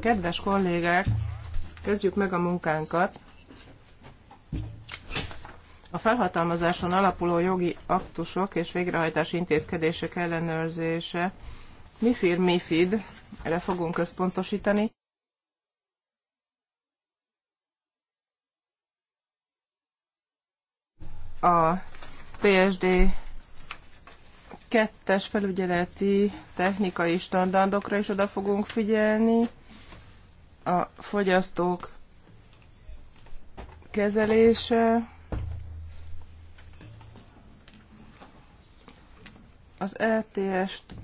Kedves kollégák, kezdjük meg a munkánkat. A felhatalmazáson alapuló jogi aktusok és végrehajtási intézkedések ellenőrzése MIFIR MIFID, erre fogunk központosítani. A PSD kettes felügyeleti technikai standardokra is oda fogunk figyelni, a fogyasztók kezelése, az LTS-t e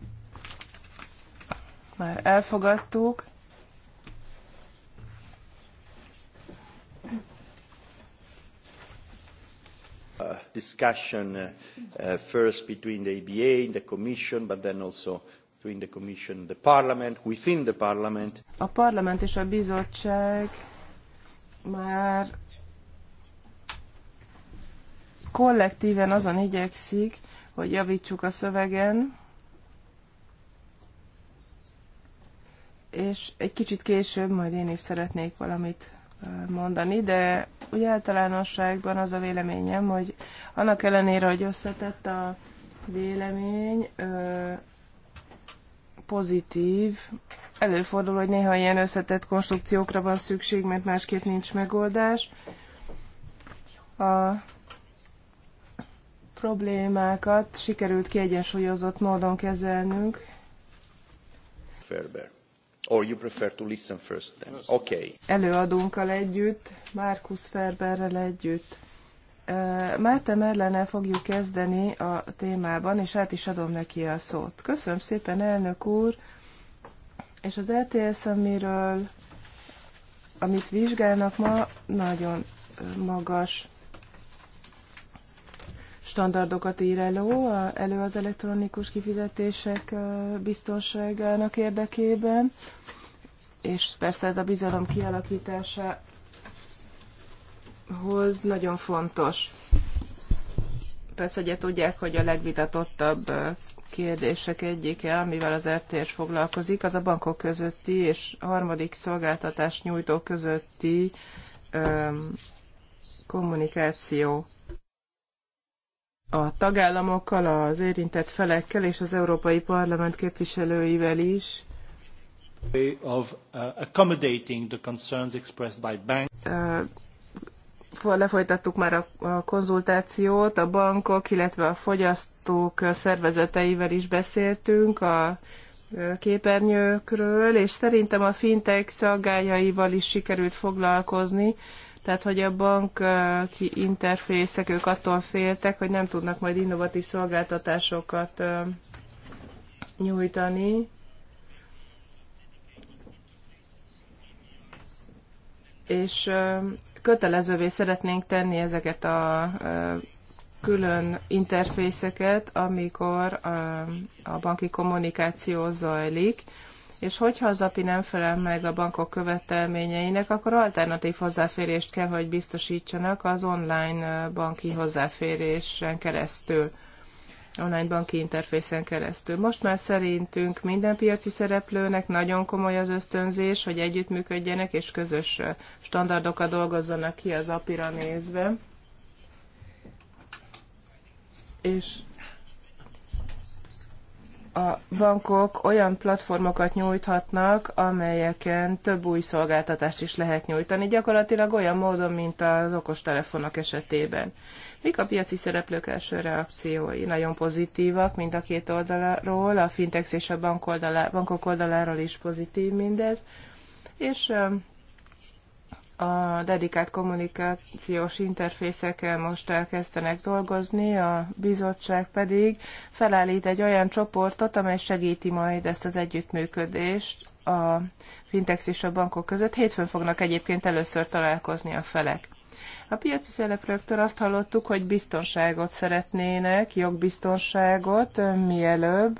már elfogadtuk, discussion uh, uh, first between the EBA and the Commission, but then also between the Commission and the Parliament, within the Parliament. A Parlament és a Bizottság már kollektíven azon igyekszik, hogy javítsuk a szövegen, és egy kicsit később majd én is szeretnék valamit mondani, de úgy általánosságban az a véleményem, hogy annak ellenére, hogy összetett a vélemény, pozitív, előfordul, hogy néha ilyen összetett konstrukciókra van szükség, mert másképp nincs megoldás. A problémákat sikerült kiegyensúlyozott módon kezelnünk. Ferber. Or you prefer to listen first then? Okay. Előadónkkal együtt, Markus Ferberrel együtt. Márte Merlene fogjuk kezdeni a témában, és át is adom neki a szót. Köszönöm szépen, elnök úr, és az LTS, e amiről, amit vizsgálnak ma, nagyon magas standardokat ír elő, elő az elektronikus kifizetések biztonságának érdekében, és persze ez a bizalom kialakítása hoz nagyon fontos. Persze ugye tudják, hogy a legvitatottabb kérdések egyike, amivel az RTS foglalkozik, az a bankok közötti és harmadik szolgáltatás nyújtó közötti öm, kommunikáció a tagállamokkal, az érintett felekkel és az Európai Parlament képviselőivel is. Of, uh, accommodating the concerns expressed by banks. Uh, lefolytattuk már a, a konzultációt, a bankok, illetve a fogyasztók szervezeteivel is beszéltünk, a uh, képernyőkről, és szerintem a fintech szaggájaival is sikerült foglalkozni, tehát, hogy a banki interfészek, ők attól féltek, hogy nem tudnak majd innovatív szolgáltatásokat nyújtani. És kötelezővé szeretnénk tenni ezeket a külön interfészeket, amikor a banki kommunikáció zajlik és hogyha az API nem felel meg a bankok követelményeinek, akkor alternatív hozzáférést kell, hogy biztosítsanak az online banki hozzáférésen keresztül online banki interfészen keresztül. Most már szerintünk minden piaci szereplőnek nagyon komoly az ösztönzés, hogy együttműködjenek és közös standardokat dolgozzanak ki az apira nézve. És a bankok olyan platformokat nyújthatnak, amelyeken több új szolgáltatást is lehet nyújtani, gyakorlatilag olyan módon, mint az okostelefonok esetében. Mik a piaci szereplők első reakciói? Nagyon pozitívak mind a két oldalról, a fintex és a bank oldalá, bankok oldaláról is pozitív mindez, és um, a dedikált kommunikációs interfészekkel most elkezdenek dolgozni, a bizottság pedig felállít egy olyan csoportot, amely segíti majd ezt az együttműködést a fintex és a bankok között. Hétfőn fognak egyébként először találkozni a felek. A piaci szereplőktől azt hallottuk, hogy biztonságot szeretnének, jogbiztonságot mielőbb,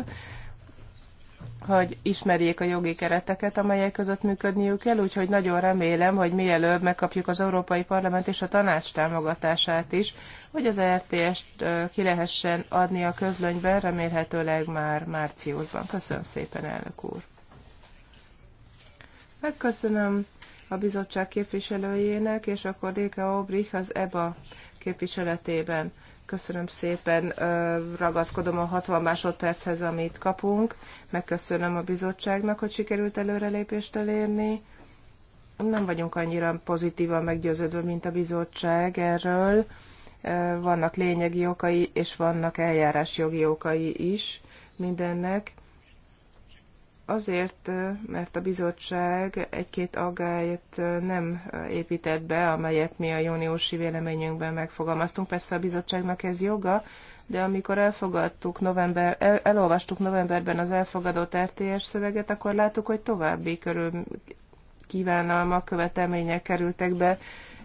hogy ismerjék a jogi kereteket, amelyek között működniük kell, úgyhogy nagyon remélem, hogy mielőbb megkapjuk az Európai Parlament és a tanács támogatását is, hogy az RTS-t ki lehessen adni a közlönyben, remélhetőleg már márciusban. Köszönöm szépen, elnök úr! Megköszönöm a bizottság képviselőjének, és akkor Déke Obrich az EBA képviseletében. Köszönöm szépen, ragaszkodom a 60 másodperchez, amit kapunk. Megköszönöm a bizottságnak, hogy sikerült előrelépést elérni. Nem vagyunk annyira pozitívan meggyőződve, mint a bizottság erről. Vannak lényegi okai, és vannak eljárásjogi okai is mindennek Azért, mert a bizottság egy-két aggályt nem épített be, amelyet mi a júniusi véleményünkben megfogalmaztunk. Persze a bizottságnak ez joga, de amikor elfogadtuk november, el, elolvastuk novemberben az elfogadott RTS szöveget, akkor láttuk, hogy további körül kívánalmak, követelmények kerültek be,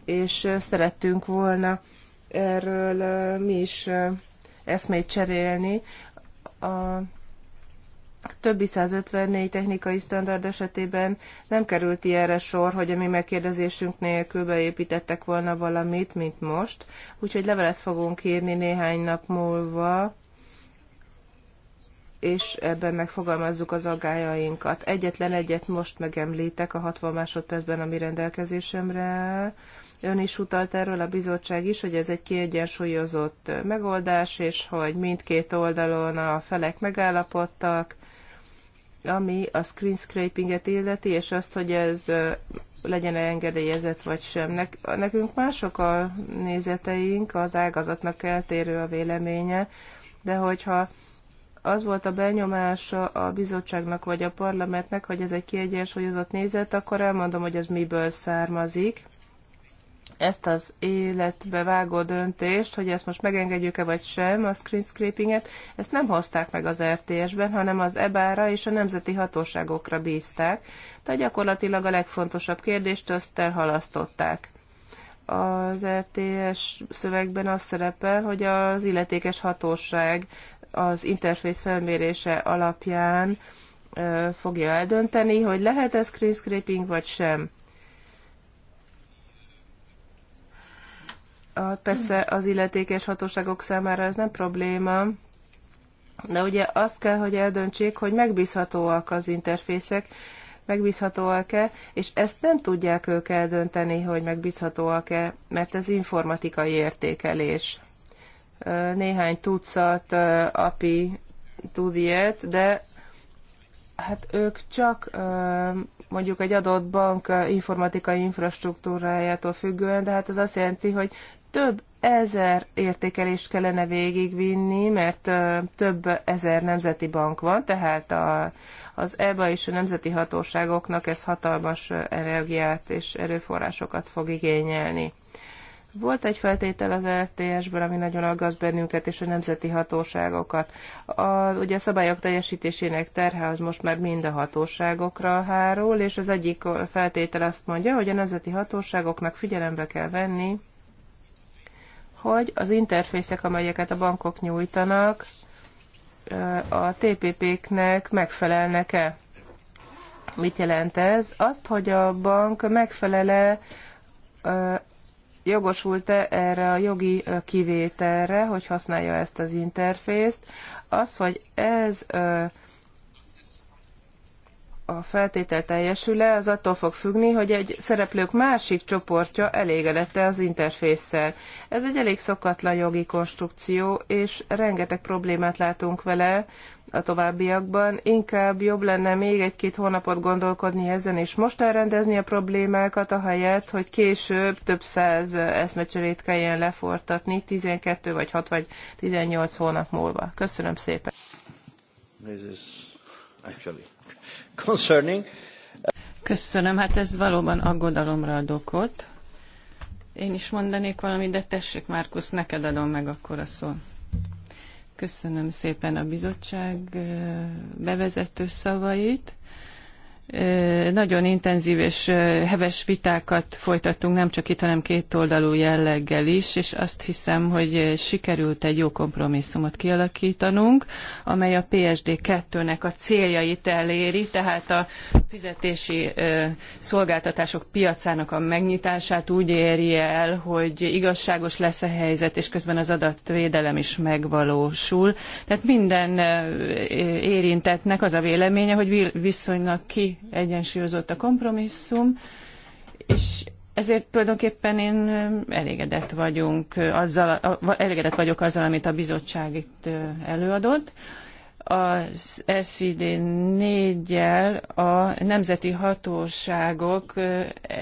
és szerettünk volna erről mi is eszmét cserélni. A többi 154 technikai standard esetében nem került ilyenre sor, hogy a mi megkérdezésünk nélkül beépítettek volna valamit, mint most, úgyhogy levelet fogunk írni néhány nap múlva, és ebben megfogalmazzuk az aggájainkat. Egyetlen egyet most megemlítek a 60 másodpercben, mi rendelkezésemre Ön is utalt erről a bizottság is, hogy ez egy kiegyensúlyozott megoldás, és hogy mindkét oldalon a felek megállapodtak, ami a screen scrapinget illeti, és azt, hogy ez legyen -e engedélyezett vagy sem. Nekünk mások a nézeteink, az ágazatnak eltérő a véleménye, de hogyha az volt a benyomása a bizottságnak vagy a parlamentnek, hogy ez egy kiegyensúlyozott nézet, akkor elmondom, hogy ez miből származik ezt az életbe vágó döntést, hogy ezt most megengedjük-e vagy sem, a screen scrapinget, ezt nem hozták meg az RTS-ben, hanem az EBA-ra és a nemzeti hatóságokra bízták, tehát gyakorlatilag a legfontosabb kérdést azt elhalasztották. Az RTS szövegben az szerepel, hogy az illetékes hatóság az interfész felmérése alapján fogja eldönteni, hogy lehet ez screen scraping vagy sem. persze az illetékes hatóságok számára ez nem probléma, de ugye azt kell, hogy eldöntsék, hogy megbízhatóak az interfészek, megbízhatóak-e, és ezt nem tudják ők eldönteni, hogy megbízhatóak-e, mert ez informatikai értékelés. Néhány tucat API tud ilyet, de hát ők csak mondjuk egy adott bank informatikai infrastruktúrájától függően, de hát ez azt jelenti, hogy több ezer értékelést kellene végigvinni, mert több ezer nemzeti bank van, tehát a, az EBA és a nemzeti hatóságoknak ez hatalmas energiát és erőforrásokat fog igényelni. Volt egy feltétel az RTS-ből, ami nagyon aggaszt bennünket és a nemzeti hatóságokat. A, ugye a szabályok teljesítésének terhe az most már mind a hatóságokra hárul, és az egyik feltétel azt mondja, hogy a nemzeti hatóságoknak figyelembe kell venni hogy az interfészek, amelyeket a bankok nyújtanak, a TPP-knek megfelelnek-e. Mit jelent ez? Azt, hogy a bank megfelele jogosult-e erre a jogi kivételre, hogy használja ezt az interfészt, az, hogy ez a feltétel teljesül-e, az attól fog függni, hogy egy szereplők másik csoportja elégedette az interfésszel. Ez egy elég szokatlan jogi konstrukció, és rengeteg problémát látunk vele a továbbiakban. Inkább jobb lenne még egy-két hónapot gondolkodni ezen, és most elrendezni a problémákat, ahelyett, hogy később több száz eszmecserét kelljen lefortatni, 12 vagy 6 vagy 18 hónap múlva. Köszönöm szépen! is Actually concerning... Köszönöm, hát ez valóban aggodalomra ad okot. Én is mondanék valamit, de tessék, Márkusz, neked adom meg akkor a szót. Köszönöm szépen a bizottság bevezető szavait nagyon intenzív és heves vitákat folytattunk, nem csak itt, hanem kétoldalú jelleggel is, és azt hiszem, hogy sikerült egy jó kompromisszumot kialakítanunk, amely a PSD 2-nek a céljait eléri, tehát a fizetési szolgáltatások piacának a megnyitását úgy éri el, hogy igazságos lesz a helyzet, és közben az adatvédelem is megvalósul. Tehát minden érintettnek az a véleménye, hogy viszonylag ki kiegyensúlyozott a kompromisszum, és ezért tulajdonképpen én um, elégedett, vagyunk azzal, elégedett vagyok azzal, amit a bizottság itt előadott. Az SZID 4 a nemzeti hatóságok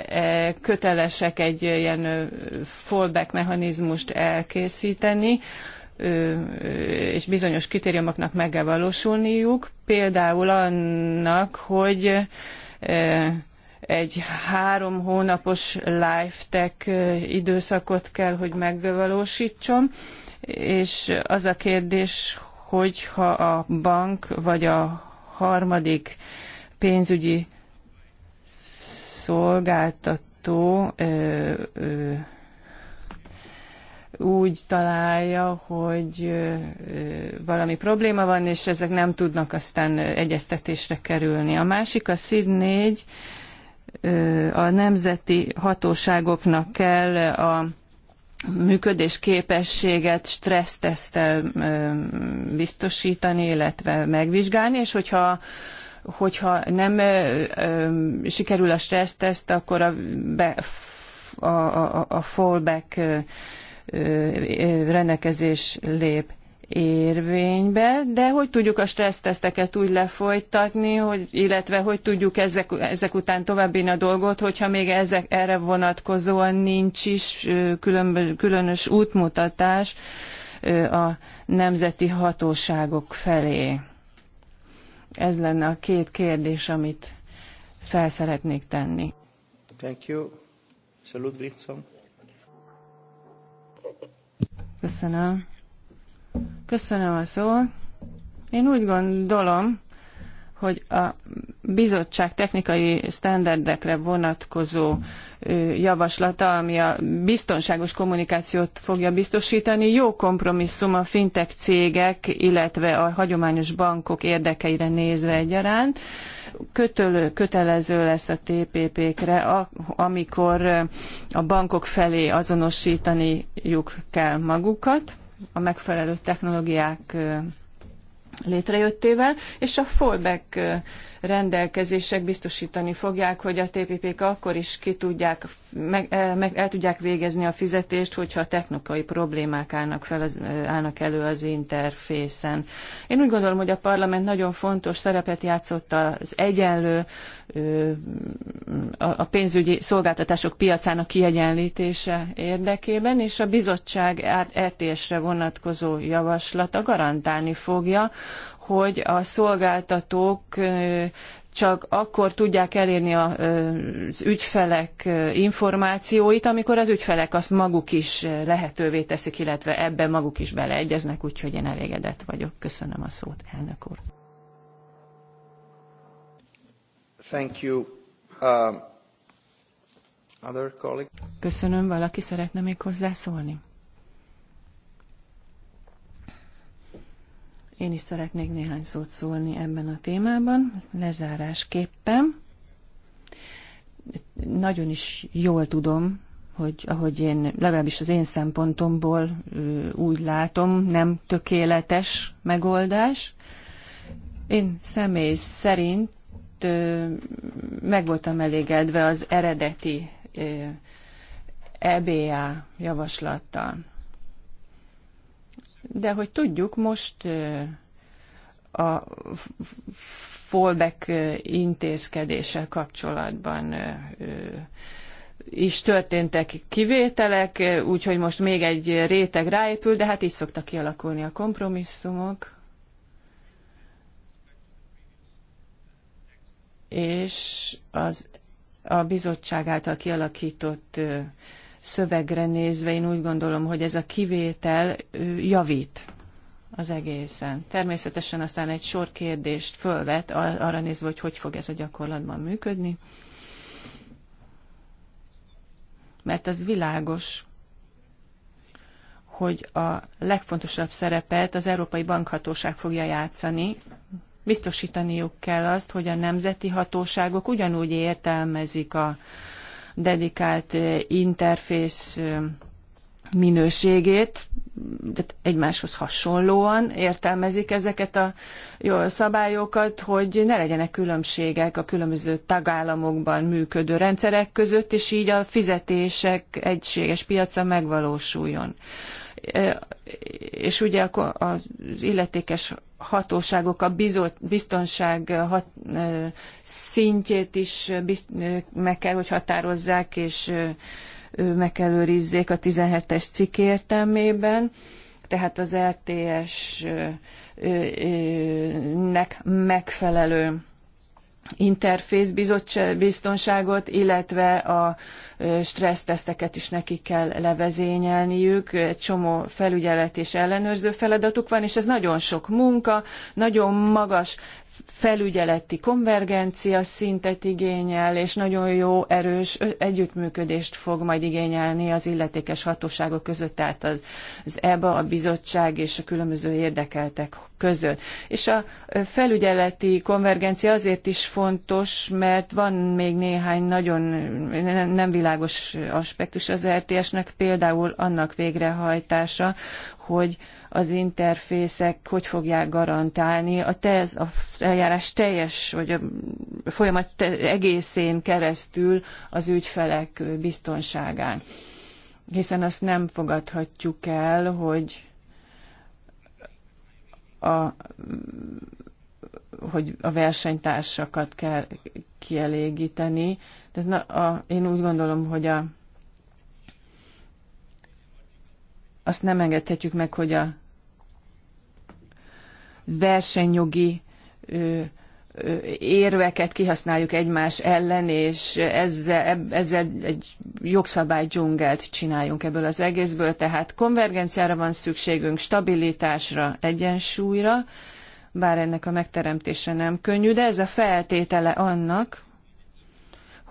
e, kötelesek egy ilyen fallback mechanizmust elkészíteni, és bizonyos kritériumoknak meg kell valósulniuk, például annak, hogy egy három hónapos tech időszakot kell, hogy megvalósítson, és az a kérdés, hogy ha a bank vagy a harmadik pénzügyi szolgáltató ö, ö, úgy találja, hogy valami probléma van, és ezek nem tudnak aztán egyeztetésre kerülni. A másik a SZID 4, a nemzeti hatóságoknak kell a működés képességet stressztesztel biztosítani, illetve megvizsgálni, és hogyha hogyha nem ö, ö, sikerül a stresszteszt, akkor a, be, a, a, a fallback ö, rendelkezés lép érvénybe, de hogy tudjuk a stresszteszteket úgy lefolytatni, hogy, illetve hogy tudjuk ezek, ezek után további a dolgot, hogyha még ezek, erre vonatkozóan nincs is különbö, különös útmutatás a nemzeti hatóságok felé. Ez lenne a két kérdés, amit felszeretnék tenni. Thank you. Salut, Britson. Köszönöm. Köszönöm a szót. Én úgy gondolom, hogy a bizottság technikai standardekre vonatkozó javaslata, ami a biztonságos kommunikációt fogja biztosítani, jó kompromisszum a fintech cégek, illetve a hagyományos bankok érdekeire nézve egyaránt kötölő, kötelező lesz a TPP-kre, amikor a bankok felé azonosítaniuk kell magukat a megfelelő technológiák létrejöttével, és a fallback rendelkezések biztosítani fogják, hogy a TPP-k akkor is ki tudják, meg, eh, meg, el tudják végezni a fizetést, hogyha technikai problémák állnak, fel az, eh, állnak elő az interfészen. Én úgy gondolom, hogy a parlament nagyon fontos szerepet játszott az egyenlő a pénzügyi szolgáltatások piacának kiegyenlítése érdekében, és a bizottság RTS-re vonatkozó javaslata garantálni fogja, hogy a szolgáltatók csak akkor tudják elérni az ügyfelek információit, amikor az ügyfelek azt maguk is lehetővé teszik, illetve ebben maguk is beleegyeznek, úgyhogy én elégedett vagyok. Köszönöm a szót, elnök úr. Thank you. Um, other colleague? Köszönöm, valaki szeretne még hozzászólni? Én is szeretnék néhány szót szólni ebben a témában, lezárásképpen. Nagyon is jól tudom, hogy ahogy én, legalábbis az én szempontomból úgy látom, nem tökéletes megoldás. Én személy szerint meg voltam elégedve az eredeti EBA javaslattal de hogy tudjuk, most a fallback intézkedése kapcsolatban is történtek kivételek, úgyhogy most még egy réteg ráépül, de hát így szoktak kialakulni a kompromisszumok. És az a bizottság által kialakított szövegre nézve én úgy gondolom, hogy ez a kivétel javít az egészen. Természetesen aztán egy sor kérdést fölvet arra nézve, hogy hogy fog ez a gyakorlatban működni. Mert az világos, hogy a legfontosabb szerepet az Európai Bankhatóság fogja játszani. Biztosítaniuk kell azt, hogy a nemzeti hatóságok ugyanúgy értelmezik a, dedikált interfész minőségét, de egymáshoz hasonlóan értelmezik ezeket a jó szabályokat, hogy ne legyenek különbségek a különböző tagállamokban működő rendszerek között, és így a fizetések egységes piaca megvalósuljon. És ugye az illetékes hatóságok a biztonság hat szintjét is meg kell, hogy határozzák, és meg kell őrizzék a 17-es cikk értelmében. Tehát az RTS-nek er megfelelő interfész biztonságot, illetve a stresszteszteket is nekik kell levezényelniük, egy csomó felügyelet és ellenőrző feladatuk van, és ez nagyon sok munka, nagyon magas felügyeleti konvergencia szintet igényel, és nagyon jó, erős együttműködést fog majd igényelni az illetékes hatóságok között, tehát az, az EBA, a bizottság és a különböző érdekeltek között. És a felügyeleti konvergencia azért is fontos, mert van még néhány nagyon nem világos aspektus az RTS-nek, e például annak végrehajtása, hogy az interfészek hogy fogják garantálni a te, az eljárás teljes, vagy a folyamat te, egészén keresztül az ügyfelek biztonságán. Hiszen azt nem fogadhatjuk el, hogy a hogy a versenytársakat kell kielégíteni. Tehát na, a, én úgy gondolom, hogy a, azt nem engedhetjük meg, hogy a versenyjogi érveket kihasználjuk egymás ellen, és ezzel, ezzel egy jogszabály dzsungelt csináljunk ebből az egészből. Tehát konvergenciára van szükségünk, stabilitásra, egyensúlyra, bár ennek a megteremtése nem könnyű, de ez a feltétele annak,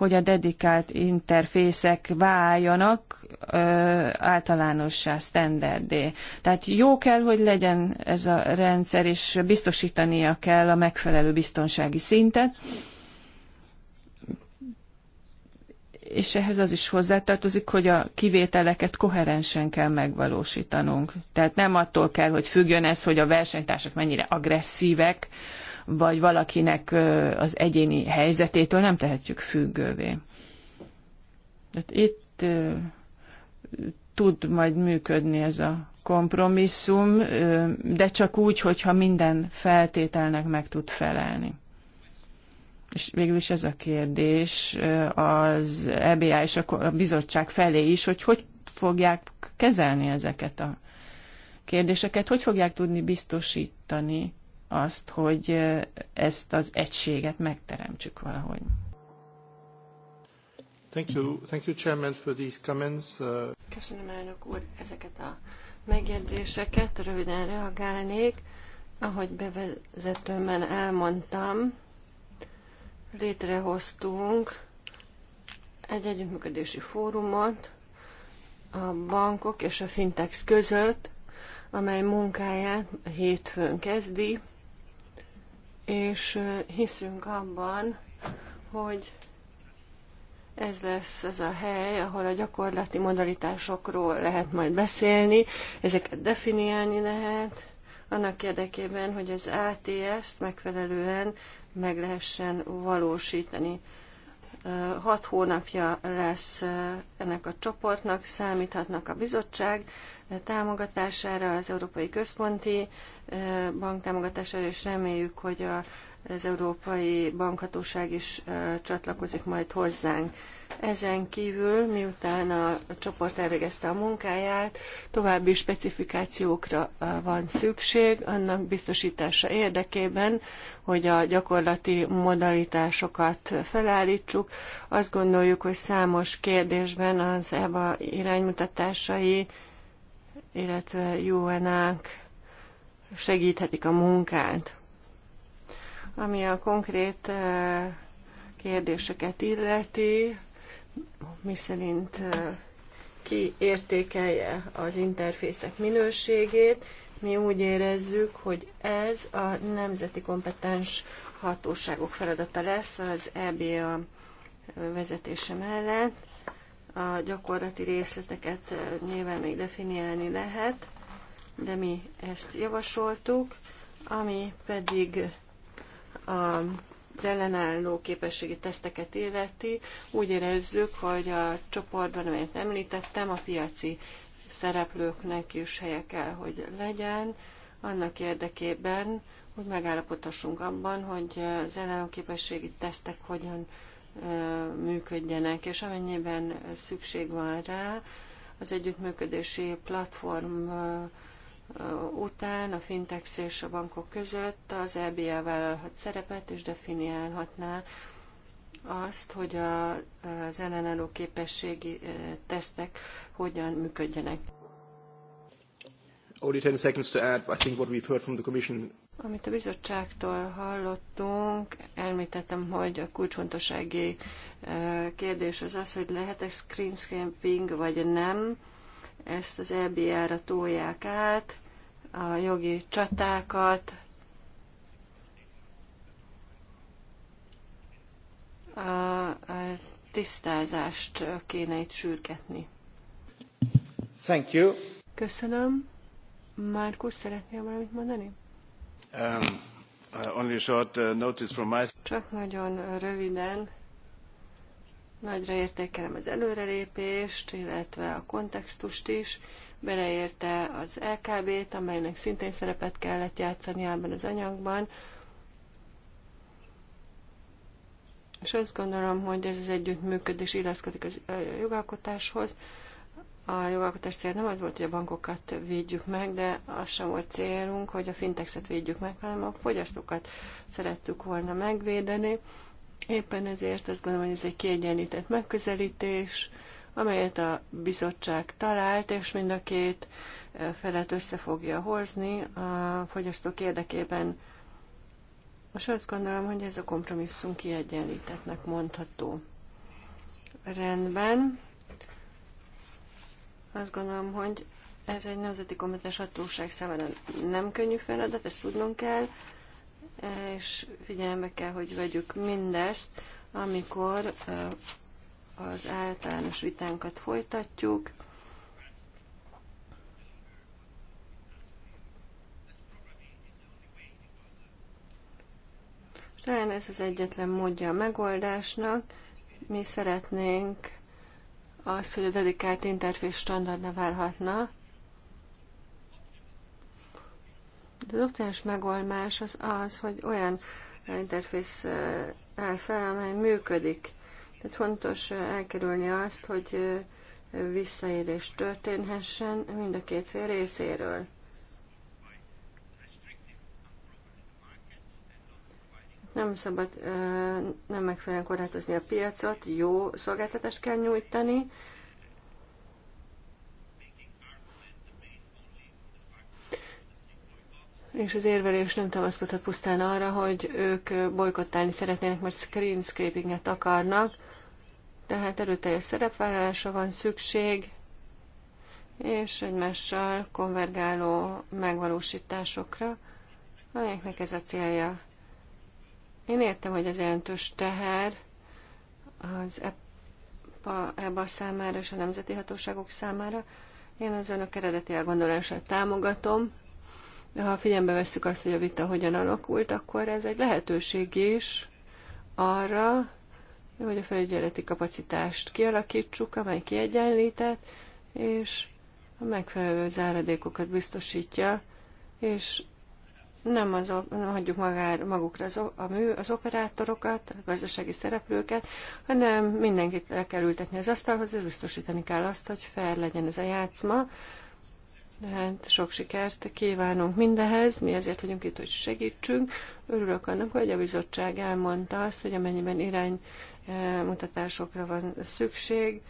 hogy a dedikált interfészek váljanak ö, általánossá, standardé. Tehát jó kell, hogy legyen ez a rendszer, és biztosítania kell a megfelelő biztonsági szintet. És ehhez az is hozzátartozik, hogy a kivételeket koherensen kell megvalósítanunk. Tehát nem attól kell, hogy függjön ez, hogy a versenytársak mennyire agresszívek, vagy valakinek az egyéni helyzetétől nem tehetjük függővé. Tehát itt tud majd működni ez a kompromisszum, de csak úgy, hogyha minden feltételnek meg tud felelni. És végül is ez a kérdés az EBA és a bizottság felé is, hogy hogy fogják kezelni ezeket a kérdéseket, hogy fogják tudni biztosítani azt, hogy ezt az egységet megteremtsük valahogy. Thank you, thank you, Chairman, for these comments. Uh, Köszönöm, elnök úr, ezeket a megjegyzéseket. Röviden reagálnék. Ahogy bevezetőmben elmondtam, létrehoztunk egy együttműködési fórumot a bankok és a fintex között, amely munkáját hétfőn kezdi és hiszünk abban, hogy ez lesz ez a hely, ahol a gyakorlati modalitásokról lehet majd beszélni, ezeket definiálni lehet, annak érdekében, hogy az ATS-t megfelelően meg lehessen valósítani. Hat hónapja lesz ennek a csoportnak, számíthatnak a bizottság támogatására, az Európai Központi Bank támogatására, és reméljük, hogy az Európai Bankhatóság is csatlakozik majd hozzánk. Ezen kívül, miután a csoport elvégezte a munkáját, további specifikációkra van szükség, annak biztosítása érdekében, hogy a gyakorlati modalitásokat felállítsuk. Azt gondoljuk, hogy számos kérdésben az EBA iránymutatásai illetve jóenák segíthetik a munkát. Ami a konkrét eh, kérdéseket illeti, mi szerint eh, ki értékelje az interfészek minőségét, mi úgy érezzük, hogy ez a nemzeti kompetens hatóságok feladata lesz az EBA vezetése mellett, a gyakorlati részleteket eh, nyilván még definiálni lehet, de mi ezt javasoltuk, ami pedig a az ellenálló képességi teszteket illeti, úgy érezzük, hogy a csoportban, amelyet említettem, a piaci szereplőknek is helye kell, hogy legyen, annak érdekében, hogy megállapodhassunk abban, hogy az ellenálló képességi tesztek hogyan működjenek, és amennyiben szükség van rá, az együttműködési platform után a fintex és a bankok között az EBA vállalhat szerepet és definiálhatná azt, hogy a, az ellenálló képességi tesztek hogyan működjenek. Only 10 seconds to add. I think what we've heard from the Commission amit a bizottságtól hallottunk, elmítettem, hogy a kulcsfontossági e, kérdés az az, hogy lehet-e screen scraping, vagy nem. Ezt az EBR-ra tolják át, a jogi csatákat, a tisztázást kéne itt sürgetni. Thank you. Köszönöm. Márkusz, szeretnél valamit mondani? Um, uh, only short uh, notice from my... Csak nagyon röviden. Nagyra értékelem az előrelépést, illetve a kontextust is. Beleérte az LKB-t, amelynek szintén szerepet kellett játszani ebben az anyagban. És azt gondolom, hogy ez az együttműködés illeszkedik a jogalkotáshoz a jogalkotás cél nem az volt, hogy a bankokat védjük meg, de az sem volt célunk, hogy a fintexet védjük meg, hanem a fogyasztókat szerettük volna megvédeni. Éppen ezért azt gondolom, hogy ez egy kiegyenlített megközelítés, amelyet a bizottság talált, és mind a két felet össze fogja hozni a fogyasztók érdekében. Most azt gondolom, hogy ez a kompromisszum kiegyenlítettnek mondható. Rendben. Azt gondolom, hogy ez egy nemzeti kompetens hatóság számára nem könnyű feladat, ezt tudnunk kell, és figyelembe kell, hogy vegyük mindezt, amikor az általános vitánkat folytatjuk. Talán ez az egyetlen módja a megoldásnak. Mi szeretnénk az, hogy a dedikált interfész standardra válhatna. De az optimális megoldás az az, hogy olyan interfész áll fel, amely működik. Tehát fontos elkerülni azt, hogy visszaérés történhessen mind a két fél részéről. Nem szabad nem megfelelően korlátozni a piacot, jó szolgáltatást kell nyújtani. És az érvelés nem támaszkodhat pusztán arra, hogy ők bolykottálni szeretnének, mert screen scrapinget akarnak. Tehát erőteljes szerepvállalásra van szükség, és egymással konvergáló megvalósításokra, amelyeknek ez a célja. Én értem, hogy az jelentős teher az EPA, EBA számára és a nemzeti hatóságok számára. Én az önök eredeti elgondolását támogatom, de ha figyelembe vesszük azt, hogy a vita hogyan alakult, akkor ez egy lehetőség is arra, hogy a felügyeleti kapacitást kialakítsuk, amely kiegyenlített, és a megfelelő záradékokat biztosítja, és nem, az, nem hagyjuk magár, magukra az, a mű, az operátorokat, a gazdasági szereplőket, hanem mindenkit le kell ültetni az asztalhoz, és biztosítani kell azt, hogy fel legyen ez a játszma. Hát sok sikert kívánunk mindehez, mi ezért vagyunk itt, hogy segítsünk. Örülök annak, hogy a bizottság elmondta azt, hogy amennyiben iránymutatásokra eh, van szükség,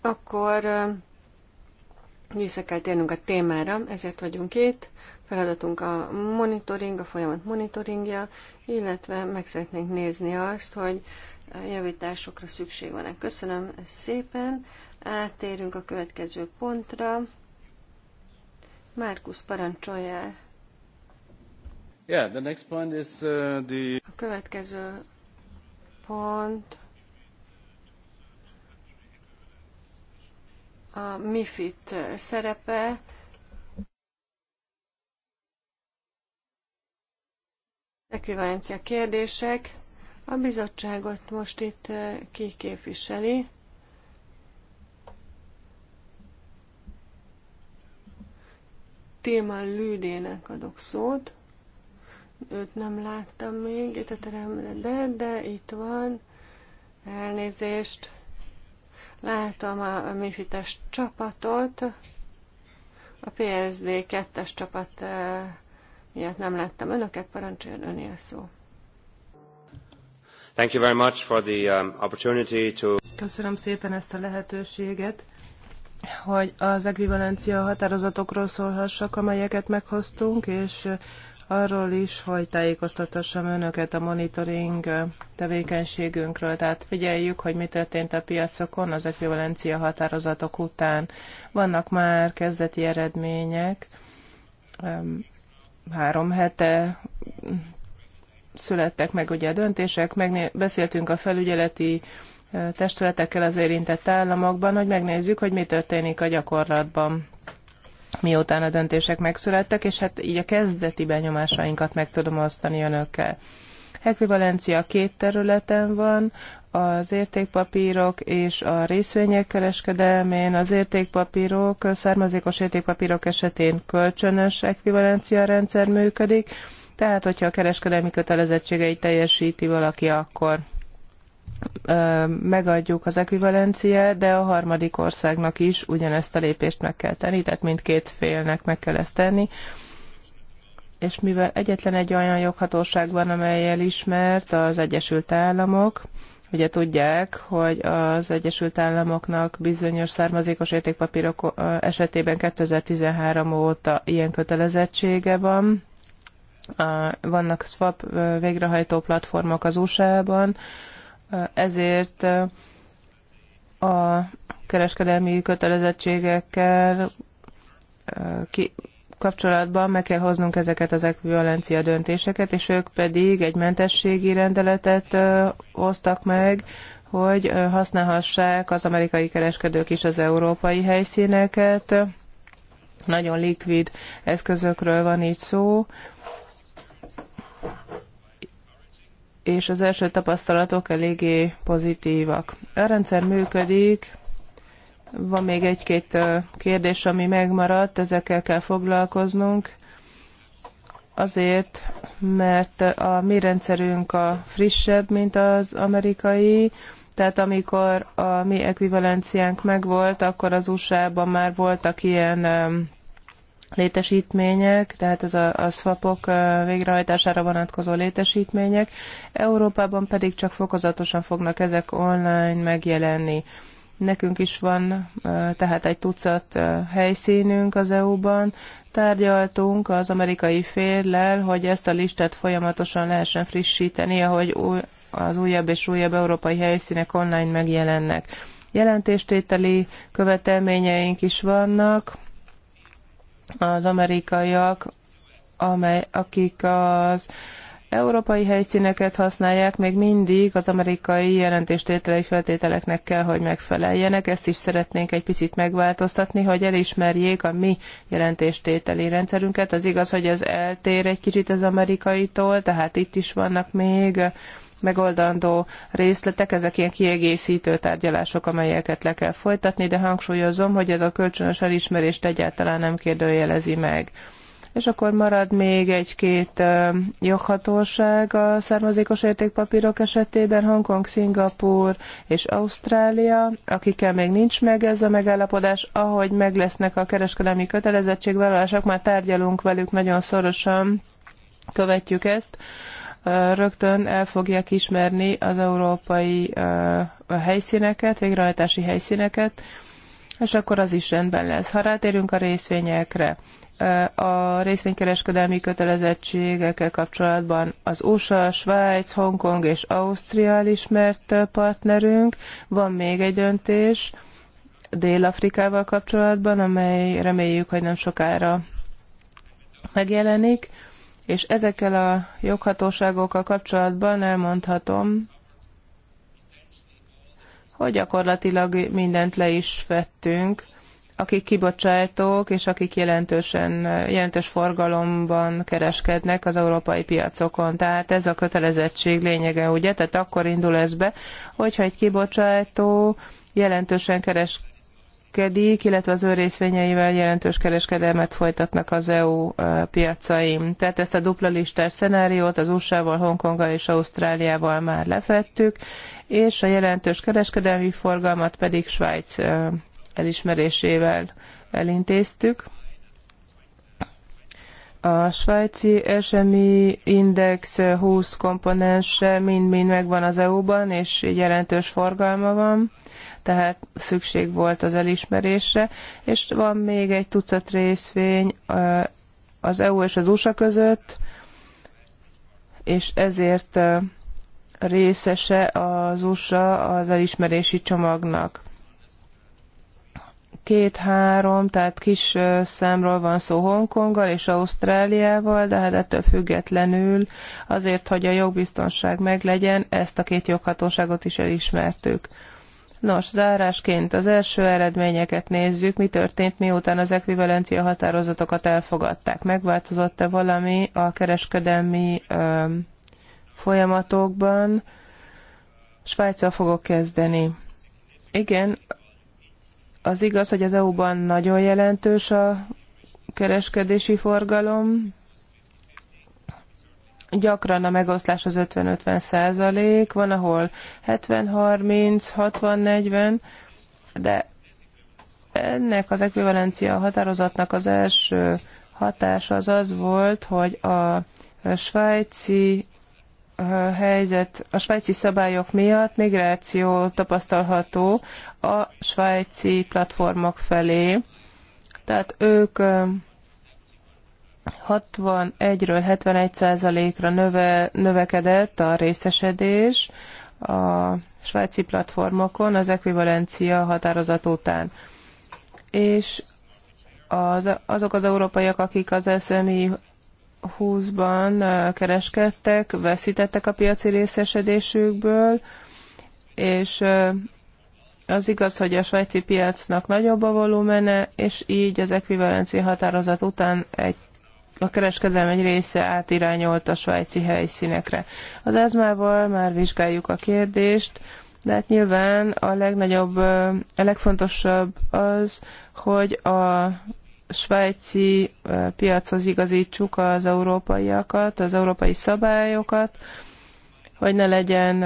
akkor eh, vissza kell térnünk a témára, ezért vagyunk itt feladatunk a monitoring, a folyamat monitoringja, illetve meg szeretnénk nézni azt, hogy javításokra szükség van-e. Köszönöm szépen. Átérünk a következő pontra. Márkusz, parancsolja. Yeah, the next point is, uh, the... A következő pont a Mifit szerepe Ekvivalencia kérdések. A bizottságot most itt eh, ki képviseli? Tilman Lüdének adok szót. Őt nem láttam még itt a teremben, de itt van. Elnézést. Látom a Mifites csapatot. A PSD 2-es csapat eh, Ilyet nem láttam. Önöket parancsoljon öné a szó. Thank you very much for the um, opportunity to... Köszönöm szépen ezt a lehetőséget, hogy az ekvivalencia határozatokról szólhassak, amelyeket meghoztunk, és arról is, hogy tájékoztathassam önöket a monitoring tevékenységünkről. Tehát figyeljük, hogy mi történt a piacokon az ekvivalencia határozatok után. Vannak már kezdeti eredmények, um, három hete születtek meg ugye a döntések, megné- beszéltünk a felügyeleti testületekkel az érintett államokban, hogy megnézzük, hogy mi történik a gyakorlatban miután a döntések megszülettek, és hát így a kezdeti benyomásainkat meg tudom osztani önökkel. Ekvivalencia két területen van, az értékpapírok és a részvények kereskedelmén az értékpapírok, származékos értékpapírok esetén kölcsönös ekvivalencia rendszer működik, tehát hogyha a kereskedelmi kötelezettségeit teljesíti valaki, akkor megadjuk az ekvivalenciát, de a harmadik országnak is ugyanezt a lépést meg kell tenni, tehát mindkét félnek meg kell ezt tenni. És mivel egyetlen egy olyan joghatóság van, amelyel ismert az Egyesült Államok, Ugye tudják, hogy az Egyesült Államoknak bizonyos származékos értékpapírok esetében 2013 óta ilyen kötelezettsége van. Vannak swap végrehajtó platformok az USA-ban, ezért a kereskedelmi kötelezettségekkel ki, kapcsolatban meg kell hoznunk ezeket az ekvivalencia döntéseket, és ők pedig egy mentességi rendeletet hoztak meg, hogy használhassák az amerikai kereskedők is az európai helyszíneket. Nagyon likvid eszközökről van itt szó. És az első tapasztalatok eléggé pozitívak. A rendszer működik, van még egy-két kérdés, ami megmaradt, ezekkel kell foglalkoznunk. Azért, mert a mi rendszerünk a frissebb, mint az amerikai, tehát amikor a mi ekvivalenciánk megvolt, akkor az USA-ban már voltak ilyen létesítmények, tehát ez a, a swapok végrehajtására vonatkozó létesítmények, Európában pedig csak fokozatosan fognak ezek online megjelenni. Nekünk is van tehát egy tucat helyszínünk az EU-ban. Tárgyaltunk az amerikai férlel, hogy ezt a listát folyamatosan lehessen frissíteni, ahogy az újabb és újabb európai helyszínek online megjelennek. Jelentéstételi követelményeink is vannak az amerikaiak, amely, akik az európai helyszíneket használják, még mindig az amerikai jelentéstételei feltételeknek kell, hogy megfeleljenek. Ezt is szeretnénk egy picit megváltoztatni, hogy elismerjék a mi jelentéstételi rendszerünket. Az igaz, hogy ez eltér egy kicsit az amerikaitól, tehát itt is vannak még megoldandó részletek, ezek ilyen kiegészítő tárgyalások, amelyeket le kell folytatni, de hangsúlyozom, hogy ez a kölcsönös elismerést egyáltalán nem kérdőjelezi meg és akkor marad még egy-két joghatóság a származékos értékpapírok esetében, Hongkong, Szingapur és Ausztrália, akikkel még nincs meg ez a megállapodás, ahogy meg lesznek a kereskedelmi kötelezettségvállalások, már tárgyalunk velük nagyon szorosan, követjük ezt, rögtön el fogják ismerni az európai helyszíneket, végrehajtási helyszíneket, és akkor az is rendben lesz. Ha rátérünk a részvényekre, a részvénykereskedelmi kötelezettségekkel kapcsolatban az USA, Svájc, Hongkong és Ausztria ismert partnerünk. Van még egy döntés Dél-Afrikával kapcsolatban, amely reméljük, hogy nem sokára megjelenik, és ezekkel a joghatóságokkal kapcsolatban elmondhatom, hogy gyakorlatilag mindent le is vettünk, akik kibocsátók, és akik jelentősen, jelentős forgalomban kereskednek az európai piacokon. Tehát ez a kötelezettség lényege, ugye? Tehát akkor indul ez be, hogyha egy kibocsátó jelentősen kereskedik, illetve az ő részvényeivel jelentős kereskedelmet folytatnak az EU e, piacaim. Tehát ezt a dupla listás szenáriót az USA-val, Hongkonggal és Ausztráliával már lefettük, és a jelentős kereskedelmi forgalmat pedig Svájc e, elismerésével elintéztük. A svájci SMI Index 20 komponense mind-mind megvan az EU-ban, és jelentős forgalma van, tehát szükség volt az elismerésre, és van még egy tucat részvény az EU és az USA között, és ezért részese az USA az elismerési csomagnak két-három, tehát kis számról van szó Hongkonggal és Ausztráliával, de hát ettől függetlenül azért, hogy a jogbiztonság meglegyen, ezt a két joghatóságot is elismertük. Nos, zárásként az első eredményeket nézzük, mi történt, miután az ekvivalencia határozatokat elfogadták. Megváltozott-e valami a kereskedelmi ö, folyamatokban? Svájccal fogok kezdeni. Igen, az igaz, hogy az EU-ban nagyon jelentős a kereskedési forgalom, gyakran a megoszlás az 50-50 százalék, -50%, van, ahol 70-30, 60-40, de ennek az ekvivalencia határozatnak az első hatása az az volt, hogy a svájci helyzet a svájci szabályok miatt migráció tapasztalható a svájci platformok felé. Tehát ők 61-ről 71%-ra növe, növekedett a részesedés a svájci platformokon az ekvivalencia határozat után. És az, azok az európaiak, akik az SMI 2020-ban kereskedtek, veszítettek a piaci részesedésükből, és az igaz, hogy a svájci piacnak nagyobb a volumene, és így az ekvivalenci határozat után egy a kereskedelem egy része átirányolt a svájci helyszínekre. Az ezmával már vizsgáljuk a kérdést, de hát nyilván a legnagyobb, a legfontosabb az, hogy a svájci piachoz igazítsuk az európaiakat, az európai szabályokat, hogy ne legyen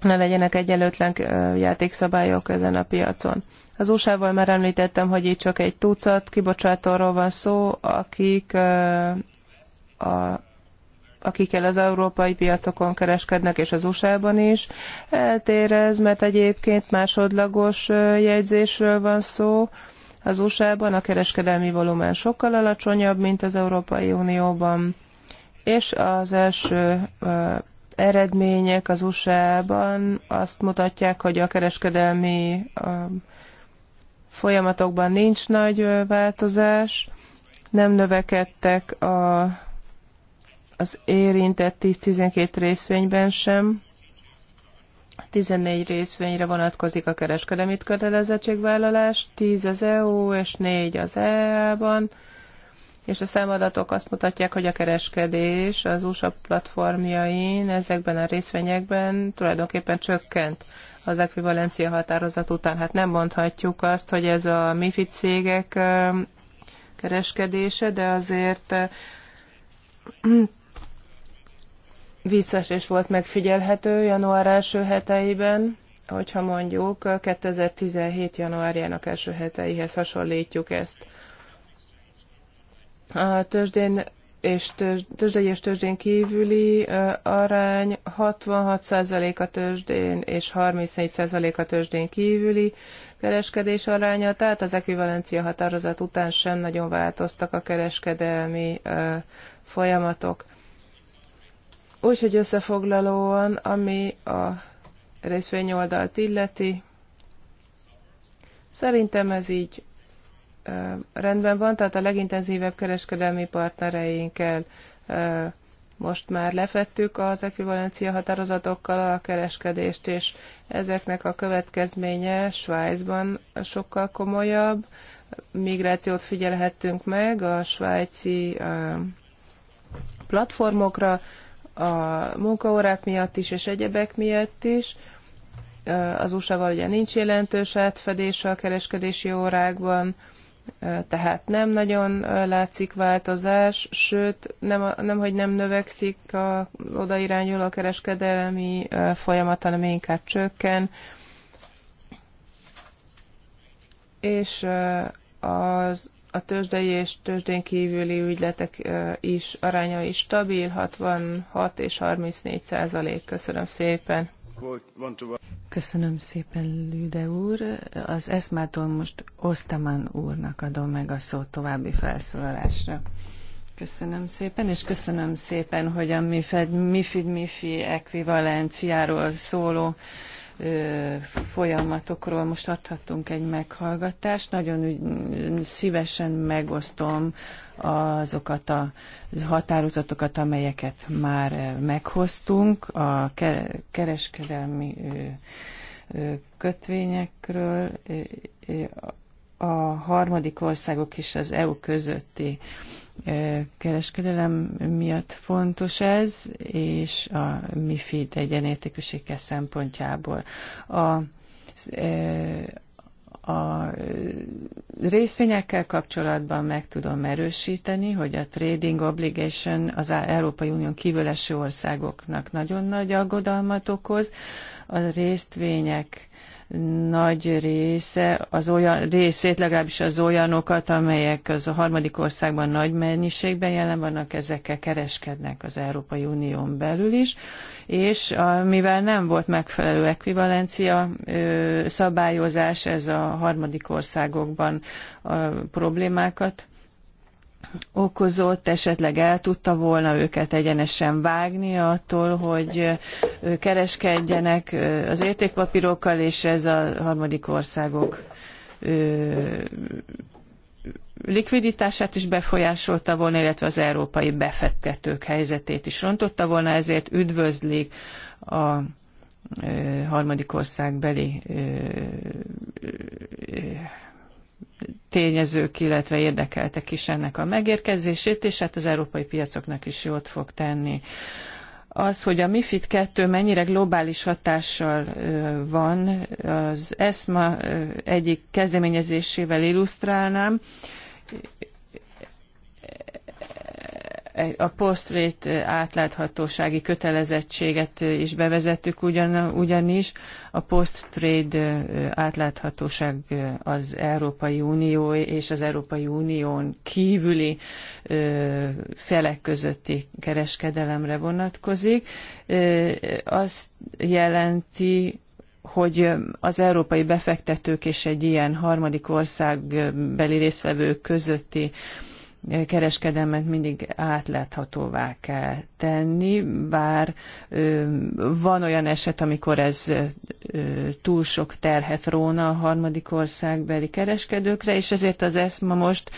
ne legyenek egyenlőtlen játékszabályok ezen a piacon. Az USA-val már említettem, hogy itt csak egy tucat kibocsátóról van szó, akik, a, akikkel az európai piacokon kereskednek, és az USA-ban is. Eltér ez, mert egyébként másodlagos jegyzésről van szó, az USA-ban a kereskedelmi volumen sokkal alacsonyabb, mint az Európai Unióban, és az első eredmények az USA-ban azt mutatják, hogy a kereskedelmi folyamatokban nincs nagy változás, nem növekedtek a, az érintett 10-12 részvényben sem, 14 részvényre vonatkozik a kereskedelmi kötelezettségvállalás, 10 az EU és 4 az EA-ban, és a számadatok azt mutatják, hogy a kereskedés az USA platformjain, ezekben a részvényekben tulajdonképpen csökkent az ekvivalencia határozat után. Hát nem mondhatjuk azt, hogy ez a MIFID cégek kereskedése, de azért visszaesés volt megfigyelhető január első heteiben, hogyha mondjuk 2017. januárjának első heteihez hasonlítjuk ezt. A tőzsdén és tőzsdei és tőzsdén kívüli arány 66% a tőzsdén és 34% a tőzsdén kívüli kereskedés aránya, tehát az ekvivalencia határozat után sem nagyon változtak a kereskedelmi folyamatok. Úgyhogy összefoglalóan, ami a oldalt illeti, szerintem ez így rendben van, tehát a legintenzívebb kereskedelmi partnereinkkel most már lefettük az ekvivalencia határozatokkal a kereskedést, és ezeknek a következménye Svájcban sokkal komolyabb. Migrációt figyelhettünk meg a svájci platformokra, a munkaórák miatt is, és egyebek miatt is. Az USA-val ugye nincs jelentős átfedés a kereskedési órákban, tehát nem nagyon látszik változás, sőt, nem, nem hogy nem növekszik a, odairányul a kereskedelmi folyamat, hanem inkább csökken. És az a tőzsdei és tőzsdén kívüli ügyletek is aránya is stabil, 66 és 34 százalék. Köszönöm szépen. Köszönöm szépen, Lüde úr. Az eszmától most Osztaman úrnak adom meg a szót további felszólalásra. Köszönöm szépen, és köszönöm szépen, hogy a MIFID MIFI ekvivalenciáról szóló folyamatokról most adhatunk egy meghallgatást. Nagyon ügy, szívesen megosztom azokat a határozatokat, amelyeket már meghoztunk a kereskedelmi kötvényekről, a harmadik országok és az EU közötti kereskedelem miatt fontos ez, és a MIFID egyenértékűsége szempontjából. A, a részvényekkel kapcsolatban meg tudom erősíteni, hogy a trading obligation az Európai Unión kívüleső országoknak nagyon nagy aggodalmat okoz. A részvények nagy része, az olyan részét, legalábbis az olyanokat, amelyek az a harmadik országban nagy mennyiségben jelen vannak, ezekkel kereskednek az Európai Unión belül is, és a, mivel nem volt megfelelő ekvivalencia ö, szabályozás, ez a harmadik országokban a problémákat okozott, esetleg el tudta volna őket egyenesen vágni attól, hogy kereskedjenek az értékpapírokkal, és ez a harmadik országok likviditását is befolyásolta volna, illetve az európai befektetők helyzetét is rontotta volna, ezért üdvözlik a harmadik országbeli tényezők, illetve érdekeltek is ennek a megérkezését, és hát az európai piacoknak is jót fog tenni. Az, hogy a MIFID 2 mennyire globális hatással van, az ESMA egyik kezdeményezésével illusztrálnám, a posztrét átláthatósági kötelezettséget is bevezettük ugyan, ugyanis. A post-trade átláthatóság az Európai Unió és az Európai Unión kívüli felek közötti kereskedelemre vonatkozik. Azt jelenti, hogy az európai befektetők és egy ilyen harmadik országbeli résztvevők közötti kereskedelmet mindig átláthatóvá kell tenni, bár van olyan eset, amikor ez túl sok terhet róna a harmadik országbeli kereskedőkre, és ezért az ESMA most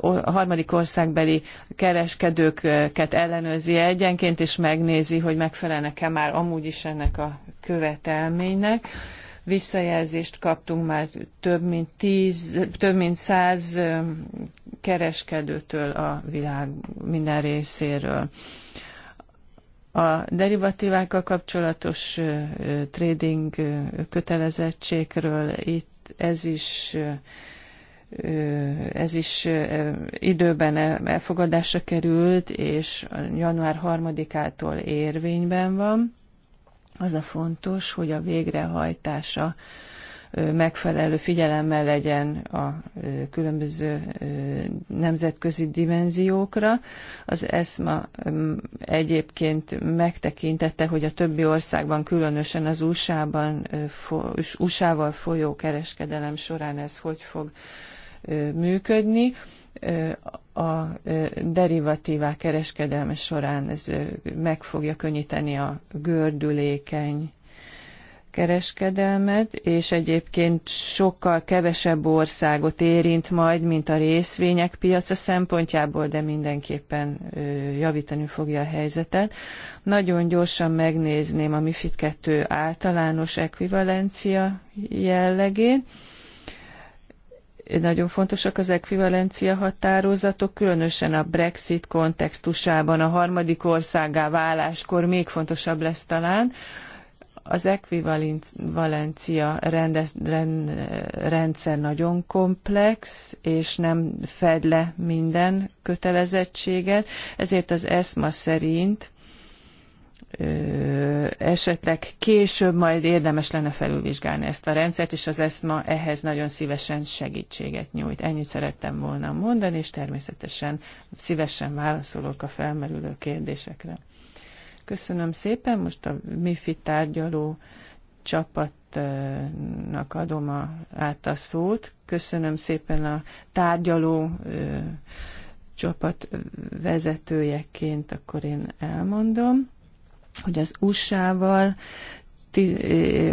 a harmadik országbeli kereskedőket ellenőrzi egyenként, és megnézi, hogy megfelelnek-e már amúgy is ennek a követelménynek visszajelzést kaptunk már több mint, tíz több mint száz kereskedőtől a világ minden részéről. A derivatívákkal kapcsolatos trading kötelezettségről itt ez is ez is időben e, elfogadásra került, és január 3-ától érvényben van. Az a fontos, hogy a végrehajtása megfelelő figyelemmel legyen a különböző nemzetközi dimenziókra. Az ESMA egyébként megtekintette, hogy a többi országban, különösen az USA-ban, USA-val folyó kereskedelem során ez hogy fog működni a derivatívák kereskedelme során ez meg fogja könnyíteni a gördülékeny kereskedelmet, és egyébként sokkal kevesebb országot érint majd, mint a részvények piaca szempontjából, de mindenképpen javítani fogja a helyzetet. Nagyon gyorsan megnézném a MIFID 2 általános ekvivalencia jellegét. Nagyon fontosak az ekvivalencia határozatok, különösen a Brexit kontextusában, a harmadik országá váláskor még fontosabb lesz talán. Az ekvivalencia rend, rendszer nagyon komplex, és nem fed le minden kötelezettséget, ezért az ESMA szerint esetleg később majd érdemes lenne felülvizsgálni ezt a rendszert, és az ESMA ehhez nagyon szívesen segítséget nyújt. Ennyit szerettem volna mondani, és természetesen szívesen válaszolok a felmerülő kérdésekre. Köszönöm szépen, most a MIFI tárgyaló csapatnak adom a, át a szót. Köszönöm szépen a tárgyaló csapat vezetőjeként, akkor én elmondom hogy az USA-val,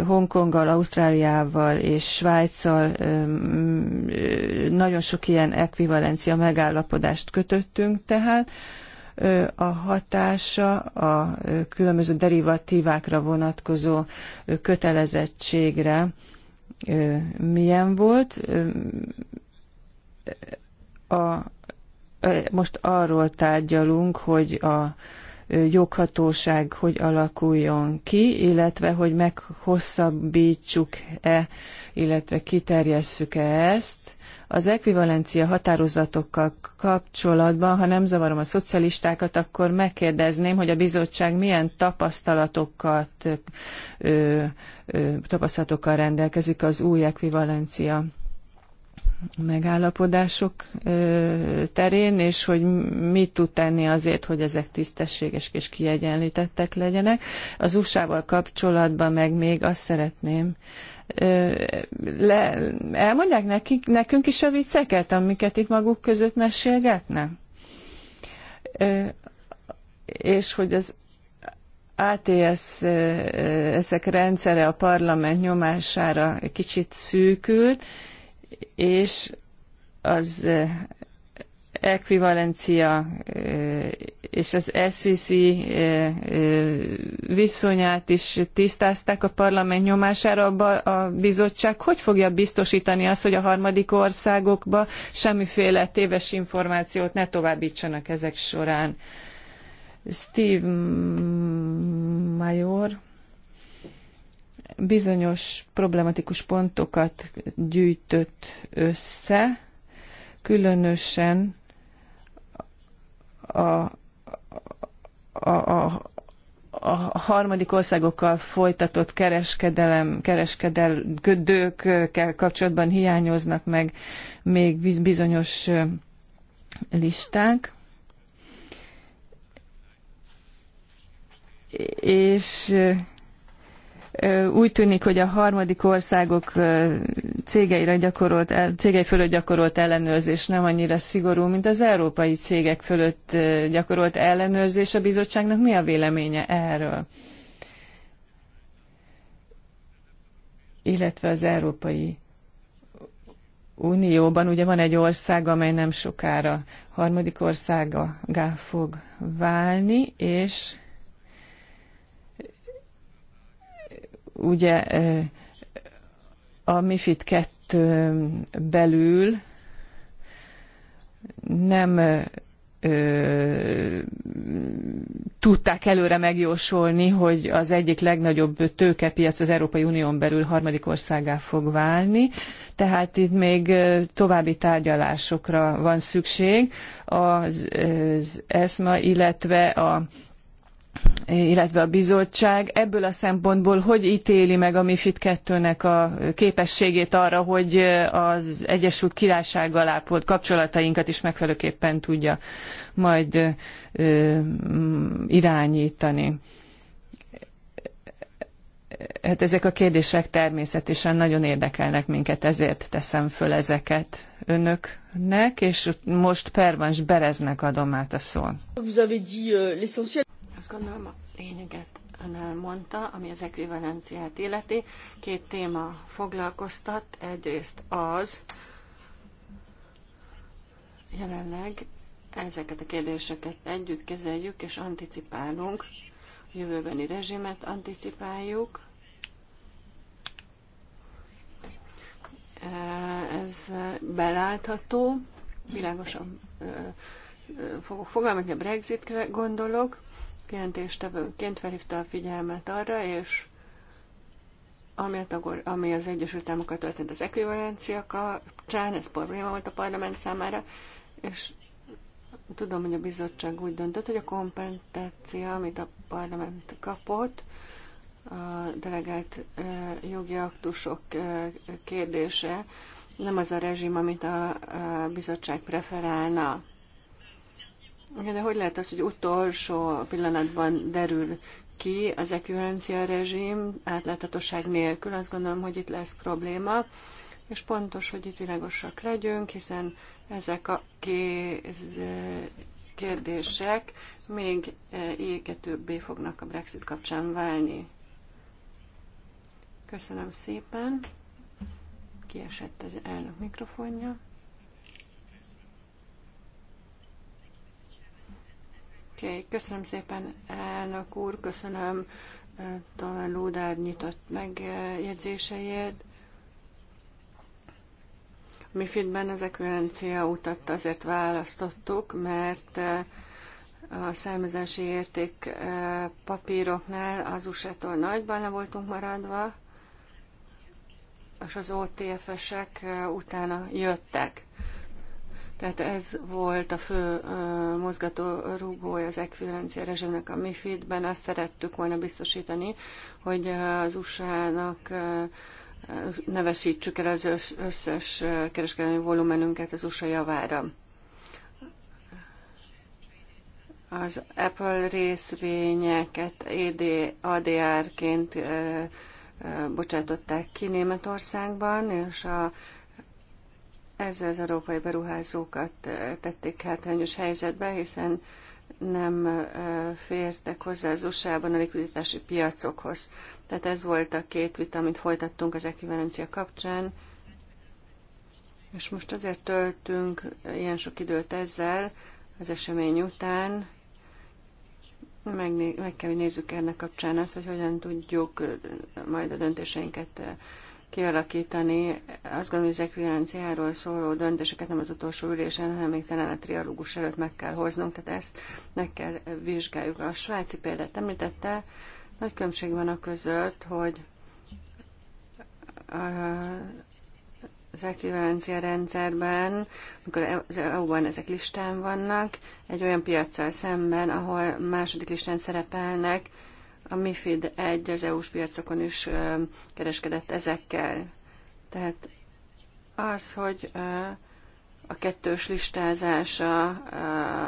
Hongkonggal, Ausztráliával és Svájccal nagyon sok ilyen ekvivalencia megállapodást kötöttünk, tehát a hatása a különböző derivatívákra vonatkozó kötelezettségre milyen volt. A, most arról tárgyalunk, hogy a joghatóság hogy alakuljon ki, illetve hogy meghosszabbítsuk-e, illetve kiterjesszük-e ezt. Az ekvivalencia határozatokkal kapcsolatban, ha nem zavarom a szocialistákat, akkor megkérdezném, hogy a bizottság milyen tapasztalatokat, ö, ö, tapasztalatokkal rendelkezik az új ekvivalencia megállapodások terén, és hogy mit tud tenni azért, hogy ezek tisztességes és kiegyenlítettek legyenek. Az USA-val kapcsolatban meg még azt szeretném, le, elmondják nekik, nekünk is a vicceket, amiket itt maguk között mesélgetnek? És hogy az ATS ezek rendszere a parlament nyomására kicsit szűkült, és az eh, ekvivalencia eh, és az SEC eh, viszonyát is tisztázták a parlament nyomására, a bizottság hogy fogja biztosítani azt, hogy a harmadik országokba semmiféle téves információt ne továbbítsanak ezek során? Steve Major bizonyos problematikus pontokat gyűjtött össze, különösen a, a, a, a harmadik országokkal folytatott kereskedelem, kereskedelködőkkel kapcsolatban hiányoznak meg még bizonyos listák. És úgy tűnik, hogy a harmadik országok cégeire gyakorolt, cégei fölött gyakorolt ellenőrzés nem annyira szigorú, mint az európai cégek fölött gyakorolt ellenőrzés. A bizottságnak mi a véleménye erről? Illetve az európai Unióban ugye van egy ország, amely nem sokára harmadik országa fog válni, és Ugye a MIFID 2 belül nem ö, tudták előre megjósolni, hogy az egyik legnagyobb tőkepiac az Európai Unión belül harmadik országá fog válni, tehát itt még további tárgyalásokra van szükség. Az, az ESMA, illetve a illetve a bizottság ebből a szempontból hogy ítéli meg a MIFID 2-nek a képességét arra, hogy az Egyesült Királysággal ápolt kapcsolatainkat is megfelelőképpen tudja majd irányítani hát ezek a kérdések természetesen nagyon érdekelnek minket, ezért teszem föl ezeket önöknek, és most Pervans Bereznek adom át a szót. Azt gondolom, a lényeget ön elmondta, ami az ekvivalenciát illeti. Két téma foglalkoztat. Egyrészt az, jelenleg ezeket a kérdéseket együtt kezeljük és anticipálunk, a jövőbeni rezsimet anticipáljuk. Ez belátható, világosan fogok fogalmazni, a Brexitre gondolok jelentéstevőként felhívta a figyelmet arra, és ami, a tagor, ami az Egyesült Államokkal történt az ekvivalencia kapcsán, ez probléma volt a parlament számára, és tudom, hogy a bizottság úgy döntött, hogy a kompetencia, amit a parlament kapott, a delegált jogi aktusok kérdése nem az a rezsim, amit a bizottság preferálna. Igen, de hogy lehet az, hogy utolsó pillanatban derül ki az ekvivalencia rezsim átláthatóság nélkül? Azt gondolom, hogy itt lesz probléma, és pontos, hogy itt világosak legyünk, hiszen ezek a kérdések még e, égetőbbé fognak a Brexit kapcsán válni. Köszönöm szépen. Kiesett az elnök mikrofonja. Okay. Köszönöm szépen, elnök úr, köszönöm eh, talán Lódár nyitott megjegyzéseiért. A MIFID-ben az ekvivalencia utat azért választottuk, mert eh, a származási érték eh, papíroknál az USA-tól nagyban le voltunk maradva, és az OTF-esek utána jöttek. Tehát ez volt a fő mozgató rúgója az ekvivalencia rezsőnek a MIFID-ben. Azt szerettük volna biztosítani, hogy az USA-nak nevesítsük el az összes kereskedelmi volumenünket az USA javára. Az Apple részvényeket ADR-ként bocsátották ki Németországban, és a ezzel az európai beruházókat tették hátrányos helyzetbe, hiszen nem fértek hozzá az USA-ban a likviditási piacokhoz. Tehát ez volt a két vita, amit folytattunk az ekvivalencia kapcsán, és most azért töltünk ilyen sok időt ezzel, az esemény után, meg, meg kell, hogy nézzük ennek kapcsán azt, hogy hogyan tudjuk majd a döntéseinket kialakítani. Azt gondolom, hogy ezek financiáról szóló döntéseket nem az utolsó ülésen, hanem még talán a trialógus előtt meg kell hoznunk, tehát ezt meg kell vizsgáljuk. A svájci példát említette, nagy különbség van a között, hogy az ekvivalencia rendszerben, amikor az EU-ban ezek listán vannak, egy olyan piaccal szemben, ahol második listán szerepelnek, a MIFID egy az EU-s piacokon is kereskedett ezekkel. Tehát az, hogy a kettős listázása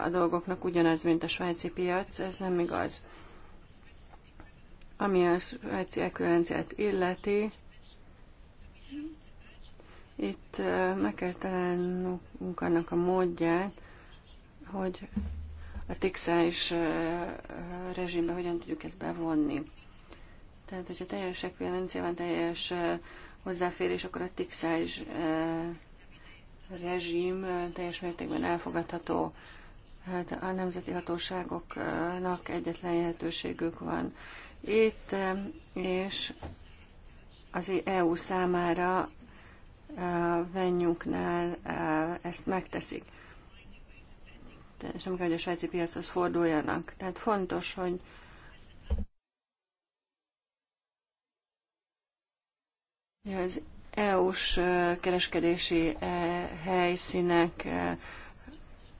a dolgoknak ugyanaz, mint a svájci piac, ez nem igaz. Ami a svájci ekvivalenciát illeti, itt meg kell találnunk annak a módját, hogy a tixális rezsimbe hogyan tudjuk ezt bevonni. Tehát, hogyha teljes ekvivalencia van, teljes hozzáférés, akkor a tixális rezsim teljes mértékben elfogadható. Hát a nemzeti hatóságoknak egyetlen lehetőségük van itt, és az EU számára venyunknál ezt megteszik és amikor a svájci piachoz forduljanak. Tehát fontos, hogy az EU-s kereskedési helyszínek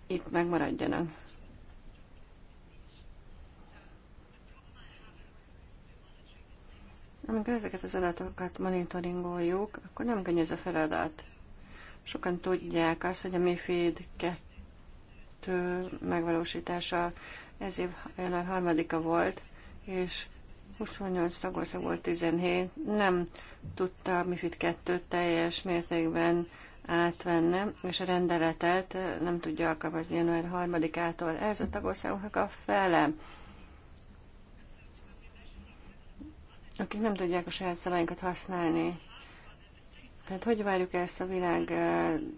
itt megmaradjanak. Amikor ezeket az adatokat monitoringoljuk, akkor nem könnyű ez a feladat. Sokan tudják azt, hogy a MIFID megvalósítása ez év január harmadika volt, és 28 tagország volt 17, nem tudta a MIFID 2 teljes mértékben átvenne, és a rendeletet nem tudja alkalmazni január 3-ától. Ez a tagországoknak a fele. akik nem tudják a saját szabályokat használni. Tehát hogy várjuk ezt a világ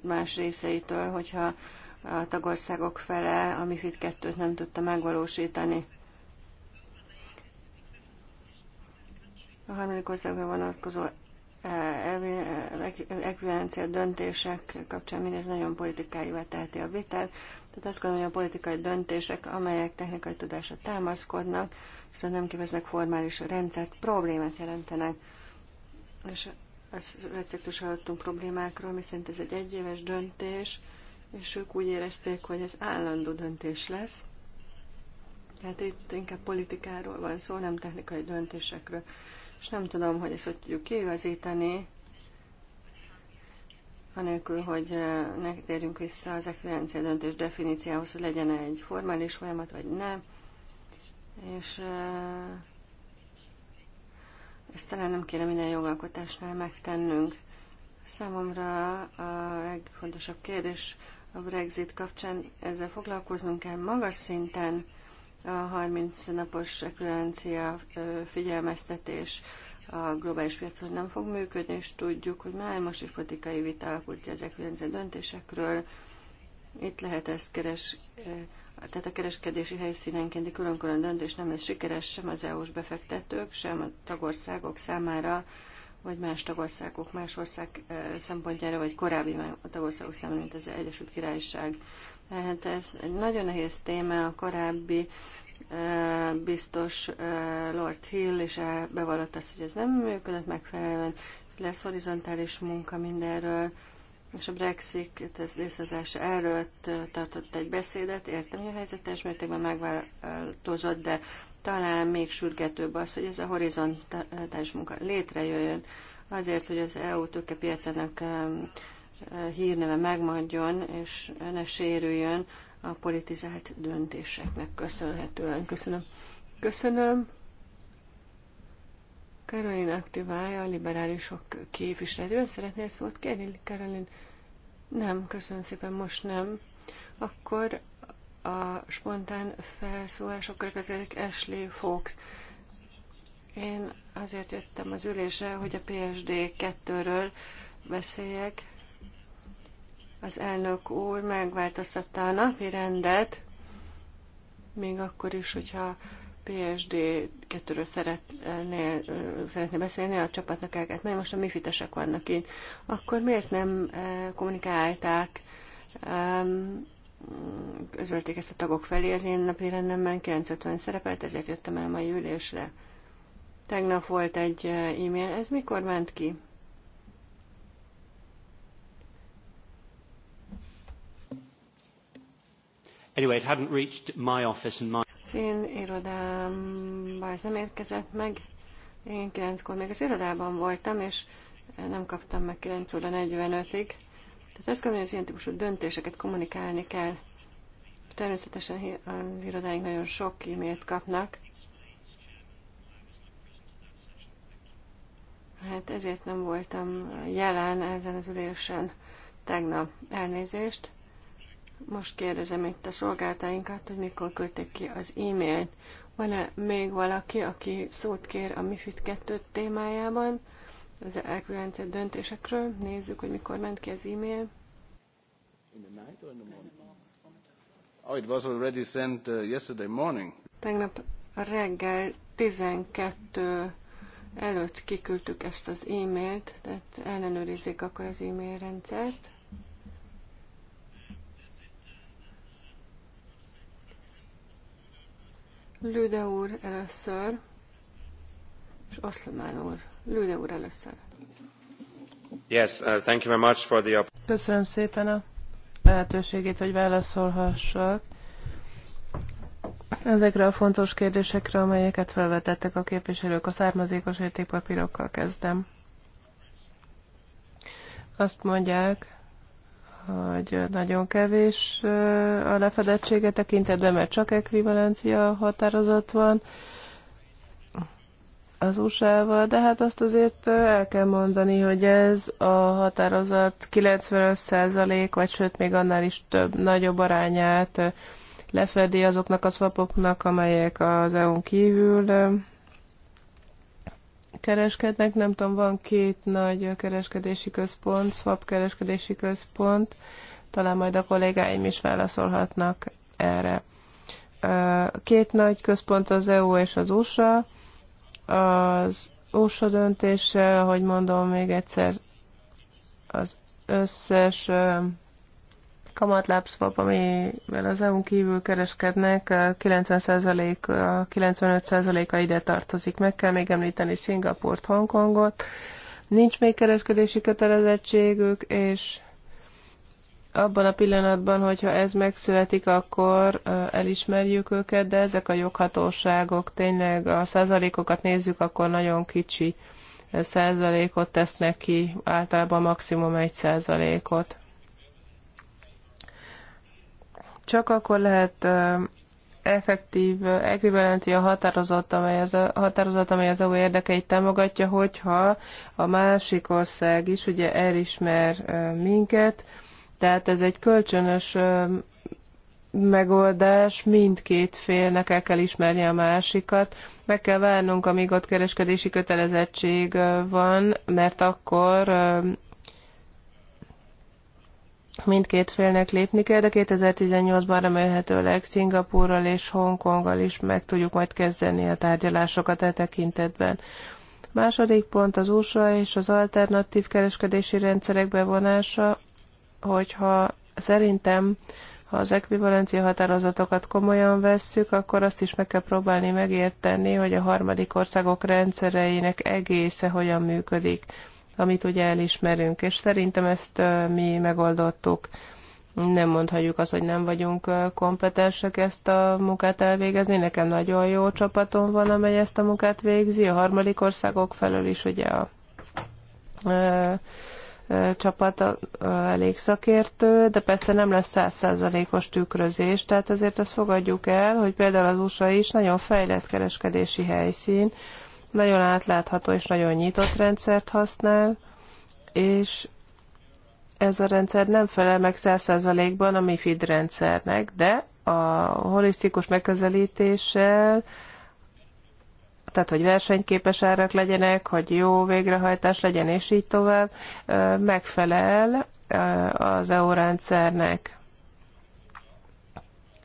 más részeitől, hogyha a tagországok fele a MIFID 2-t nem tudta megvalósítani. A harmadik országra vonatkozó eh, eh, ekvivalencia döntések kapcsán mindez nagyon politikáivá teheti a vitát. Tehát azt gondolom, hogy a politikai döntések, amelyek technikai tudásra támaszkodnak, viszont nem képeznek formális rendszert, problémát jelentenek. És ezt receptus hallottunk problémákról, miszerint ez egy egyéves döntés, és ők úgy érezték, hogy ez állandó döntés lesz. Tehát itt inkább politikáról van szó, nem technikai döntésekről. És nem tudom, hogy ezt hogy tudjuk kiigazítani, anélkül, hogy eh, ne térjünk vissza az ekvivalencia döntés definíciához, hogy legyen -e egy formális folyamat, vagy nem. És eh, ezt talán nem kéne minden jogalkotásnál megtennünk. Számomra a legfontosabb kérdés a Brexit kapcsán ezzel foglalkoznunk kell magas szinten a 30 napos ekvivalencia figyelmeztetés a globális piacon nem fog működni, és tudjuk, hogy már most is politikai vita alakult ki az ekvivalencia döntésekről. Itt lehet ezt keres, tehát a kereskedési helyszínenkénti külön-külön döntés nem lesz sikeres sem az EU-s befektetők, sem a tagországok számára vagy más tagországok, más ország szempontjára, vagy korábbi tagországok számára, mint az Egyesült Királyság. Tehát ez egy nagyon nehéz téma, a korábbi biztos Lord Hill, és bevallott azt, hogy ez nem működött megfelelően, lesz horizontális munka mindenről, és a Brexit ez lészezése előtt tartott egy beszédet, értem, hogy a helyzet teljes mértékben megváltozott, de talán még sürgetőbb az, hogy ez a horizontális munka létrejöjjön, azért, hogy az EU tőkepiacának hírneve megmaradjon, és ne sérüljön a politizált döntéseknek köszönhetően. Köszönöm. Köszönöm. Karolin aktiválja a liberálisok Ön Szeretnél szót kérni, Karolin? Nem, köszönöm szépen, most nem. Akkor a spontán felszólásokra, következik Ashley Fox. Én azért jöttem az ülésre, hogy a PSD 2-ről beszéljek. Az elnök úr megváltoztatta a napi rendet, még akkor is, hogyha PSD 2-ről szeretné, szeretné beszélni, a csapatnak el kellett menni, most a mifitesek vannak itt, akkor miért nem eh, kommunikálták közölték ezt a tagok felé, az én napi rendemben 950 szerepelt, ezért jöttem el a mai ülésre. Tegnap volt egy eh, e-mail, ez mikor ment ki? Anyway, it hadn't reached my office and my... Az én irodámba ez nem érkezett meg. Én kilenckor még az irodában voltam, és eh, nem kaptam meg 9 óra 45-ig. Tehát azt gondolom, hogy az ilyen típusú döntéseket kommunikálni kell. Természetesen az irodáink nagyon sok e-mailt kapnak. Hát ezért nem voltam jelen ezen az ülésen tegnap elnézést. Most kérdezem itt a szolgáltáinkat, hogy mikor küldték ki az e-mailt. Van-e még valaki, aki szót kér a MIFID 2 témájában? az elkülönített döntésekről. Nézzük, hogy mikor ment ki az e-mail. Oh, it was already sent uh, yesterday morning. Tegnap reggel 12 előtt kiküldtük ezt az e-mailt, tehát ellenőrizzék akkor az e-mail rendszert. Lüde úr először, és Oszlomán úr. Lüle úr először. Yes, uh, thank you very much for the... Köszönöm szépen a lehetőségét, hogy válaszolhassak ezekre a fontos kérdésekre, amelyeket felvetettek a képviselők. A származékos értékpapírokkal kezdem. Azt mondják, hogy nagyon kevés uh, a lefedettsége tekintetben, mert csak ekvivalencia határozat van, az USA-val, de hát azt azért el kell mondani, hogy ez a határozat 95% vagy sőt még annál is több, nagyobb arányát lefedi azoknak a swapoknak, amelyek az EU-n kívül kereskednek. Nem tudom, van két nagy kereskedési központ, swap kereskedési központ, talán majd a kollégáim is válaszolhatnak erre. Két nagy központ az EU és az USA, az USA döntéssel, ahogy mondom még egyszer, az összes kamatlábszvap, amivel az EU-n kívül kereskednek, 90%-a, 95%-a ide tartozik. Meg kell még említeni Szingapurt, Hongkongot. Nincs még kereskedési kötelezettségük, és abban a pillanatban, hogyha ez megszületik, akkor elismerjük őket, de ezek a joghatóságok, tényleg a százalékokat nézzük, akkor nagyon kicsi százalékot tesznek ki, általában maximum egy százalékot. Csak akkor lehet effektív ekvivalencia határozott, amely az, a határozott, amely az EU érdekeit támogatja, hogyha a másik ország is ugye elismer minket, tehát ez egy kölcsönös megoldás, mindkét félnek el kell ismerni a másikat, meg kell várnunk, amíg ott kereskedési kötelezettség van, mert akkor mindkét félnek lépni kell, de 2018-ban remélhetőleg Szingapúrral és Hongkonggal is meg tudjuk majd kezdeni a tárgyalásokat e tekintetben. Második pont az USA és az alternatív kereskedési rendszerek bevonása, hogyha szerintem ha az ekvivalencia határozatokat komolyan vesszük, akkor azt is meg kell próbálni megérteni, hogy a harmadik országok rendszereinek egésze hogyan működik, amit ugye elismerünk. És szerintem ezt mi megoldottuk. Nem mondhatjuk azt, hogy nem vagyunk kompetensek ezt a munkát elvégezni. Nekem nagyon jó csapatom van, amely ezt a munkát végzi. A harmadik országok felől is ugye a, a csapat elég szakértő, de persze nem lesz százszázalékos tükrözés, tehát azért ezt fogadjuk el, hogy például az USA is nagyon fejlett kereskedési helyszín, nagyon átlátható és nagyon nyitott rendszert használ, és ez a rendszer nem felel meg százszázalékban a MIFID rendszernek, de a holisztikus megközelítéssel tehát hogy versenyképes árak legyenek, hogy jó végrehajtás legyen, és így tovább, megfelel az EU rendszernek.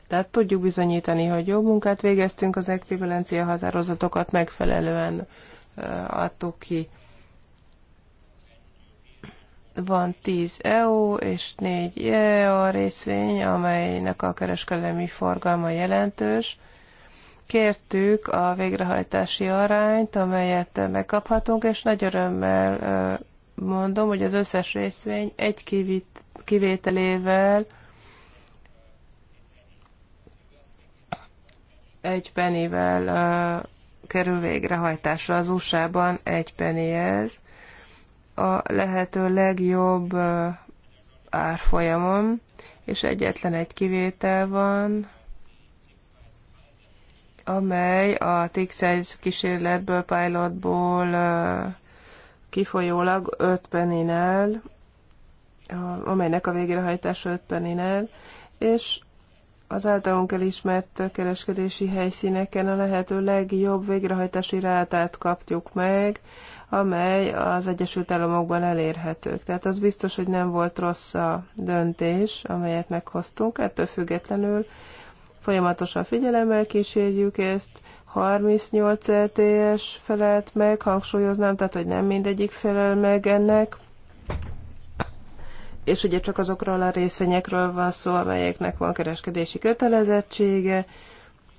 Tehát tudjuk bizonyítani, hogy jó munkát végeztünk, az ekvivalencia határozatokat megfelelően adtuk ki. Van 10 EU és 4 EA részvény, amelynek a kereskedelmi forgalma jelentős kértük a végrehajtási arányt, amelyet megkaphatunk, és nagy örömmel mondom, hogy az összes részvény egy kivételével egy penivel kerül végrehajtásra. Az USA-ban egy penny ez. A lehető legjobb árfolyamon, és egyetlen egy kivétel van, amely a TIG-100 kísérletből, pilotból kifolyólag 5 peninel, amelynek a végrehajtása 5 peninel, és az általunk elismert kereskedési helyszíneken a lehető legjobb végrehajtási rátát kapjuk meg, amely az Egyesült Államokban elérhetők. Tehát az biztos, hogy nem volt rossz a döntés, amelyet meghoztunk, ettől függetlenül Folyamatosan figyelemmel kísérjük ezt, 38 LTS e felelt meg, hangsúlyoznám, tehát hogy nem mindegyik felel meg ennek. És ugye csak azokról a részvényekről van szó, amelyeknek van kereskedési kötelezettsége,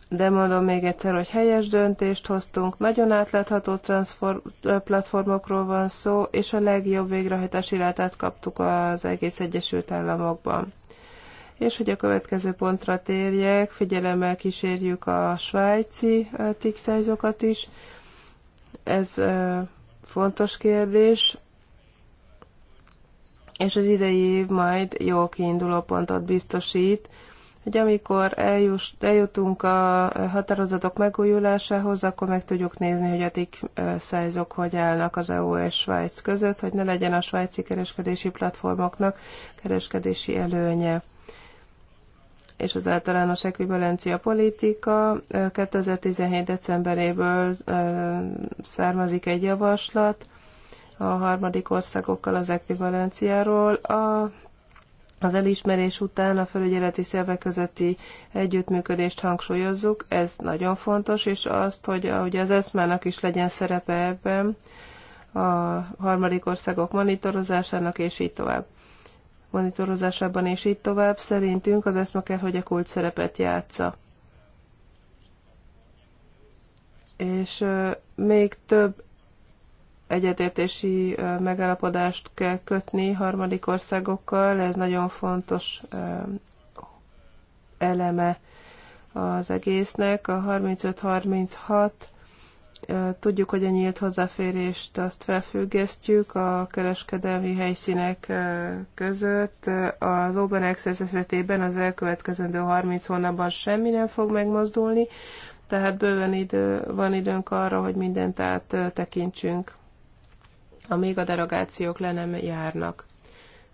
de mondom még egyszer, hogy helyes döntést hoztunk, nagyon átlátható transform, platformokról van szó, és a legjobb végrehajtási rátát kaptuk az egész Egyesült Államokban. És hogy a következő pontra térjek, figyelemmel kísérjük a svájci tixájzokat is. Ez fontos kérdés, és az idei év majd jó kiinduló pontot biztosít, hogy amikor eljuss, eljutunk a határozatok megújulásához, akkor meg tudjuk nézni, hogy a TIK szájzok hogy állnak az EU és Svájc között, hogy ne legyen a svájci kereskedési platformoknak kereskedési előnye és az általános ekvivalencia politika. 2017. decemberéből származik egy javaslat a harmadik országokkal az ekvivalenciáról. A az elismerés után a felügyeleti szervek közötti együttműködést hangsúlyozzuk, ez nagyon fontos, és azt, hogy ugye az eszmának is legyen szerepe ebben, a harmadik országok monitorozásának, és így tovább monitorozásában, és így tovább, szerintünk az ESMA kell, hogy a kult szerepet játsza. És még több egyetértési megállapodást kell kötni harmadik országokkal, ez nagyon fontos eleme az egésznek. A 35-36 Tudjuk, hogy a nyílt hozzáférést azt felfüggesztjük a kereskedelmi helyszínek között. Az Open Access esetében az elkövetkezendő 30 hónapban semmi nem fog megmozdulni, tehát bőven idő, van időnk arra, hogy mindent tekintsünk, amíg a derogációk le nem járnak.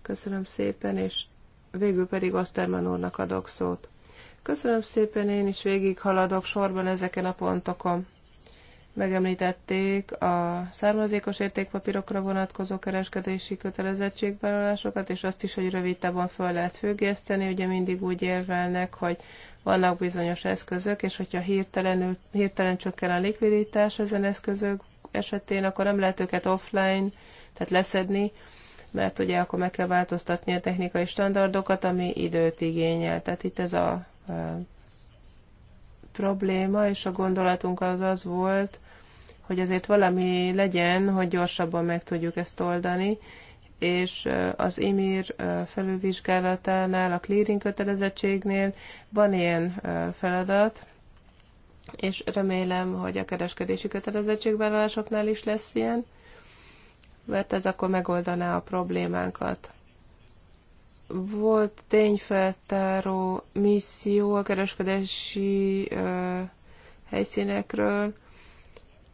Köszönöm szépen, és végül pedig Oszterman úrnak adok szót. Köszönöm szépen, én is haladok sorban ezeken a pontokon megemlítették a származékos értékpapírokra vonatkozó kereskedési kötelezettségvállalásokat, és azt is, hogy rövid távon föl lehet függeszteni. Ugye mindig úgy érvelnek, hogy vannak bizonyos eszközök, és hogyha hirtelenül, hirtelen csökken a likviditás ezen eszközök esetén, akkor nem lehet őket offline, tehát leszedni, mert ugye akkor meg kell változtatni a technikai standardokat, ami időt igényel. Tehát itt ez a probléma, és a gondolatunk az az volt, hogy azért valami legyen, hogy gyorsabban meg tudjuk ezt oldani, és az IMIR felülvizsgálatánál, a clearing kötelezettségnél van ilyen feladat, és remélem, hogy a kereskedési kötelezettségvállalásoknál is lesz ilyen, mert ez akkor megoldaná a problémánkat volt tényfeltáró misszió a kereskedési ö, helyszínekről.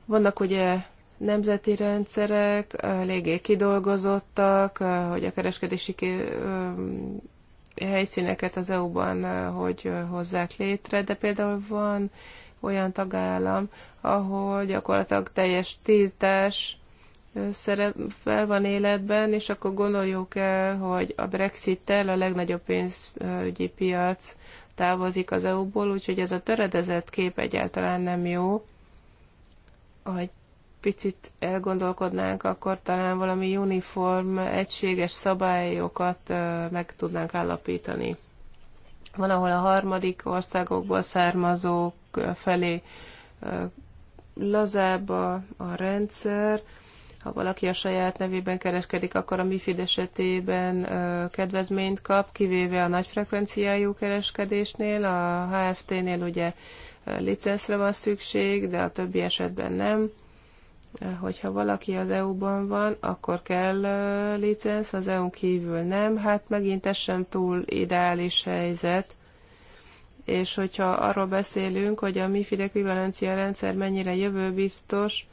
Vannak ugye nemzeti rendszerek, eléggé kidolgozottak, hogy a kereskedési helyszíneket az EU-ban hogy hozzák létre, de például van olyan tagállam, ahol gyakorlatilag teljes tiltás szerepel van életben, és akkor gondoljuk el, hogy a Brexit-tel a legnagyobb pénzügyi piac távozik az EU-ból, úgyhogy ez a töredezett kép egyáltalán nem jó. Ha egy picit elgondolkodnánk, akkor talán valami uniform, egységes szabályokat meg tudnánk állapítani. Van, ahol a harmadik országokból származók felé lazább a, a rendszer, ha valaki a saját nevében kereskedik, akkor a MIFID esetében kedvezményt kap, kivéve a nagy frekvenciájú kereskedésnél, a HFT-nél ugye licenszre van szükség, de a többi esetben nem. Hogyha valaki az EU-ban van, akkor kell licensz, az EU-n kívül nem. Hát megint ez sem túl ideális helyzet és hogyha arról beszélünk, hogy a MIFID ekvivalencia rendszer mennyire jövőbiztos,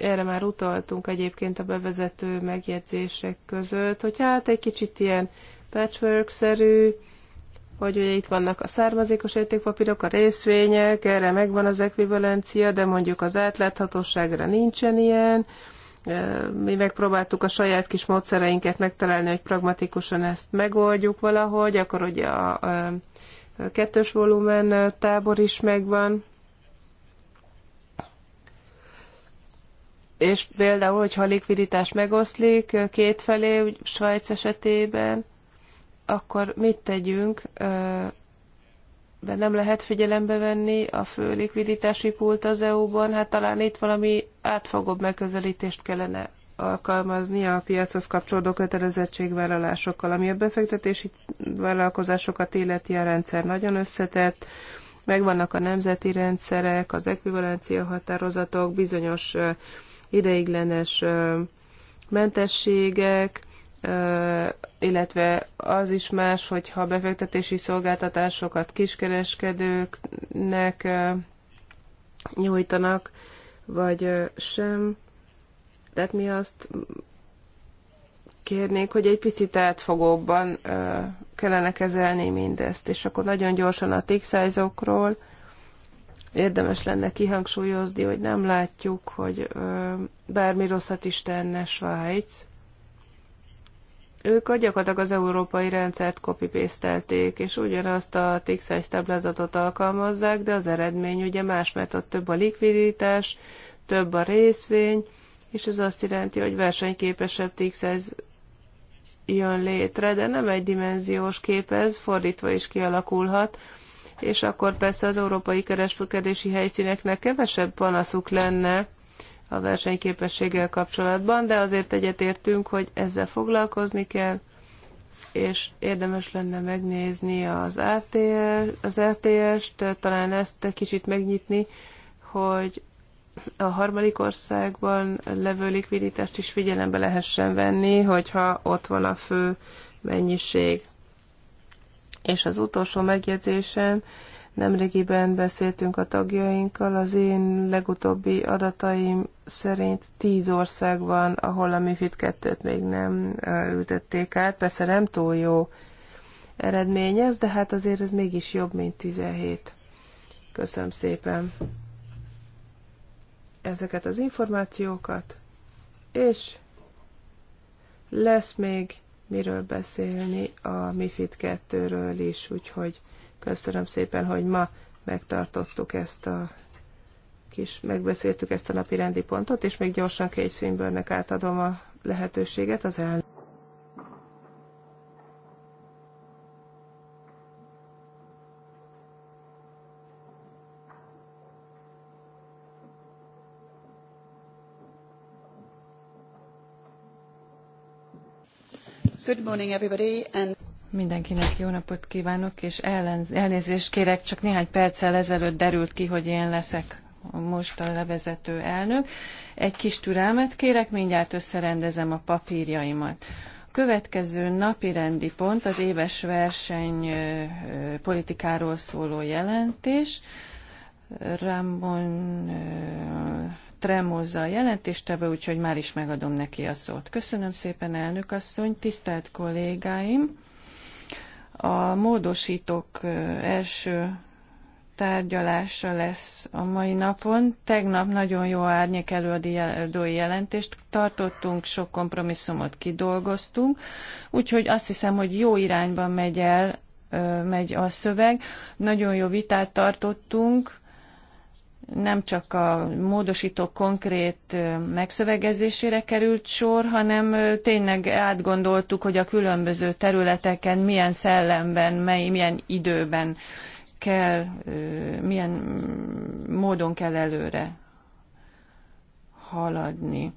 erre már utaltunk egyébként a bevezető megjegyzések között, hogy hát egy kicsit ilyen patchwork-szerű, hogy ugye itt vannak a származékos értékpapírok, a részvények, erre megvan az ekvivalencia, de mondjuk az átláthatóságra nincsen ilyen. Mi megpróbáltuk a saját kis módszereinket megtalálni, hogy pragmatikusan ezt megoldjuk valahogy, akkor ugye a, a kettős volumen tábor is megvan. És például, hogyha a likviditás megoszlik kétfelé, úgy Svájc esetében, akkor mit tegyünk? De nem lehet figyelembe venni a fő likviditási pult az EU-ban, hát talán itt valami átfogóbb megközelítést kellene alkalmazni a piachoz kapcsolódó kötelezettségvállalásokkal, ami a befektetési vállalkozásokat illeti a rendszer nagyon összetett, megvannak a nemzeti rendszerek, az ekvivalencia határozatok, bizonyos ideiglenes mentességek, illetve az is más, hogyha befektetési szolgáltatásokat kiskereskedőknek nyújtanak, vagy sem. Tehát mi azt kérnék, hogy egy picit átfogóbban kellene kezelni mindezt, és akkor nagyon gyorsan a tick érdemes lenne kihangsúlyozni, hogy nem látjuk, hogy ö, bármi rosszat is tenne Svájc. Ők gyakorlatilag az európai rendszert copy és ugyanazt a TIXES táblázatot alkalmazzák, de az eredmény ugye más, mert ott több a likviditás, több a részvény, és ez azt jelenti, hogy versenyképesebb TIXES jön létre, de nem egy kép ez, fordítva is kialakulhat, és akkor persze az európai kereskedési helyszíneknek kevesebb panaszuk lenne a versenyképességgel kapcsolatban, de azért egyetértünk, hogy ezzel foglalkozni kell, és érdemes lenne megnézni az, RTL, az RTS-t, talán ezt kicsit megnyitni, hogy a harmadik országban levő likviditást is figyelembe lehessen venni, hogyha ott van a fő mennyiség. És az utolsó megjegyzésem, nemrégiben beszéltünk a tagjainkkal, az én legutóbbi adataim szerint tíz ország van, ahol a MIFID 2-t még nem ültették át. Persze nem túl jó eredmény ez, de hát azért ez mégis jobb, mint 17. Köszönöm szépen ezeket az információkat, és lesz még miről beszélni, a MIFID 2-ről is, úgyhogy köszönöm szépen, hogy ma megtartottuk ezt a kis, megbeszéltük ezt a napi rendi pontot, és még gyorsan Kate Swinburne-nek átadom a lehetőséget az elnök. Good morning everybody and... Mindenkinek jó napot kívánok, és ellenz, elnézést kérek, csak néhány perccel ezelőtt derült ki, hogy én leszek most a levezető elnök. Egy kis türelmet kérek, mindjárt összerendezem a papírjaimat. A következő napi rendi pont az éves verseny politikáról szóló jelentés. Ramon Tremóza a jelentéstevő, úgyhogy már is megadom neki a szót. Köszönöm szépen, elnök asszony, tisztelt kollégáim! A módosítók első tárgyalása lesz a mai napon. Tegnap nagyon jó árnyék előadói jelentést tartottunk, sok kompromisszumot kidolgoztunk, úgyhogy azt hiszem, hogy jó irányban megy el megy a szöveg. Nagyon jó vitát tartottunk, nem csak a módosító konkrét megszövegezésére került sor, hanem tényleg átgondoltuk, hogy a különböző területeken milyen szellemben, mely, milyen időben kell, milyen módon kell előre haladni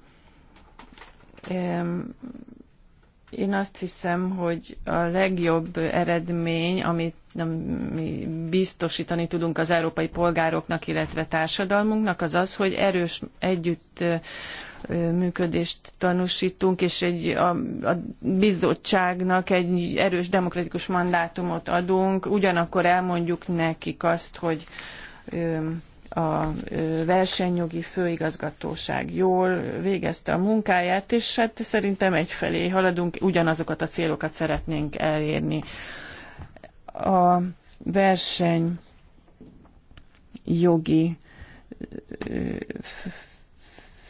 én azt hiszem, hogy a legjobb eredmény, amit mi biztosítani tudunk az európai polgároknak, illetve társadalmunknak, az az, hogy erős együtt működést tanúsítunk, és egy, a, a bizottságnak egy erős demokratikus mandátumot adunk, ugyanakkor elmondjuk nekik azt, hogy a versenyjogi főigazgatóság jól végezte a munkáját, és hát szerintem egyfelé haladunk, ugyanazokat a célokat szeretnénk elérni. A verseny jogi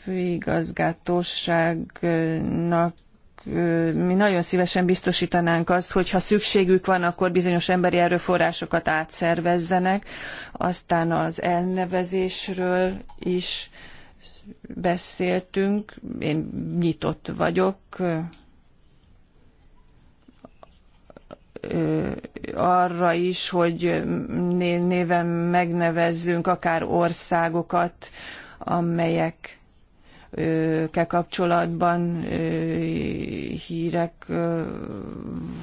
főigazgatóságnak mi nagyon szívesen biztosítanánk azt, hogy ha szükségük van, akkor bizonyos emberi erőforrásokat átszervezzenek. Aztán az elnevezésről is beszéltünk. Én nyitott vagyok arra is, hogy néven megnevezzünk akár országokat, amelyek kell kapcsolatban hírek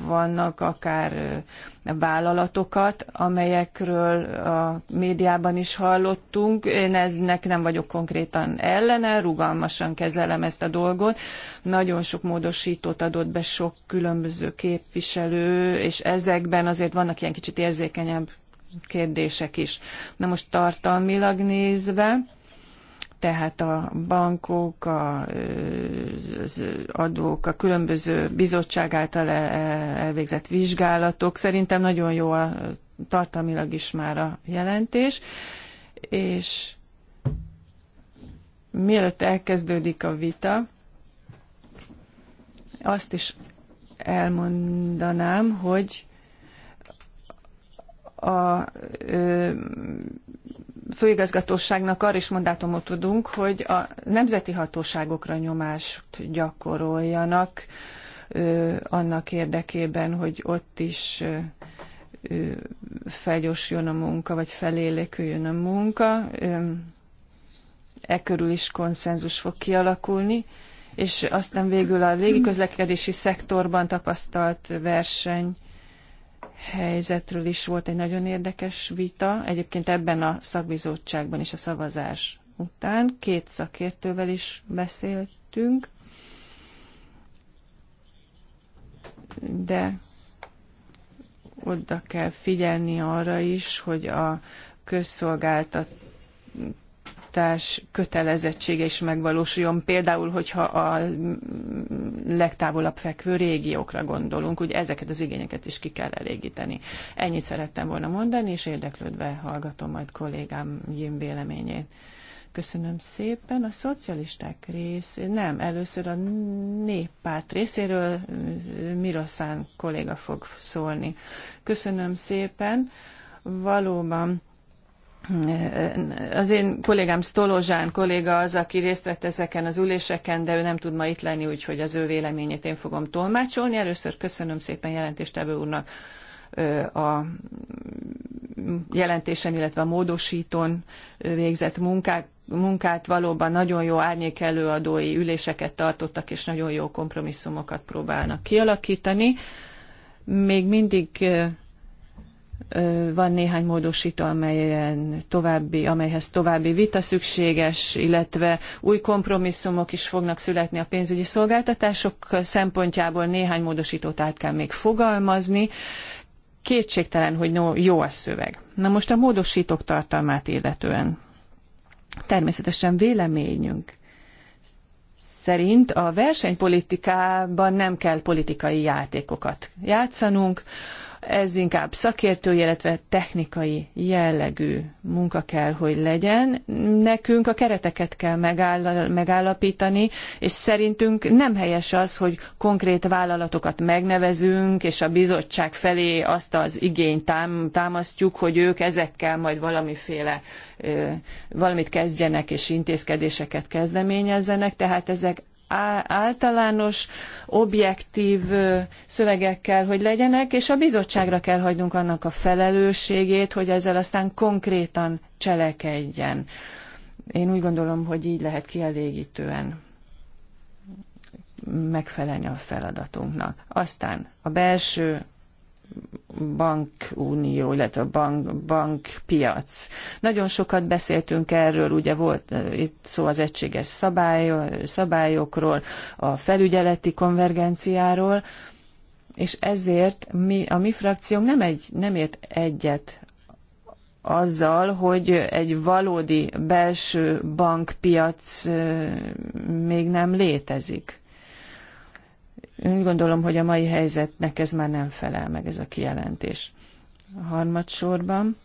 vannak, akár vállalatokat, amelyekről a médiában is hallottunk. Én eznek nem vagyok konkrétan ellene, rugalmasan kezelem ezt a dolgot. Nagyon sok módosítót adott be sok különböző képviselő, és ezekben azért vannak ilyen kicsit érzékenyebb kérdések is. Na most tartalmilag nézve, tehát a bankok, a, az adók, a különböző bizottság által e, e, elvégzett vizsgálatok. Szerintem nagyon jó a tartalmilag is már a jelentés, és mielőtt elkezdődik a vita, azt is elmondanám, hogy a, ö, főigazgatóságnak arra is mandátumot tudunk, hogy a nemzeti hatóságokra nyomást gyakoroljanak annak érdekében, hogy ott is felgyorsuljon a munka, vagy feléléküljön a munka. E körül is konszenzus fog kialakulni, és aztán végül a légiközlekedési szektorban tapasztalt verseny helyzetről is volt egy nagyon érdekes vita, egyébként ebben a szakbizottságban is a szavazás után. Két szakértővel is beszéltünk, de oda kell figyelni arra is, hogy a közszolgáltat oktatás kötelezettsége is megvalósuljon, például, hogyha a legtávolabb fekvő régiókra gondolunk, ugye ezeket az igényeket is ki kell elégíteni. Ennyit szerettem volna mondani, és érdeklődve hallgatom majd kollégám Jim véleményét. Köszönöm szépen. A szocialisták rész, nem, először a néppárt részéről Miroszán kolléga fog szólni. Köszönöm szépen. Valóban az én kollégám Stolozsán kolléga az, aki részt vett ezeken az üléseken, de ő nem tud ma itt lenni, úgyhogy az ő véleményét én fogom tolmácsolni. Először köszönöm szépen jelentéstevő úrnak a jelentésen, illetve a módosítón végzett munkát, munkát valóban nagyon jó árnyékelőadói üléseket tartottak, és nagyon jó kompromisszumokat próbálnak kialakítani. Még mindig van néhány módosító, amelyen további, amelyhez további vita szükséges, illetve új kompromisszumok is fognak születni a pénzügyi szolgáltatások szempontjából néhány módosítót át kell még fogalmazni. Kétségtelen, hogy no, jó a szöveg. Na most a módosítók tartalmát illetően. Természetesen véleményünk szerint a versenypolitikában nem kell politikai játékokat játszanunk ez inkább szakértő, illetve technikai jellegű munka kell, hogy legyen. Nekünk a kereteket kell megállapítani, és szerintünk nem helyes az, hogy konkrét vállalatokat megnevezünk, és a bizottság felé azt az igényt támasztjuk, hogy ők ezekkel majd valamiféle valamit kezdjenek és intézkedéseket kezdeményezzenek, tehát ezek általános, objektív szövegekkel, hogy legyenek, és a bizottságra kell hagynunk annak a felelősségét, hogy ezzel aztán konkrétan cselekedjen. Én úgy gondolom, hogy így lehet kielégítően megfelelni a feladatunknak. Aztán a belső bankunió, illetve a bank, bankpiac. Nagyon sokat beszéltünk erről, ugye volt eh, itt szó az egységes szabály, szabályokról, a felügyeleti konvergenciáról, és ezért mi, a mi frakciónk nem, egy, nem ért egyet azzal, hogy egy valódi belső bankpiac eh, még nem létezik. Úgy gondolom, hogy a mai helyzetnek ez már nem felel meg ez a kijelentés. A harmadsorban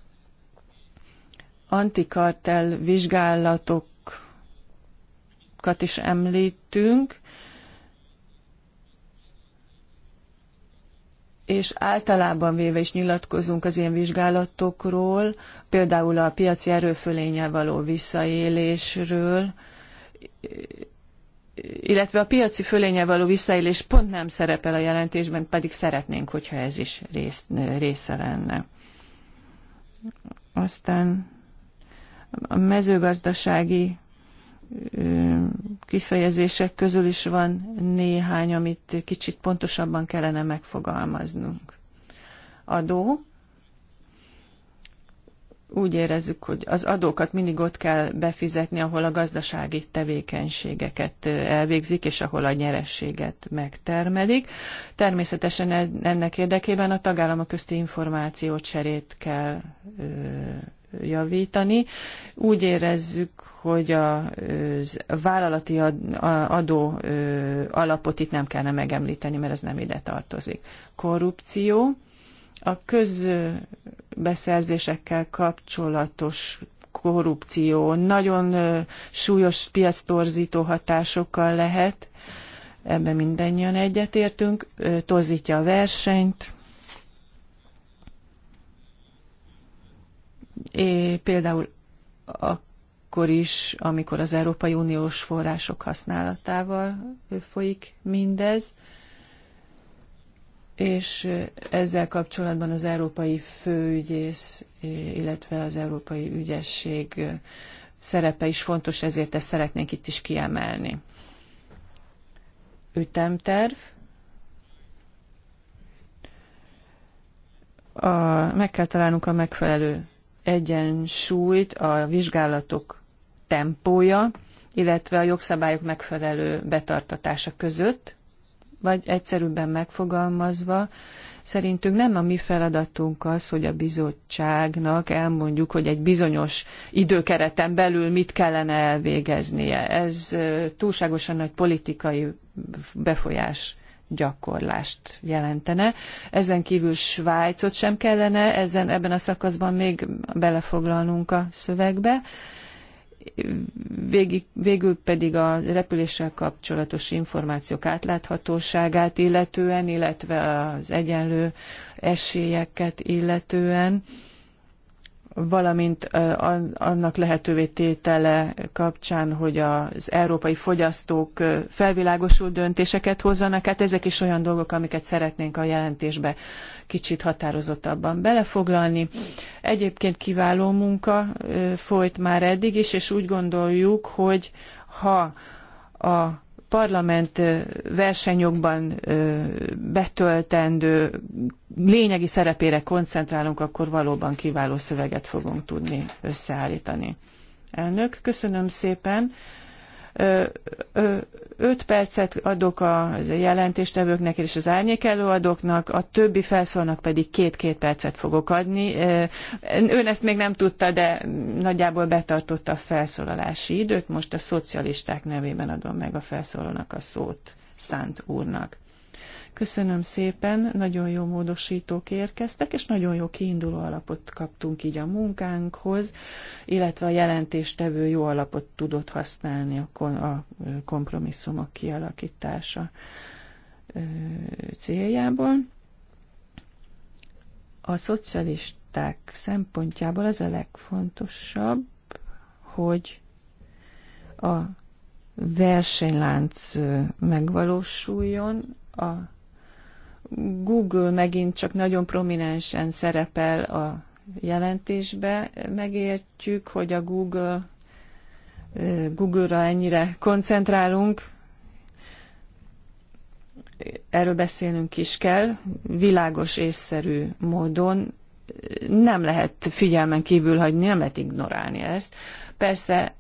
antikartel vizsgálatokat is említünk, és általában véve is nyilatkozunk az ilyen vizsgálatokról, például a piaci erőfölényel való visszaélésről, illetve a piaci fölénye való visszaélés pont nem szerepel a jelentésben, pedig szeretnénk, hogyha ez is rész, része lenne. Aztán a mezőgazdasági kifejezések közül is van néhány, amit kicsit pontosabban kellene megfogalmaznunk. Adó, úgy érezzük, hogy az adókat mindig ott kell befizetni, ahol a gazdasági tevékenységeket elvégzik, és ahol a nyerességet megtermelik. Természetesen ennek érdekében a tagállamok közti információcserét kell javítani. Úgy érezzük, hogy a vállalati adó alapot itt nem kellene megemlíteni, mert ez nem ide tartozik. Korrupció a közbeszerzésekkel kapcsolatos korrupció nagyon súlyos piactorzító hatásokkal lehet, ebben mindannyian egyetértünk, torzítja a versenyt, É, például akkor is, amikor az Európai Uniós források használatával folyik mindez és ezzel kapcsolatban az európai főügyész, illetve az európai ügyesség szerepe is fontos, ezért ezt szeretnénk itt is kiemelni. Ütemterv. A, meg kell találnunk a megfelelő egyensúlyt, a vizsgálatok tempója, illetve a jogszabályok megfelelő betartatása között, vagy egyszerűbben megfogalmazva, szerintünk nem a mi feladatunk az, hogy a bizottságnak elmondjuk, hogy egy bizonyos időkereten belül mit kellene elvégeznie. Ez túlságosan nagy politikai befolyás gyakorlást jelentene. Ezen kívül Svájcot sem kellene ezen, ebben a szakaszban még belefoglalnunk a szövegbe végig, végül pedig a repüléssel kapcsolatos információk átláthatóságát illetően, illetve az egyenlő esélyeket illetően valamint annak lehetővé tétele kapcsán, hogy az európai fogyasztók felvilágosult döntéseket hozzanak. Hát ezek is olyan dolgok, amiket szeretnénk a jelentésbe kicsit határozottabban belefoglalni. Egyébként kiváló munka folyt már eddig is, és úgy gondoljuk, hogy ha a parlament versenyokban betöltendő lényegi szerepére koncentrálunk, akkor valóban kiváló szöveget fogunk tudni összeállítani. Elnök, köszönöm szépen. 5 percet adok a jelentéstevőknek és az árnyék előadóknak, a többi felszólnak pedig két-két percet fogok adni. Ön ezt még nem tudta, de nagyjából betartotta a felszólalási időt. Most a szocialisták nevében adom meg a felszólónak a szót Szánt úrnak. Köszönöm szépen, nagyon jó módosítók érkeztek, és nagyon jó kiinduló alapot kaptunk így a munkánkhoz, illetve a jelentéstevő jó alapot tudott használni a, kon- a kompromisszumok kialakítása céljából. A szocialisták szempontjából az a legfontosabb, hogy a versenylánc megvalósuljon a Google megint csak nagyon prominensen szerepel a jelentésbe. Megértjük, hogy a Google, Google-ra ennyire koncentrálunk, erről beszélnünk is kell, világos, észszerű módon nem lehet figyelmen kívül hagyni, nem lehet ignorálni ezt. Persze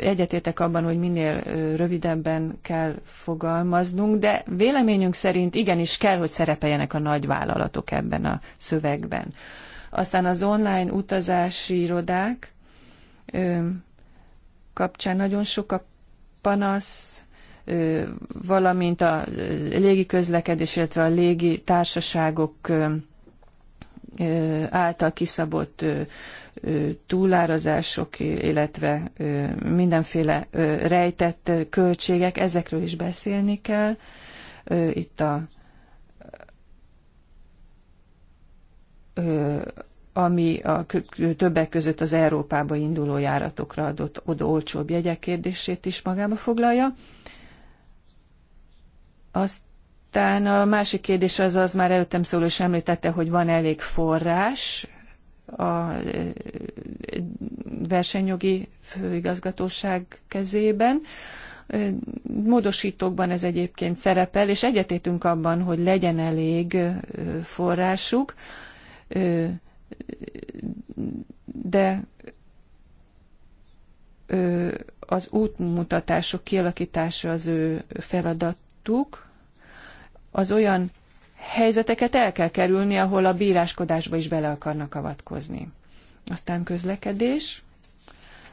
egyetértek abban, hogy minél rövidebben kell fogalmaznunk, de véleményünk szerint igenis kell, hogy szerepeljenek a nagyvállalatok ebben a szövegben. Aztán az online utazási irodák kapcsán nagyon sok a panasz, valamint a légi közlekedés, illetve a légi társaságok által kiszabott túlárazások, illetve mindenféle rejtett költségek, ezekről is beszélni kell. Itt a ami a többek között az Európába induló járatokra adott oda olcsóbb jegyek kérdését is magába foglalja. Aztán a másik kérdés az, az már előttem szóló is említette, hogy van elég forrás a e, versenyjogi főigazgatóság kezében. E, módosítókban ez egyébként szerepel, és egyetétünk abban, hogy legyen elég e, forrásuk, de az útmutatások kialakítása az ő feladatuk, az olyan helyzeteket el kell kerülni, ahol a bíráskodásba is bele akarnak avatkozni. Aztán közlekedés.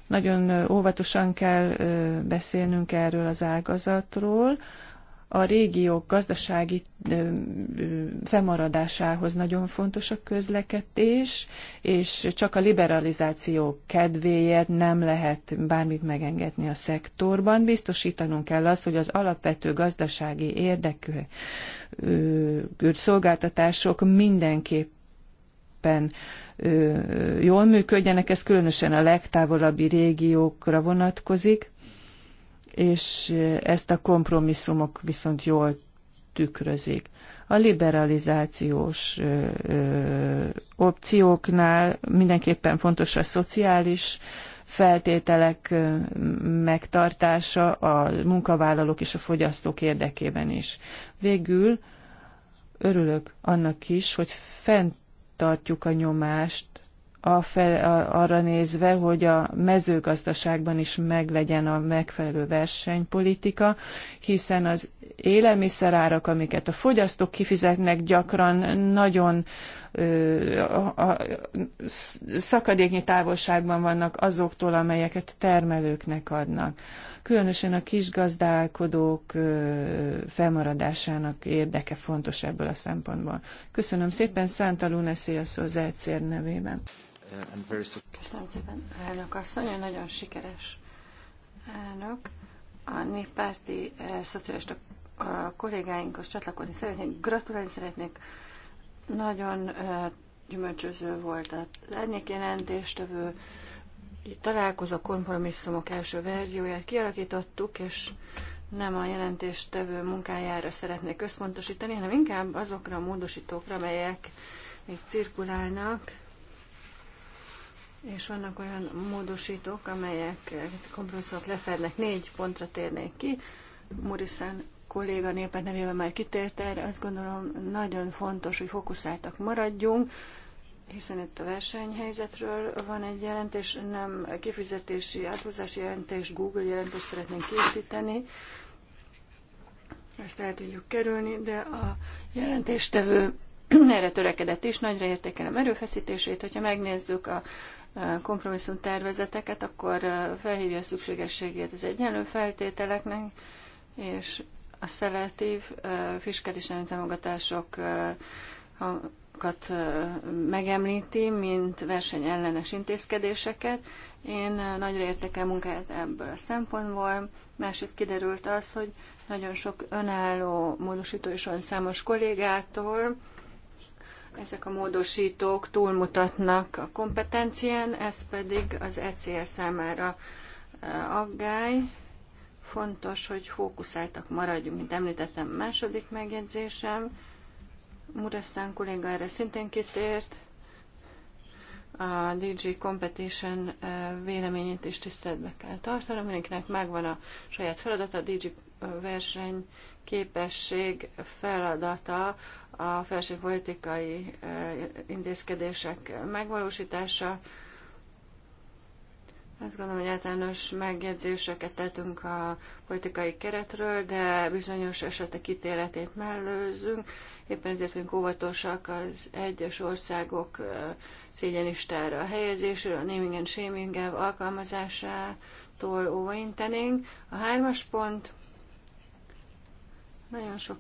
Nagyon óvatosan kell beszélnünk erről az ágazatról a régiók gazdasági fennmaradásához nagyon fontos a közlekedés, és csak a liberalizáció kedvéért nem lehet bármit megengedni a szektorban. Biztosítanunk kell azt, hogy az alapvető gazdasági érdekű szolgáltatások mindenképpen jól működjenek, ez különösen a legtávolabbi régiókra vonatkozik és eh, ezt a kompromisszumok viszont jól tükrözik. A liberalizációs ö, eh, ö, eh, opcióknál mindenképpen fontos a szociális feltételek ö, megtartása a munkavállalók és a fogyasztók érdekében is. Végül örülök annak is, hogy fenntartjuk a nyomást a fel, a, arra nézve, hogy a mezőgazdaságban is meglegyen a megfelelő versenypolitika, hiszen az élelmiszerárak, amiket a fogyasztók kifizetnek, gyakran nagyon ö, a, a, szakadéknyi távolságban vannak azoktól, amelyeket termelőknek adnak. Különösen a kisgazdálkodók ö, felmaradásának érdeke fontos ebből a szempontból. Köszönöm szépen, Szánta Luneszé a szó nevében and very Köszönöm szépen, elnök asszony, nagyon sikeres elnök. A néppárti eh, szocialista eh, kollégáinkhoz csatlakozni szeretnék, gratulálni szeretnék. Nagyon eh, gyümölcsöző volt a lennék jelentéstevő találkozó kompromisszumok első verzióját kialakítottuk, és nem a jelentéstevő munkájára szeretnék központosítani, hanem inkább azokra a módosítókra, amelyek még cirkulálnak, és vannak olyan módosítók, amelyek kompromisszumok lefednek. Négy pontra térnék ki. Muriszán kolléga népet nevében már kitért erre. Azt gondolom nagyon fontos, hogy fókuszáltak maradjunk, hiszen itt a versenyhelyzetről van egy jelentés, nem kifizetési, áthúzási jelentés, Google jelentést szeretnénk készíteni. Ezt el tudjuk kerülni, de a jelentéstevő erre törekedett is, nagyra értékelem erőfeszítését, hogyha megnézzük a kompromisszumtervezeteket, akkor felhívja a szükségességét az egyenlő feltételeknek, és a szelektív fiskális támogatásokat megemlíti, mint versenyellenes intézkedéseket. Én nagyra értékel munkáját ebből a szempontból. Másrészt kiderült az, hogy nagyon sok önálló módosító is van számos kollégától, ezek a módosítók túlmutatnak a kompetencián, ez pedig az ECR számára e, aggály. Fontos, hogy fókuszáltak maradjunk, mint említettem, második megjegyzésem. Murasztán kolléga erre szintén kitért. A DG Competition e, véleményét is tiszteletbe kell tartanom. Mindenkinek megvan a saját feladata, a DG e, verseny képesség feladata a felső politikai intézkedések megvalósítása. Azt gondolom, hogy általános megjegyzéseket tettünk a politikai keretről, de bizonyos esetek ítéletét mellőzünk. Éppen ezért vagyunk óvatosak az egyes országok szégyenistára helyezésről, a naming and shaming alkalmazásától óvaintenénk. A hármas pont – nagyon sok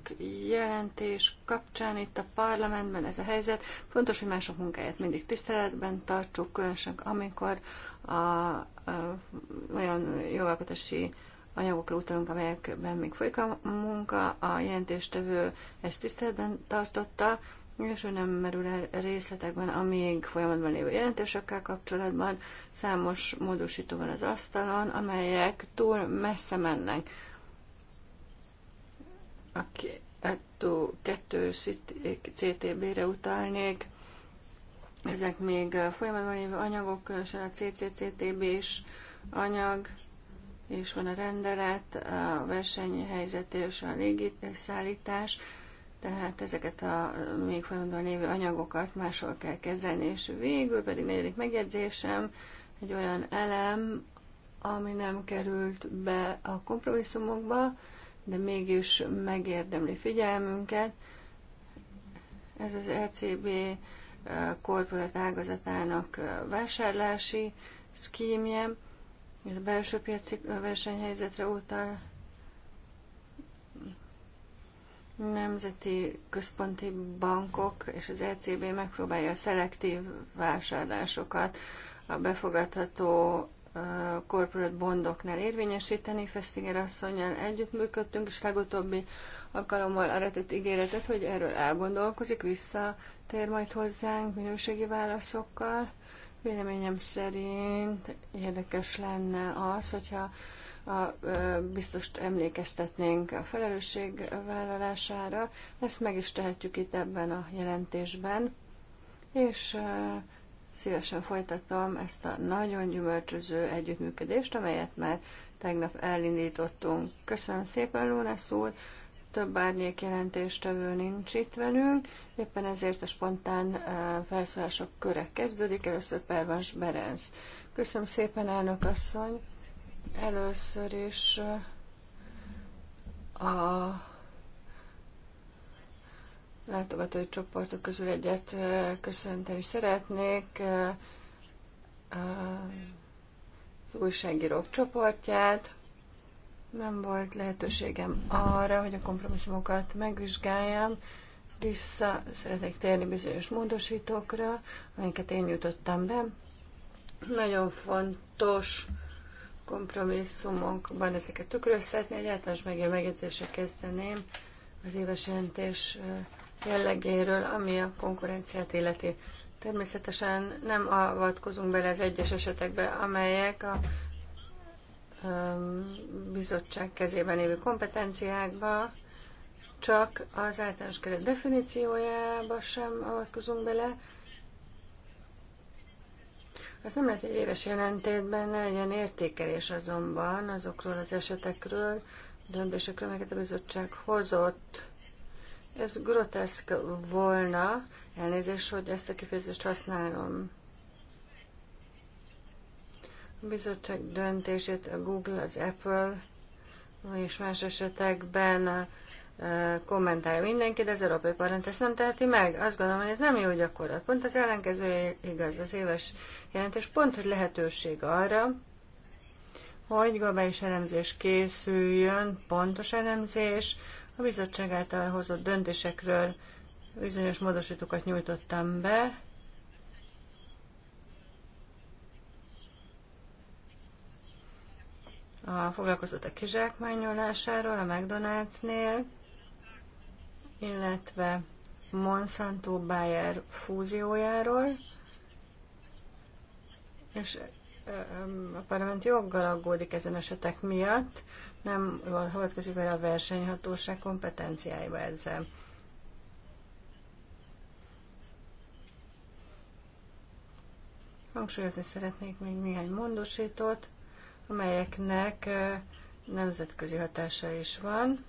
jelentés kapcsán itt a parlamentben ez a helyzet. Fontos, hogy mások munkáját mindig tiszteletben tartsuk, különösen amikor a, a, olyan jogalkotási anyagokra utalunk, amelyekben még folyik a munka, a jelentéstevő ezt tiszteletben tartotta, és ő nem merül el részletekben, amíg folyamatban lévő jelentésekkel kapcsolatban számos módosító van az asztalon, amelyek túl messze mennek ettől kettő CTB-re utalnék. Ezek még eh, folyamatban lévő anyagok, különösen a CCCTB is anyag, és van a rendelet, a versenyhelyzet és a légiszállítás, tehát ezeket a még folyamatban lévő anyagokat máshol kell kezelni, és végül pedig negyedik megjegyzésem, egy olyan elem, ami nem került be a kompromisszumokba, de mégis megérdemli figyelmünket. Ez az ECB eh, korporát ágazatának eh, vásárlási szkímje, ez a belső piaci eh, versenyhelyzetre utal, nemzeti központi bankok és az ECB megpróbálja a szelektív vásárlásokat a befogadható corporate bondoknál érvényesíteni. Festinger asszonyjal együttműködtünk, és legutóbbi alkalommal arra tett ígéretet, hogy erről elgondolkozik, visszatér majd hozzánk minőségi válaszokkal. Véleményem szerint érdekes lenne az, hogyha a biztost emlékeztetnénk a felelősség vállalására. Ezt meg is tehetjük itt ebben a jelentésben. És szívesen folytatom ezt a nagyon gyümölcsöző együttműködést, amelyet már tegnap elindítottunk. Köszönöm szépen, Lónes úr! Több árnyék jelentéstevő nincs itt velünk, éppen ezért a spontán uh, felszólások köre kezdődik. Először Pervas Berenc. Köszönöm szépen, elnök asszony! Először is uh, a látogatói csoportok közül egyet köszönteni szeretnék. Az újságírók csoportját. Nem volt lehetőségem arra, hogy a kompromisszumokat megvizsgáljam. Vissza szeretnék térni bizonyos módosítókra, amiket én jutottam be. Nagyon fontos kompromisszumokban ezeket tükröztetni. Egy általános megjegyzése kezdeném az éves jelentés jellegéről, ami a konkurenciát illeti. Természetesen nem avatkozunk bele az egyes esetekbe, amelyek a bizottság kezében lévő kompetenciákba, csak az általános keret definíciójába sem avatkozunk bele. Az nem lehet, hogy éves jelentétben ne legyen értékelés azonban azokról az esetekről, döntésekről, amelyeket a bizottság hozott ez groteszk volna, elnézést, hogy ezt a kifejezést használom. A bizottság döntését a Google, az Apple és más esetekben eh, kommentálja mindenki, de az Európai Parlament ezt nem teheti meg. Azt gondolom, hogy ez nem jó gyakorlat. Pont az ellenkező igaz, az éves jelentés pont, hogy lehetőség arra, hogy globális elemzés készüljön, pontos elemzés, a bizottság által hozott döntésekről bizonyos módosítókat nyújtottam be. A foglalkozott a kizsákmányolásáról a McDonald's-nél, illetve Monsanto Bayer fúziójáról, és a parlament joggal aggódik ezen esetek miatt, nem hivatkozik vele a versenyhatóság kompetenciáiba ezzel. Hangsúlyozni szeretnék még néhány mondósítót, amelyeknek nemzetközi hatása is van.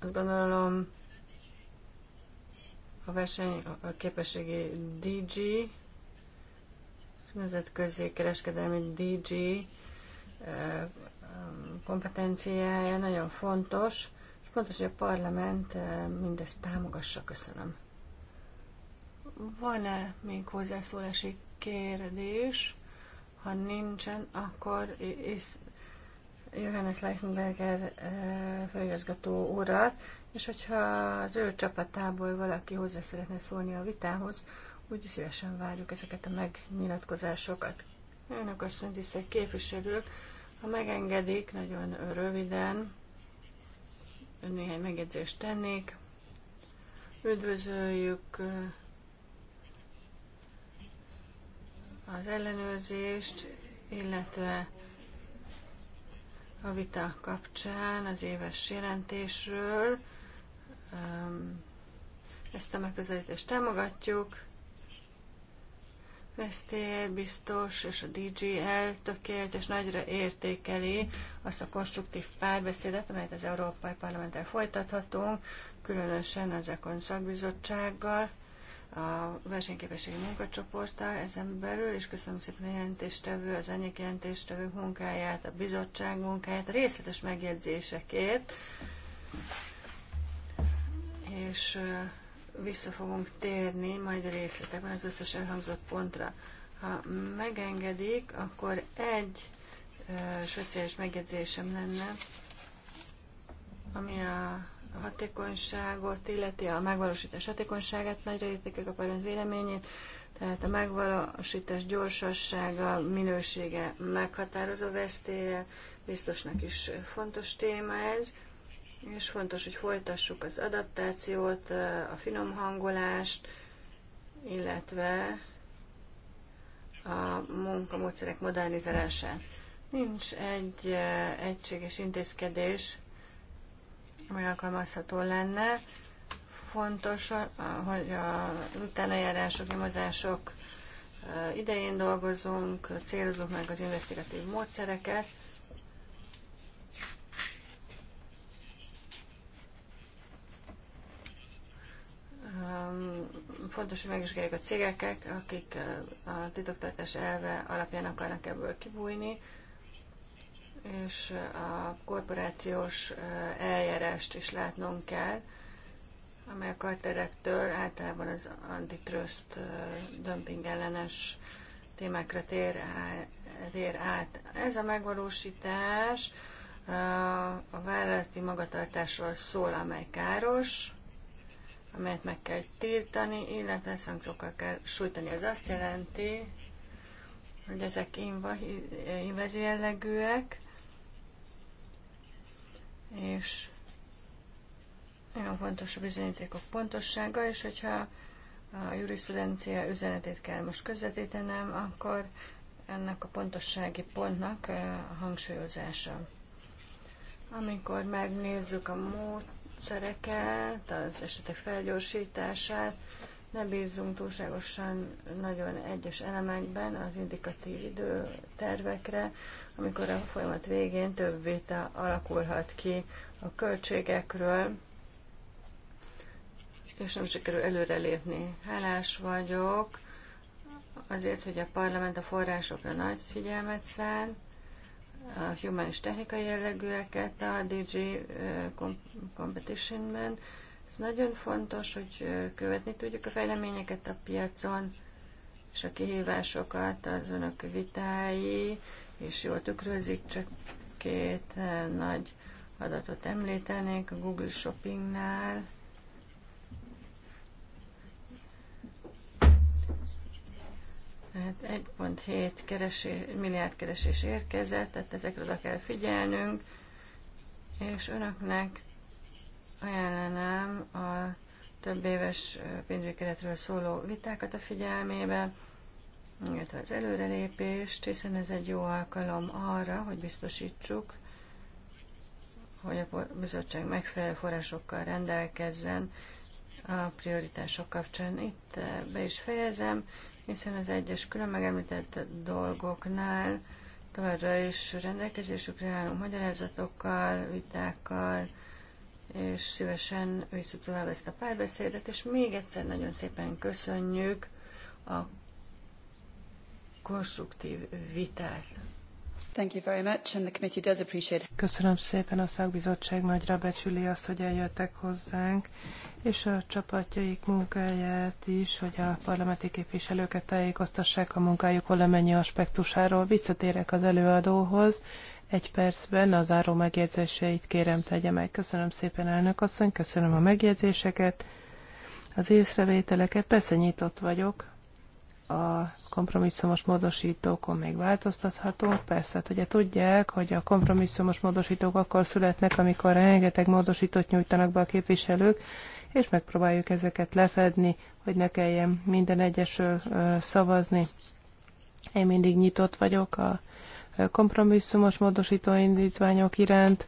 Azt gondolom, a verseny a képességi DG, nemzetközi kereskedelmi DG kompetenciája nagyon fontos, és fontos, hogy a parlament eh, mindezt támogassa. Köszönöm. Van-e még hozzászólási kérdés? Ha nincsen, akkor is Johannes Leichenberger eh, főigazgató urat, és hogyha az ő csapatából valaki hozzá szeretne szólni a vitához, úgy szívesen várjuk ezeket a megnyilatkozásokat. Önök azt mondja, hogy képviselők, ha megengedik, nagyon röviden néhány megjegyzést tennék. Üdvözöljük uh, az ellenőrzést, illetve a vita kapcsán az éves jelentésről. Um, ezt a megközelítést támogatjuk. Vesztér biztos és a DGL tökélt és nagyra értékeli azt a konstruktív párbeszédet, amelyet az Európai Parlamenttel folytathatunk, különösen az Ekon szakbizottsággal, a versenyképességi munkacsoporttal ezen belül, és köszönöm szépen a jelentéstevő, az enyék jelentéstevő munkáját, a bizottság munkáját, a részletes megjegyzésekért, és vissza fogunk térni majd a részletekben az összes elhangzott pontra. Ha megengedik, akkor egy e, speciális megjegyzésem lenne, ami a hatékonyságot illeti, a megvalósítás hatékonyságát, nagyra értékek a parlament véleményét, tehát a megvalósítás gyorsassága, minősége meghatározó vesztélye, biztosnak is fontos téma ez és fontos, hogy folytassuk az adaptációt, a finom hangolást, illetve a munkamódszerek modernizálását. Nincs egy egységes intézkedés, ami alkalmazható lenne. Fontos, hogy a utánajárások, nyomozások idején dolgozunk, célozunk meg az investigatív módszereket, fontos, hogy megvizsgáljuk a cégeket, akik a titoktartás elve alapján akarnak ebből kibújni, és a korporációs eljárást is látnunk kell, amely a karterektől általában az antitrust dömping ellenes témákra tér, tér át. Ez a megvalósítás a vállalati magatartásról szól, amely káros, amelyet meg kell tiltani, illetve szankciókkal kell sújtani. Ez azt jelenti, hogy ezek invazi jellegűek, és nagyon fontos a bizonyítékok pontossága, és hogyha a jurisprudencia üzenetét kell most közvetítenem, akkor ennek a pontossági pontnak eh, a hangsúlyozása. Amikor megnézzük a módot, módszereket, az esetek felgyorsítását. Ne bízzunk túlságosan nagyon egyes elemekben az indikatív időtervekre, amikor a folyamat végén több vita alakulhat ki a költségekről, és nem sikerül előrelépni. Hálás vagyok azért, hogy a parlament a forrásokra nagy figyelmet szán, a human és technikai jellegűeket a DG Competitionben. Ez nagyon fontos, hogy követni tudjuk a fejleményeket a piacon, és a kihívásokat, az önök vitái, és jól tükrözik, csak két nagy adatot említenék a Google Shoppingnál. Tehát 1.7 keresé, milliárd keresés érkezett, tehát ezekre oda kell figyelnünk, és önöknek ajánlanám a több éves pénzügyi keretről szóló vitákat a figyelmébe, illetve az előrelépést, hiszen ez egy jó alkalom arra, hogy biztosítsuk, hogy a bizottság megfelelő forrásokkal rendelkezzen a prioritások kapcsán. Itt be is fejezem, hiszen az egyes külön megemlített dolgoknál továbbra is rendelkezésükre álló magyarázatokkal, vitákkal, és szívesen visszük tovább ezt a párbeszédet, és még egyszer nagyon szépen köszönjük a konstruktív vitát. Köszönöm szépen, a szakbizottság nagyra becsüli azt, hogy eljöttek hozzánk, és a csapatjaik munkáját is, hogy a parlamenti képviselőket tájékoztassák a munkájuk valamennyi aspektusáról. Visszatérek az előadóhoz. Egy percben a záró megjegyzéseit kérem tegye meg. Köszönöm szépen, elnök asszony, köszönöm a megjegyzéseket, az észrevételeket. Persze nyitott vagyok a kompromisszumos módosítókon még változtathatunk. Persze, hát ugye tudják, hogy a kompromisszumos módosítók akkor születnek, amikor rengeteg módosítót nyújtanak be a képviselők, és megpróbáljuk ezeket lefedni, hogy ne kelljen minden egyesről szavazni. Én mindig nyitott vagyok a kompromisszumos módosító indítványok iránt,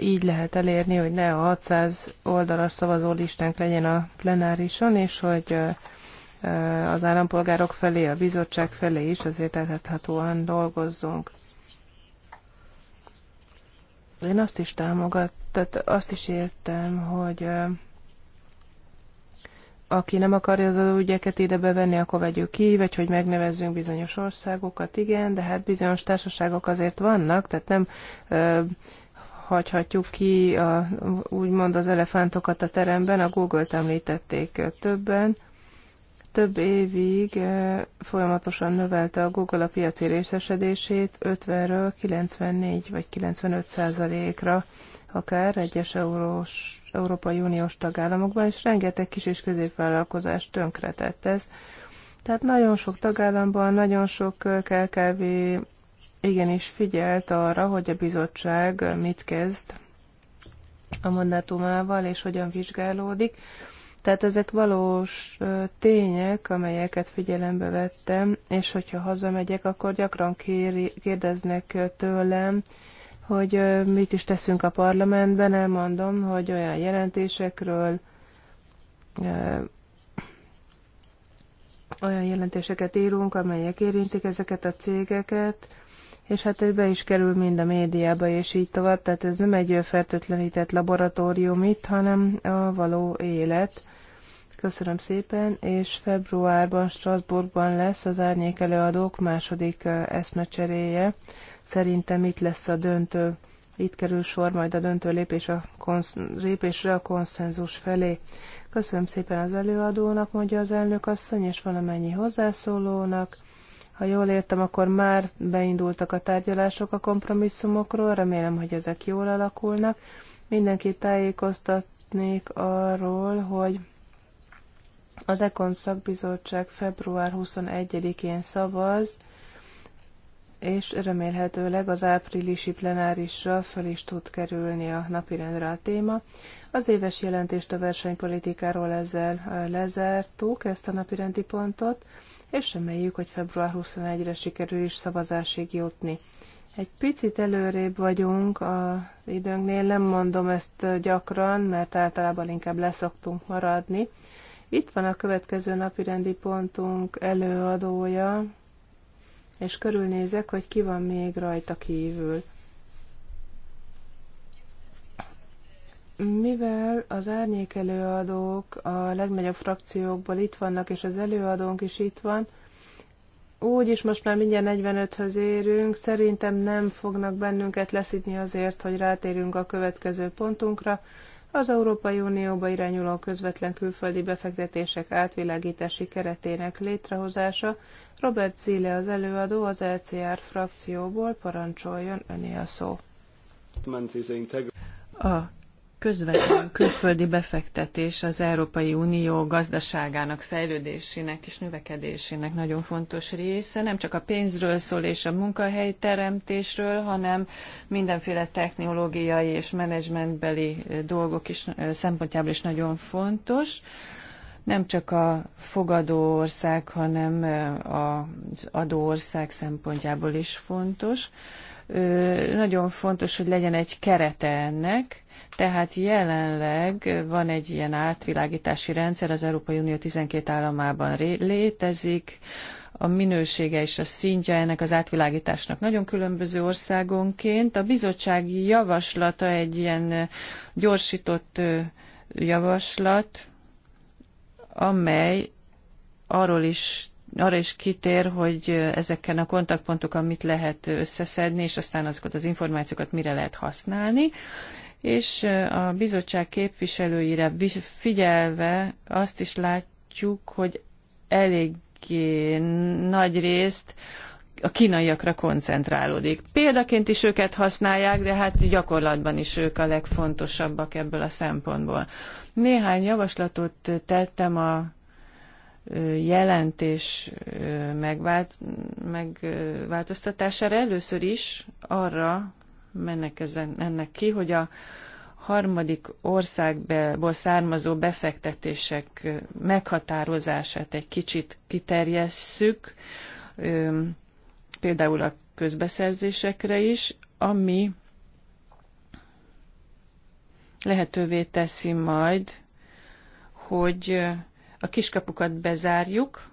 így lehet elérni, hogy ne a 600 oldalas szavazólistánk legyen a plenárison, és hogy az állampolgárok felé, a bizottság felé is azért etethatóan dolgozzunk. Én azt is támogat, tehát azt is értem, hogy aki nem akarja az ügyeket ide bevenni, akkor vegyük ki, vagy hogy megnevezzünk bizonyos országokat, igen, de hát bizonyos társaságok azért vannak, tehát nem ö, hagyhatjuk ki a, úgymond az elefántokat a teremben, a Google-t említették többen, több évig folyamatosan növelte a Google a piaci részesedését 50-ről 94 vagy 95 százalékra, akár egyes eurós, Európai Uniós tagállamokban, és rengeteg kis és középvállalkozást tönkretett ez. Tehát nagyon sok tagállamban, nagyon sok KKV igenis figyelt arra, hogy a bizottság mit kezd a mandátumával, és hogyan vizsgálódik tehát ezek valós tények, amelyeket figyelembe vettem, és hogyha hazamegyek, akkor gyakran kéri, kérdeznek tőlem, hogy mit is teszünk a parlamentben, elmondom, hogy olyan jelentésekről, olyan jelentéseket írunk, amelyek érintik ezeket a cégeket, és hát ő be is kerül mind a médiába, és így tovább, tehát ez nem egy fertőtlenített laboratórium itt, hanem a való élet. Köszönöm szépen, és februárban Strasbourgban lesz az árnyék előadók második eszmecseréje. Szerintem itt lesz a döntő, itt kerül sor majd a döntő lépés a konsz, lépésre a konszenzus felé. Köszönöm szépen az előadónak, mondja az elnök asszony, és valamennyi hozzászólónak. Ha jól értem, akkor már beindultak a tárgyalások a kompromisszumokról, remélem, hogy ezek jól alakulnak. Mindenkit tájékoztatnék arról, hogy az Ekon szakbizottság február 21-én szavaz, és remélhetőleg az áprilisi plenárisra fel is tud kerülni a napirendre a téma. Az éves jelentést a versenypolitikáról ezzel lezártuk, ezt a napirendi pontot, és reméljük, hogy február 21-re sikerül is szavazásig jutni. Egy picit előrébb vagyunk az időnknél, nem mondom ezt gyakran, mert általában inkább leszoktunk maradni. Itt van a következő napi rendi pontunk előadója, és körülnézek, hogy ki van még rajta kívül. Mivel az árnyék előadók a legnagyobb frakciókból itt vannak, és az előadónk is itt van, úgy is most már mindjárt 45-höz érünk, szerintem nem fognak bennünket leszidni azért, hogy rátérünk a következő pontunkra, az Európai Unióba irányuló közvetlen külföldi befektetések átvilágítási keretének létrehozása. Robert Zile az előadó az LCR e frakcióból parancsoljon öné a szó. A közvetlen külföldi befektetés az Európai Unió gazdaságának fejlődésének és növekedésének nagyon fontos része. Nem csak a pénzről szól és a teremtésről, hanem mindenféle technológiai és menedzsmentbeli dolgok is szempontjából is nagyon fontos nem csak a fogadó ország, hanem az adó ország szempontjából is fontos. Nagyon fontos, hogy legyen egy kerete ennek, tehát jelenleg van egy ilyen átvilágítási rendszer, az Európai Unió 12 államában létezik, a minősége és a szintje ennek az átvilágításnak nagyon különböző országonként. A bizottsági javaslata egy ilyen gyorsított javaslat, amely arról is arra is kitér, hogy ezeken a kontaktpontokon mit lehet összeszedni, és aztán azokat az információkat mire lehet használni és a bizottság képviselőire figyelve azt is látjuk, hogy eléggé nagy részt a kínaiakra koncentrálódik. Példaként is őket használják, de hát gyakorlatban is ők a legfontosabbak ebből a szempontból. Néhány javaslatot tettem a jelentés megvált, megváltoztatására. Először is arra mennek ezen, ennek ki, hogy a harmadik országból származó befektetések meghatározását egy kicsit kiterjesszük, például a közbeszerzésekre is, ami lehetővé teszi majd, hogy a kiskapukat bezárjuk.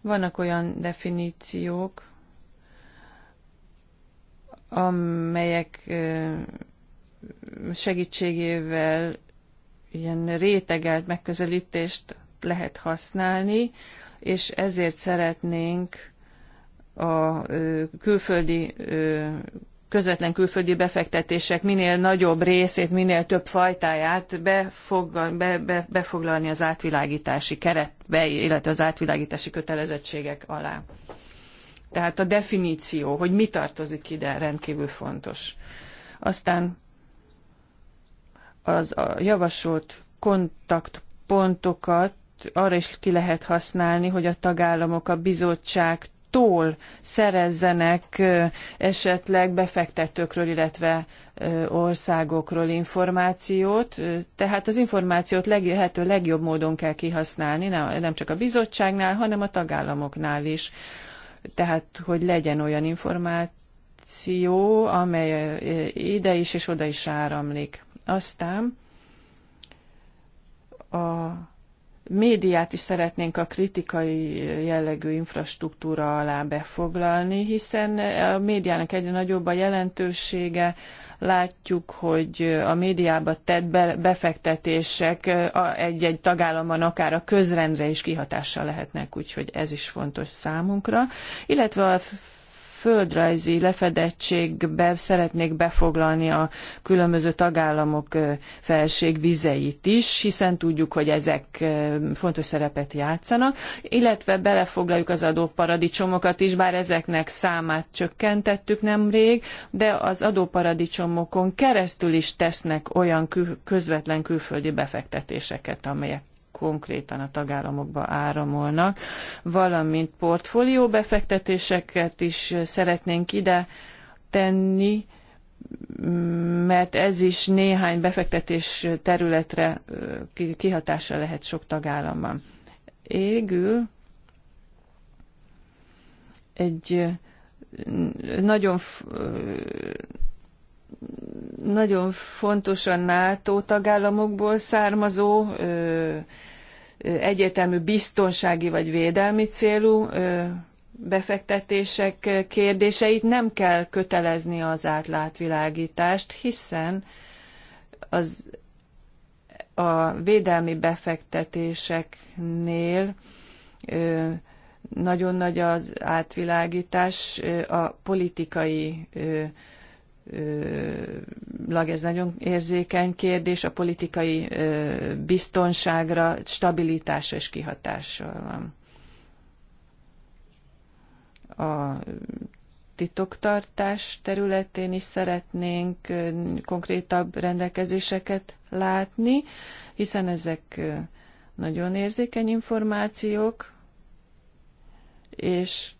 Vannak olyan definíciók, amelyek segítségével ilyen rétegelt megközelítést lehet használni, és ezért szeretnénk a külföldi közvetlen külföldi befektetések minél nagyobb részét, minél több fajtáját be, be, befoglalni az átvilágítási keretbe, illetve az átvilágítási kötelezettségek alá. Tehát a definíció, hogy mi tartozik ide, rendkívül fontos. Aztán az a javasolt kontaktpontokat arra is ki lehet használni, hogy a tagállamok a bizottság tól szerezzenek esetleg befektetőkről, illetve országokról információt. Tehát az információt lehető legjobb módon kell kihasználni, nem csak a bizottságnál, hanem a tagállamoknál is tehát hogy legyen olyan információ, amely eh, ide is és oda is áramlik. Aztán a médiát is szeretnénk a kritikai jellegű infrastruktúra alá befoglalni, hiszen a médiának egyre nagyobb a jelentősége, látjuk, hogy a médiába tett befektetések egy-egy tagállamban akár a közrendre is kihatással lehetnek, úgyhogy ez is fontos számunkra, illetve a földrajzi lefedettségbe szeretnék befoglalni a különböző tagállamok felség vizeit is, hiszen tudjuk, hogy ezek fontos szerepet játszanak, illetve belefoglaljuk az adóparadicsomokat is, bár ezeknek számát csökkentettük nemrég, de az adóparadicsomokon keresztül is tesznek olyan kül közvetlen külföldi befektetéseket, amelyek konkrétan a tagállamokba áramolnak, valamint portfólió befektetéseket is szeretnénk ide tenni, mert ez is néhány befektetés területre kihatása lehet sok tagállamban. Égül egy nagyon nagyon fontos a NATO tagállamokból származó egyértelmű biztonsági vagy védelmi célú befektetések kérdéseit nem kell kötelezni az átlátvilágítást, hiszen az a védelmi befektetéseknél nagyon nagy az átvilágítás a politikai ez nagyon érzékeny kérdés, a politikai biztonságra, stabilitásra és kihatással van. A titoktartás területén is szeretnénk konkrétabb rendelkezéseket látni, hiszen ezek nagyon érzékeny információk, és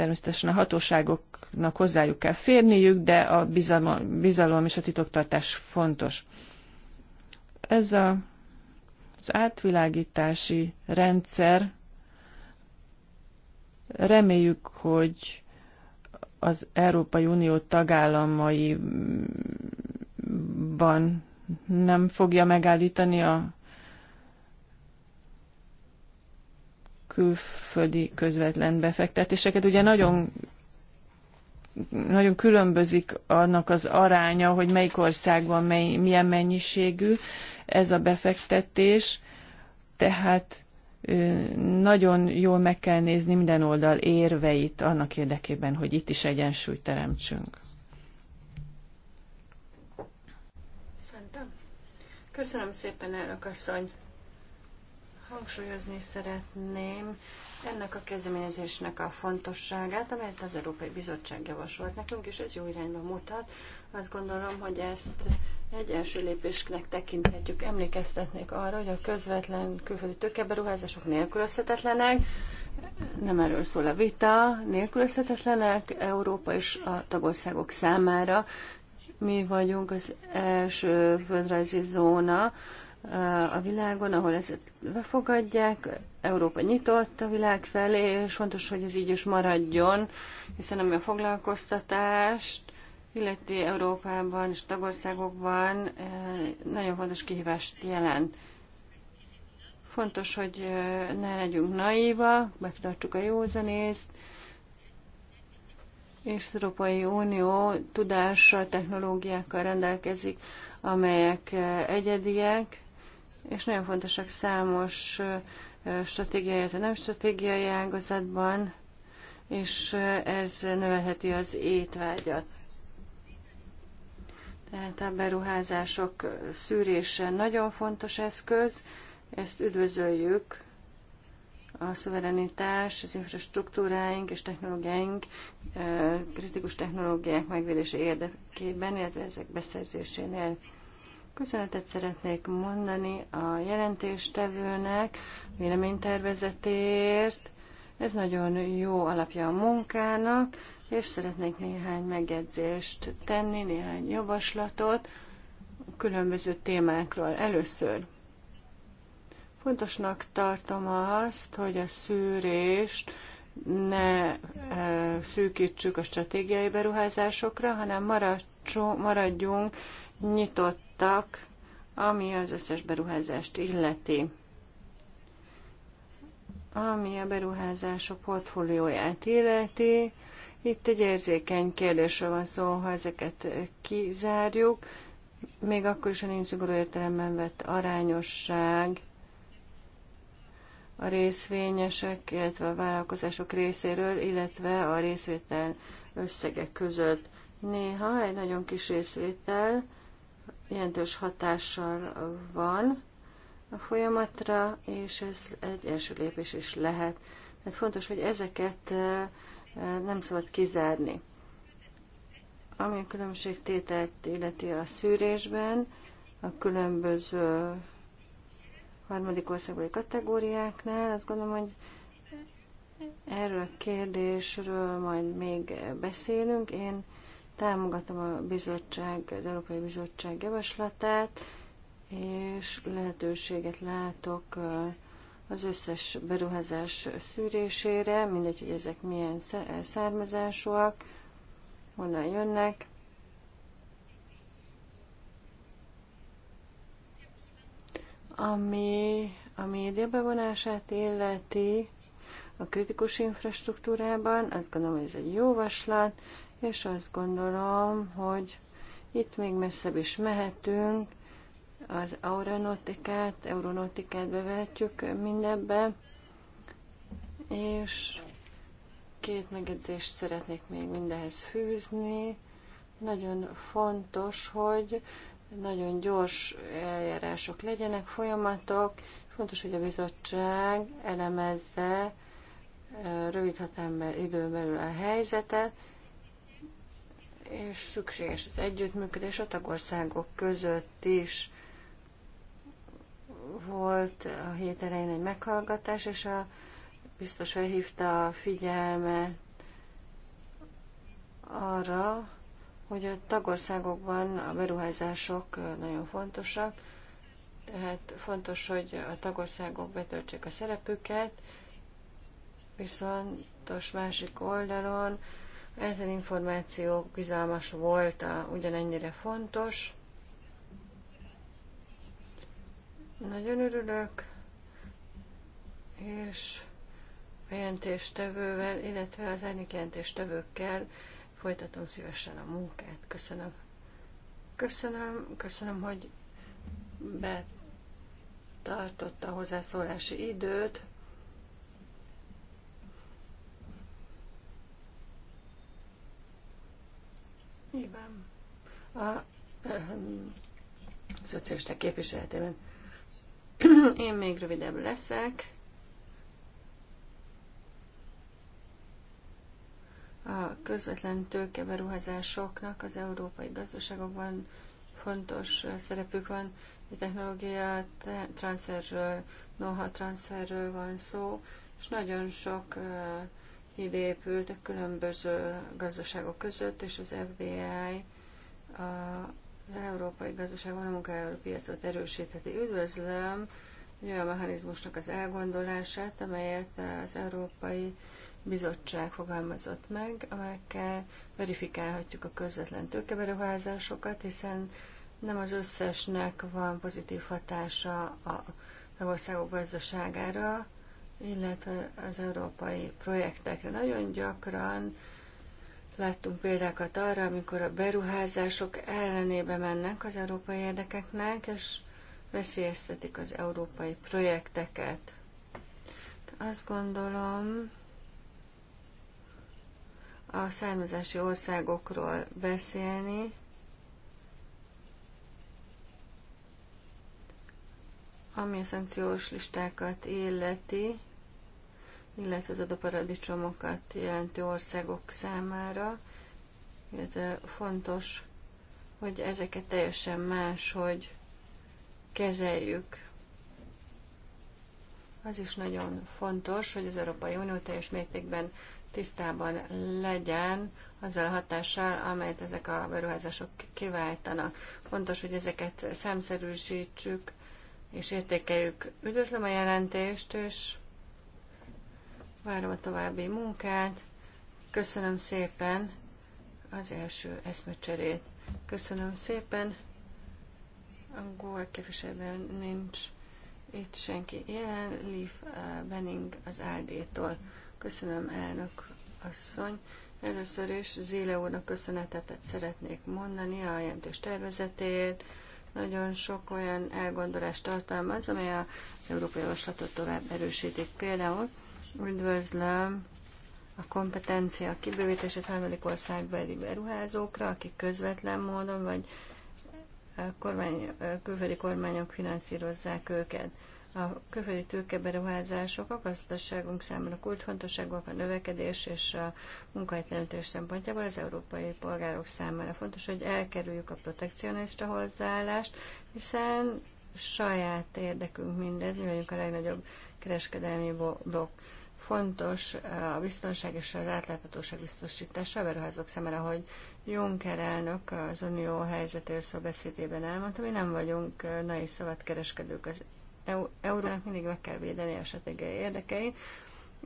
Természetesen a hatóságoknak hozzájuk kell férniük, de a bizalom, és a titoktartás fontos. Ez a, az átvilágítási rendszer reméljük, hogy az Európai Unió tagállamaiban nem fogja megállítani a külföldi közvetlen befektetéseket. Ugye nagyon nagyon különbözik annak az aránya, hogy melyik országban mely, milyen mennyiségű ez a befektetés, tehát nagyon jól meg kell nézni minden oldal érveit annak érdekében, hogy itt is egyensúlyt teremtsünk. Szerintem. Köszönöm szépen, elnök asszony. Hangsúlyozni szeretném ennek a kezdeményezésnek a fontosságát, amelyet az Európai Bizottság javasolt nekünk, és ez jó irányba mutat. Azt gondolom, hogy ezt egy első lépésnek tekinthetjük. Emlékeztetnék arra, hogy a közvetlen külföldi tőkeberuházások nélkülözhetetlenek, nem erről szól a vita, nélkülözhetetlenek Európa és a tagországok számára. Mi vagyunk az első földrajzi zóna, a világon, ahol ezt befogadják. Európa nyitott a világ felé, és fontos, hogy ez így is maradjon, hiszen ami a foglalkoztatást, illeti Európában és tagországokban eh, nagyon fontos kihívást jelent. Fontos, hogy eh, ne legyünk naíva, megtartsuk a józanészt, és az Európai Unió tudással, technológiákkal rendelkezik, amelyek eh, egyediek, és nagyon fontosak számos stratégiai, illetve nem stratégiai ágazatban, és ez növelheti az étvágyat. Tehát a beruházások szűrése nagyon fontos eszköz, ezt üdvözöljük. A szuverenitás, az infrastruktúráink és technológiáink, kritikus technológiák megvédése érdekében, illetve ezek beszerzésénél Köszönetet szeretnék mondani a jelentéstevőnek, véleménytervezetért. Ez nagyon jó alapja a munkának, és szeretnék néhány megjegyzést tenni, néhány javaslatot különböző témákról. Először fontosnak tartom azt, hogy a szűrést ne szűkítsük a stratégiai beruházásokra, hanem maradjunk nyitott adtak, ami az összes beruházást illeti. Ami a beruházások portfólióját illeti, itt egy érzékeny kérdésre van szó, ha ezeket kizárjuk, még akkor is, ha nincs szigorú értelemben vett arányosság a részvényesek, illetve a vállalkozások részéről, illetve a részvétel összege között. Néha egy nagyon kis részvétel jelentős hatással van a folyamatra, és ez egy első lépés is lehet. Tehát fontos, hogy ezeket nem szabad kizárni. Ami a különbségtételt illeti a szűrésben, a különböző harmadik országbeli kategóriáknál, azt gondolom, hogy erről a kérdésről majd még beszélünk. Én Támogatom a bizottság, az Európai Bizottság javaslatát, és lehetőséget látok az összes beruházás szűrésére, mindegy, hogy ezek milyen eh, származásúak, honnan jönnek. Ami a média bevonását illeti a kritikus infrastruktúrában, azt gondolom, hogy ez egy jó vaslat, és azt gondolom, hogy itt még messzebb is mehetünk, az aeronautikát, euronautikát bevetjük mindebbe, és két megedzést szeretnék még mindehez fűzni. Nagyon fontos, hogy nagyon gyors eljárások legyenek, folyamatok, fontos, hogy a bizottság elemezze rövid hatámber időn belül a helyzetet, és szükséges az együttműködés a tagországok között is. Volt a hét elején egy meghallgatás, és a biztos felhívta a figyelmet arra, hogy a tagországokban a beruházások nagyon fontosak, tehát fontos, hogy a tagországok betöltsék a szerepüket, viszont a másik oldalon ezen információ bizalmas volt, a, ugyanennyire fontos. Nagyon örülök, és a jelentéstevővel, illetve az árnyék jelentéstevőkkel folytatom szívesen a munkát. Köszönöm. Köszönöm, köszönöm, hogy betartotta a hozzászólási időt. Nyilván. A ehm, szocialisták képviseletében. Én még rövidebb leszek. a közvetlen tőkeberuházásoknak az európai gazdaságokban fontos szerepük van. A technológia transferről, noha transferről van szó, és nagyon sok idépült a különböző gazdaságok között, és az FDI a, az európai gazdaságban a munkaerőpiacot erősítheti. Üdvözlöm egy olyan mechanizmusnak az elgondolását, amelyet az Európai Bizottság fogalmazott meg, amelyekkel verifikálhatjuk a közvetlen tőkeberuházásokat, hiszen nem az összesnek van pozitív hatása a tagországok gazdaságára, illetve az európai projektekre. Nagyon gyakran láttunk példákat arra, amikor a beruházások ellenébe mennek az európai érdekeknek, és veszélyeztetik az európai projekteket. Azt gondolom, a származási országokról beszélni, ami a szankciós listákat illeti, illetve az adóparadicsomokat jelentő országok számára, illetve fontos, hogy ezeket teljesen más, hogy kezeljük. Az is nagyon fontos, hogy az Európai Unió teljes mértékben tisztában legyen azzal a hatással, amelyet ezek a beruházások kiváltanak. Fontos, hogy ezeket szemszerűsítsük és értékeljük. Üdvözlöm a jelentést, és várom a további munkát. Köszönöm szépen az első eszmecserét. Köszönöm szépen. A Góa képviselőben nincs itt senki jelen. Leaf uh, Benning az áldétól. Köszönöm, elnök asszony. Először is Zéle úrnak köszönetet szeretnék mondani a jelentős tervezetét. Nagyon sok olyan elgondolást tartalmaz, amely az európai javaslatot tovább erősítik. Például Üdvözlöm a kompetencia kibővítését harmadik országbeli beruházókra, akik közvetlen módon vagy kormány, külföldi kormányok finanszírozzák őket. A külföldi tőkeberuházások a gazdaságunk számára kulcsfontosságúak a növekedés és a munkahelyteremtés szempontjából az európai polgárok számára fontos, hogy elkerüljük a protekcionista hozzáállást, hiszen saját érdekünk mindez, mi vagyunk a legnagyobb kereskedelmi blokk. Fontos eh, a biztonság és az átláthatóság biztosítása a beruházók szemére, hogy Juncker elnök az unió helyzetéről szó beszédében elmondta, mi nem vagyunk eh, szabad kereskedők Az eurónak mindig meg kell védeni a stratégiai érdekeit.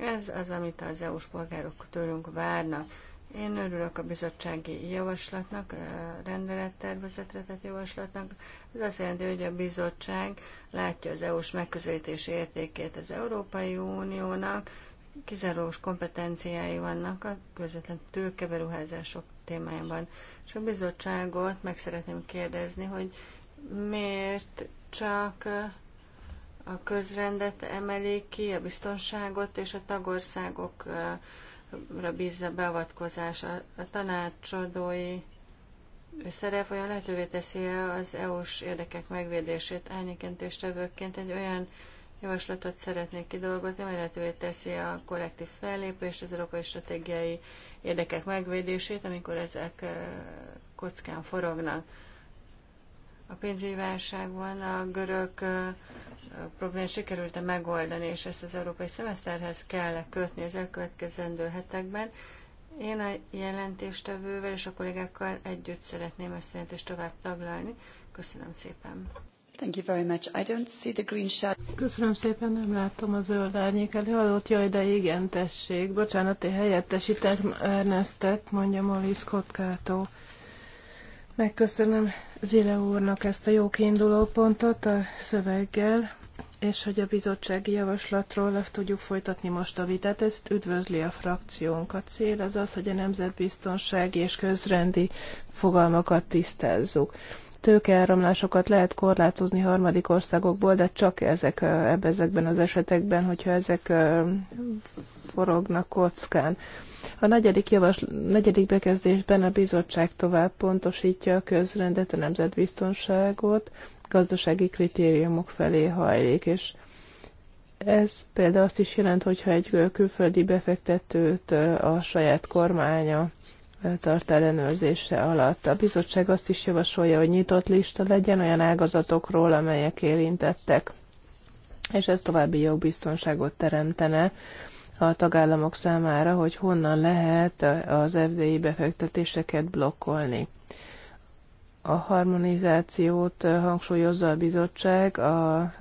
Ez az, amit az EU-s polgárok tőlünk várnak. Én örülök a bizottsági javaslatnak, a rendelettervezetre tett javaslatnak. Ez azt jelenti, hogy a bizottság látja az EU-s megközelítés értékét az Európai Uniónak, kizárólagos kompetenciái vannak a közvetlen tőkeberuházások témájában. És a bizottságot meg szeretném kérdezni, hogy miért csak a közrendet emeli ki, a biztonságot és a tagországokra bízza beavatkozás. A, a tanácsadói szerep olyan lehetővé teszi az EU-s érdekek megvédését elnyikentéstevőként egy olyan javaslatot szeretnék kidolgozni, mert lehetővé teszi a kollektív fellépést, az európai stratégiai érdekek megvédését, amikor ezek kockán forognak. A pénzügyi válságban a görög problémát sikerült -e megoldani, és ezt az európai szemeszterhez kell kötni az elkövetkezendő hetekben. Én a jelentéstevővel és a kollégákkal együtt szeretném ezt a jelentést tovább taglalni. Köszönöm szépen! Thank you very much. I don't see the green shadow. Köszönöm szépen, nem látom a zöld árnyék előadót. Jaj, de igen, tessék. Bocsánat, én helyettesítek Ernestet, mondja Molly Scott Kato. Megköszönöm Zile úrnak ezt a jó kiinduló pontot a szöveggel, és hogy a bizottsági javaslatról le tudjuk folytatni most a vitát. Ezt üdvözli a frakciónk. A cél az az, hogy a nemzetbiztonsági és közrendi fogalmakat tisztázzuk tőkeáramlásokat lehet korlátozni harmadik országokból, de csak ezek, ebbe, ezekben az esetekben, hogyha ezek forognak kockán. A negyedik, javas, negyedik bekezdésben a bizottság tovább pontosítja a közrendet, a nemzetbiztonságot, gazdasági kritériumok felé hajlik, és ez például azt is jelent, hogyha egy külföldi befektetőt a saját kormánya tart ellenőrzése alatt. A bizottság azt is javasolja, hogy nyitott lista legyen olyan ágazatokról, amelyek érintettek, és ez további jogbiztonságot teremtene a tagállamok számára, hogy honnan lehet az FDI befektetéseket blokkolni. A harmonizációt hangsúlyozza a bizottság a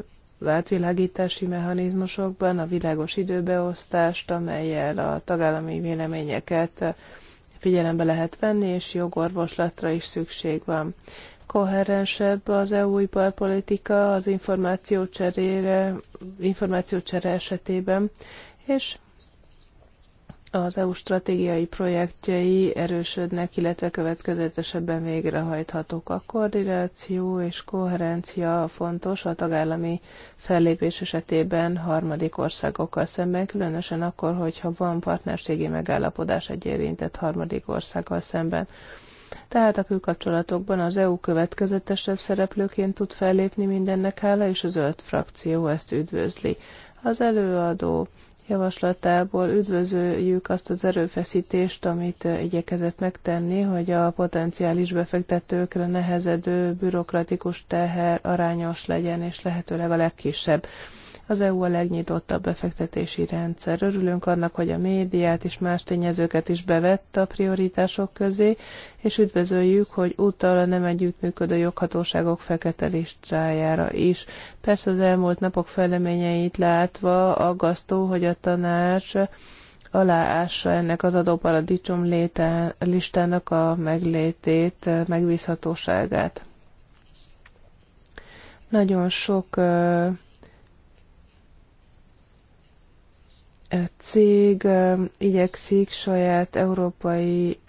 átvilágítási mechanizmusokban, a világos időbeosztást, amelyel a tagállami véleményeket figyelembe lehet venni, és jogorvoslatra is szükség van. Koherensebb az EU iparpolitika az információcserére, információcsere esetében, és az EU stratégiai projektjei erősödnek, illetve következetesebben végrehajthatók. A koordináció és koherencia fontos a tagállami fellépés esetében harmadik országokkal szemben, különösen akkor, hogyha van partnerségi megállapodás egy érintett harmadik országgal szemben. Tehát a külkapcsolatokban az EU következetesebb szereplőként tud fellépni mindennek hála, és a zöld frakció ezt üdvözli. Az előadó javaslatából üdvözöljük azt az erőfeszítést, amit eh, igyekezett megtenni, hogy a potenciális befektetőkre nehezedő bürokratikus teher arányos legyen, és lehetőleg a legkisebb. Az EU a legnyitottabb befektetési rendszer. Örülünk annak, hogy a médiát és más tényezőket is bevett a prioritások közé, és üdvözöljük, hogy úttal a nem együttműködő joghatóságok fekete listájára is. Persze az elmúlt napok feleményeit látva aggasztó, hogy a tanács aláássa ennek az adóparadicsom listának a meglétét, megbízhatóságát. Nagyon sok cég igyekszik saját európai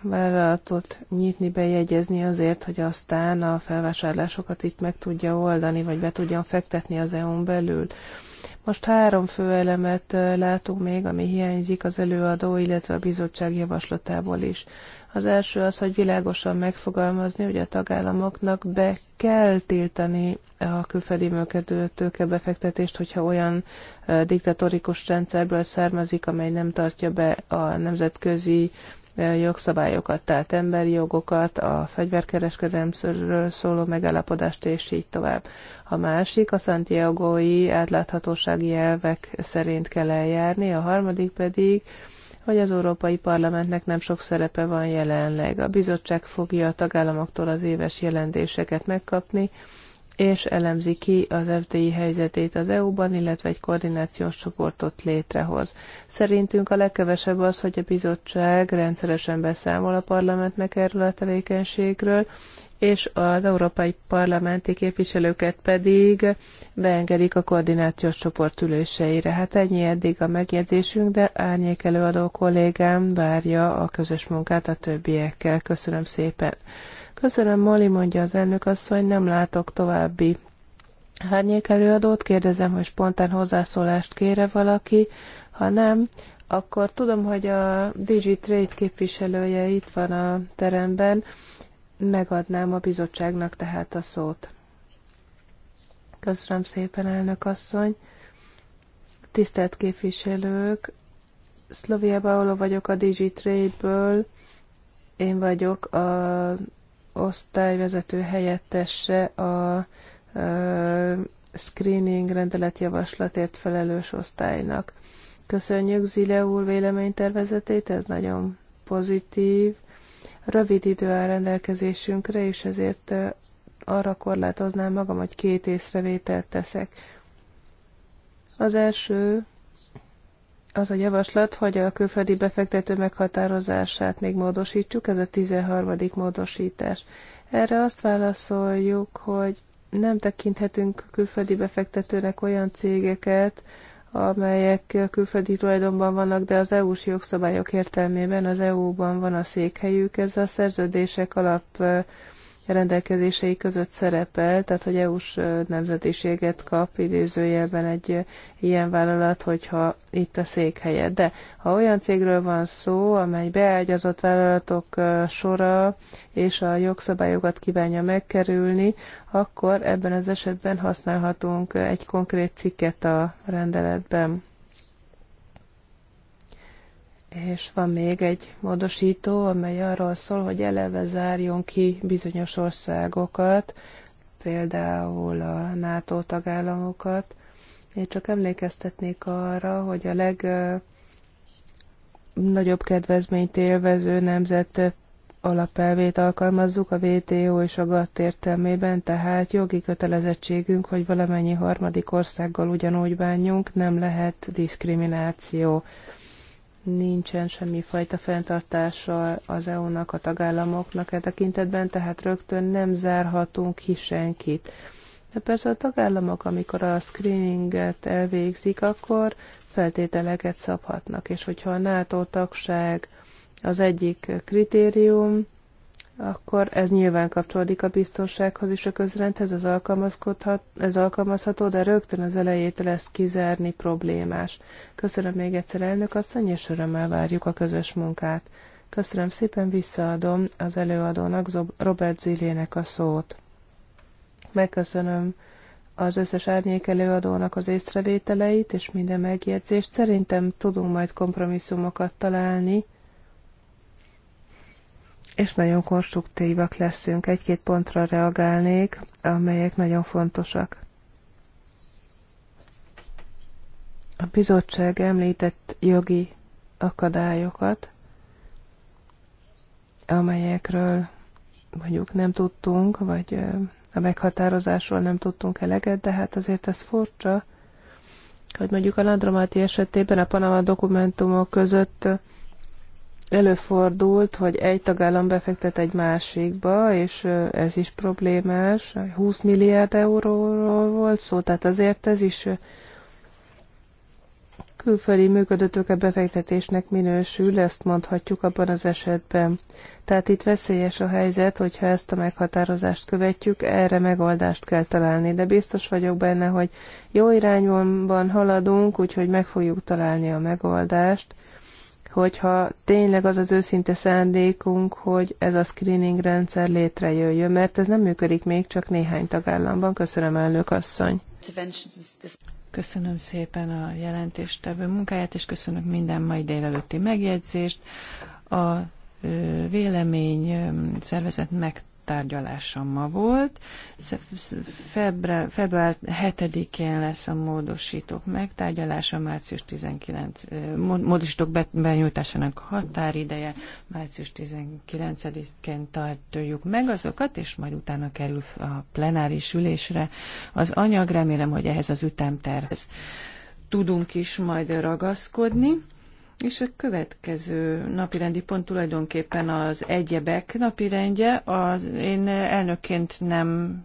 vállalatot nyitni, bejegyezni azért, hogy aztán a felvásárlásokat itt meg tudja oldani, vagy be tudjon fektetni az EU-n belül. Most három fő elemet látunk még, ami hiányzik az előadó, illetve a bizottság javaslatából is. Az első az, hogy világosan megfogalmazni, hogy a tagállamoknak be kell tiltani a külföldi működő tőkebefektetést, hogyha olyan diktatórikus rendszerből származik, amely nem tartja be a nemzetközi jogszabályokat, tehát emberi jogokat, a fegyverkereskedelemről szóló megállapodást, és így tovább. A másik a Santiago-i átláthatósági elvek szerint kell eljárni, a harmadik pedig hogy az Európai Parlamentnek nem sok szerepe van jelenleg. A bizottság fogja a tagállamoktól az éves jelentéseket megkapni, és elemzi ki az FDI helyzetét az EU-ban, illetve egy koordinációs csoportot létrehoz. Szerintünk a legkevesebb az, hogy a bizottság rendszeresen beszámol a parlamentnek erről a tevékenységről, és az európai parlamenti képviselőket pedig beengedik a koordinációs csoport üléseire. Hát ennyi eddig a megjegyzésünk, de árnyék előadó kollégám várja a közös munkát a többiekkel. Köszönöm szépen. Köszönöm, Moli, mondja az elnök asszony, nem látok további árnyék előadót. Kérdezem, hogy spontán hozzászólást kére valaki. Ha nem, akkor tudom, hogy a DigiTrade képviselője itt van a teremben, Megadnám a bizottságnak tehát a szót. Köszönöm szépen, elnök asszony. Tisztelt képviselők, Szlovia Paolo vagyok a DigiTrade-ből. Én vagyok a osztályvezető helyettese a screening rendeletjavaslatért felelős osztálynak. Köszönjük Zile úr véleménytervezetét, ez nagyon pozitív, rövid idő áll rendelkezésünkre, és ezért arra korlátoznám magam, hogy két észrevételt teszek. Az első az a javaslat, hogy a külföldi befektető meghatározását még módosítsuk, ez a 13. módosítás. Erre azt válaszoljuk, hogy nem tekinthetünk külföldi befektetőnek olyan cégeket, amelyek külföldi tulajdonban vannak, de az EU-s jogszabályok értelmében az EU-ban van a székhelyük. Ez a szerződések alap rendelkezései között szerepel, tehát hogy EU-s nemzetiséget kap idézőjelben egy ilyen vállalat, hogyha itt a székhelye. De ha olyan cégről van szó, amely beágyazott vállalatok sora és a jogszabályokat kívánja megkerülni, akkor ebben az esetben használhatunk egy konkrét cikket a rendeletben és van még egy módosító, amely arról szól, hogy eleve zárjon ki bizonyos országokat, például a NATO tagállamokat. Én csak emlékeztetnék arra, hogy a legnagyobb kedvezményt élvező nemzet alapelvét alkalmazzuk a WTO és a GATT értelmében, tehát jogi kötelezettségünk, hogy valamennyi harmadik országgal ugyanúgy bánjunk, nem lehet diszkrimináció nincsen semmifajta fenntartása az EU-nak, a tagállamoknak e tekintetben, tehát rögtön nem zárhatunk ki senkit. De persze a tagállamok, amikor a screeninget elvégzik, akkor feltételeket szabhatnak, és hogyha a NATO tagság az egyik kritérium, akkor ez nyilván kapcsolódik a biztonsághoz is a közrendhez, ez, alkalmazkodhat, ez alkalmazható, de rögtön az elejétől ezt kizárni problémás. Köszönöm még egyszer elnök asszony, és örömmel várjuk a közös munkát. Köszönöm szépen, visszaadom az előadónak, Robert Zillének a szót. Megköszönöm az összes árnyék előadónak az észrevételeit és minden megjegyzést. Szerintem tudunk majd kompromisszumokat találni, és nagyon konstruktívak leszünk. Egy-két pontra reagálnék, amelyek nagyon fontosak. A bizottság említett jogi akadályokat, amelyekről mondjuk nem tudtunk, vagy a meghatározásról nem tudtunk eleget, de hát azért ez furcsa, hogy mondjuk a Landromáti esetében a Panama dokumentumok között előfordult, hogy egy tagállam befektet egy másikba, és ez is problémás. 20 milliárd euróról volt szó, tehát azért ez is külföldi működőtőke befektetésnek minősül, ezt mondhatjuk abban az esetben. Tehát itt veszélyes a helyzet, hogyha ezt a meghatározást követjük, erre megoldást kell találni. De biztos vagyok benne, hogy jó irányban haladunk, úgyhogy meg fogjuk találni a megoldást hogyha tényleg az az őszinte szándékunk, hogy ez a screening rendszer létrejöjjön, mert ez nem működik még csak néhány tagállamban. Köszönöm, elnök asszony. Köszönöm szépen a jelentéstevő munkáját, és köszönök minden mai délelőtti megjegyzést. A vélemény szervezet meg tárgyalása ma volt. Február, február 7-én lesz a módosítók megtárgyalása, március 19, módosítók benyújtásának határideje, március 19-én tartjuk meg azokat, és majd utána kerül a plenáris ülésre az anyag. Remélem, hogy ehhez az ütemterhez tudunk is majd ragaszkodni. És a következő napirendi pont tulajdonképpen az egyebek napirendje. Az, én elnökként nem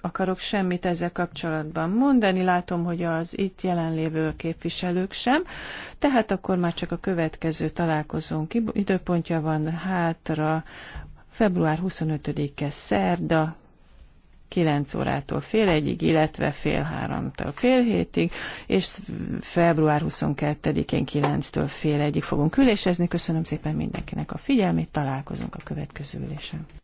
akarok semmit ezzel kapcsolatban mondani, látom, hogy az itt jelenlévő képviselők sem, tehát akkor már csak a következő találkozónk időpontja van hátra, február 25-e szerda, 9 órától fél egyig, illetve fél háromtól fél hétig, és február 22-én 9-től fél egyig fogunk ülésezni. Köszönöm szépen mindenkinek a figyelmét, találkozunk a következő ülésen.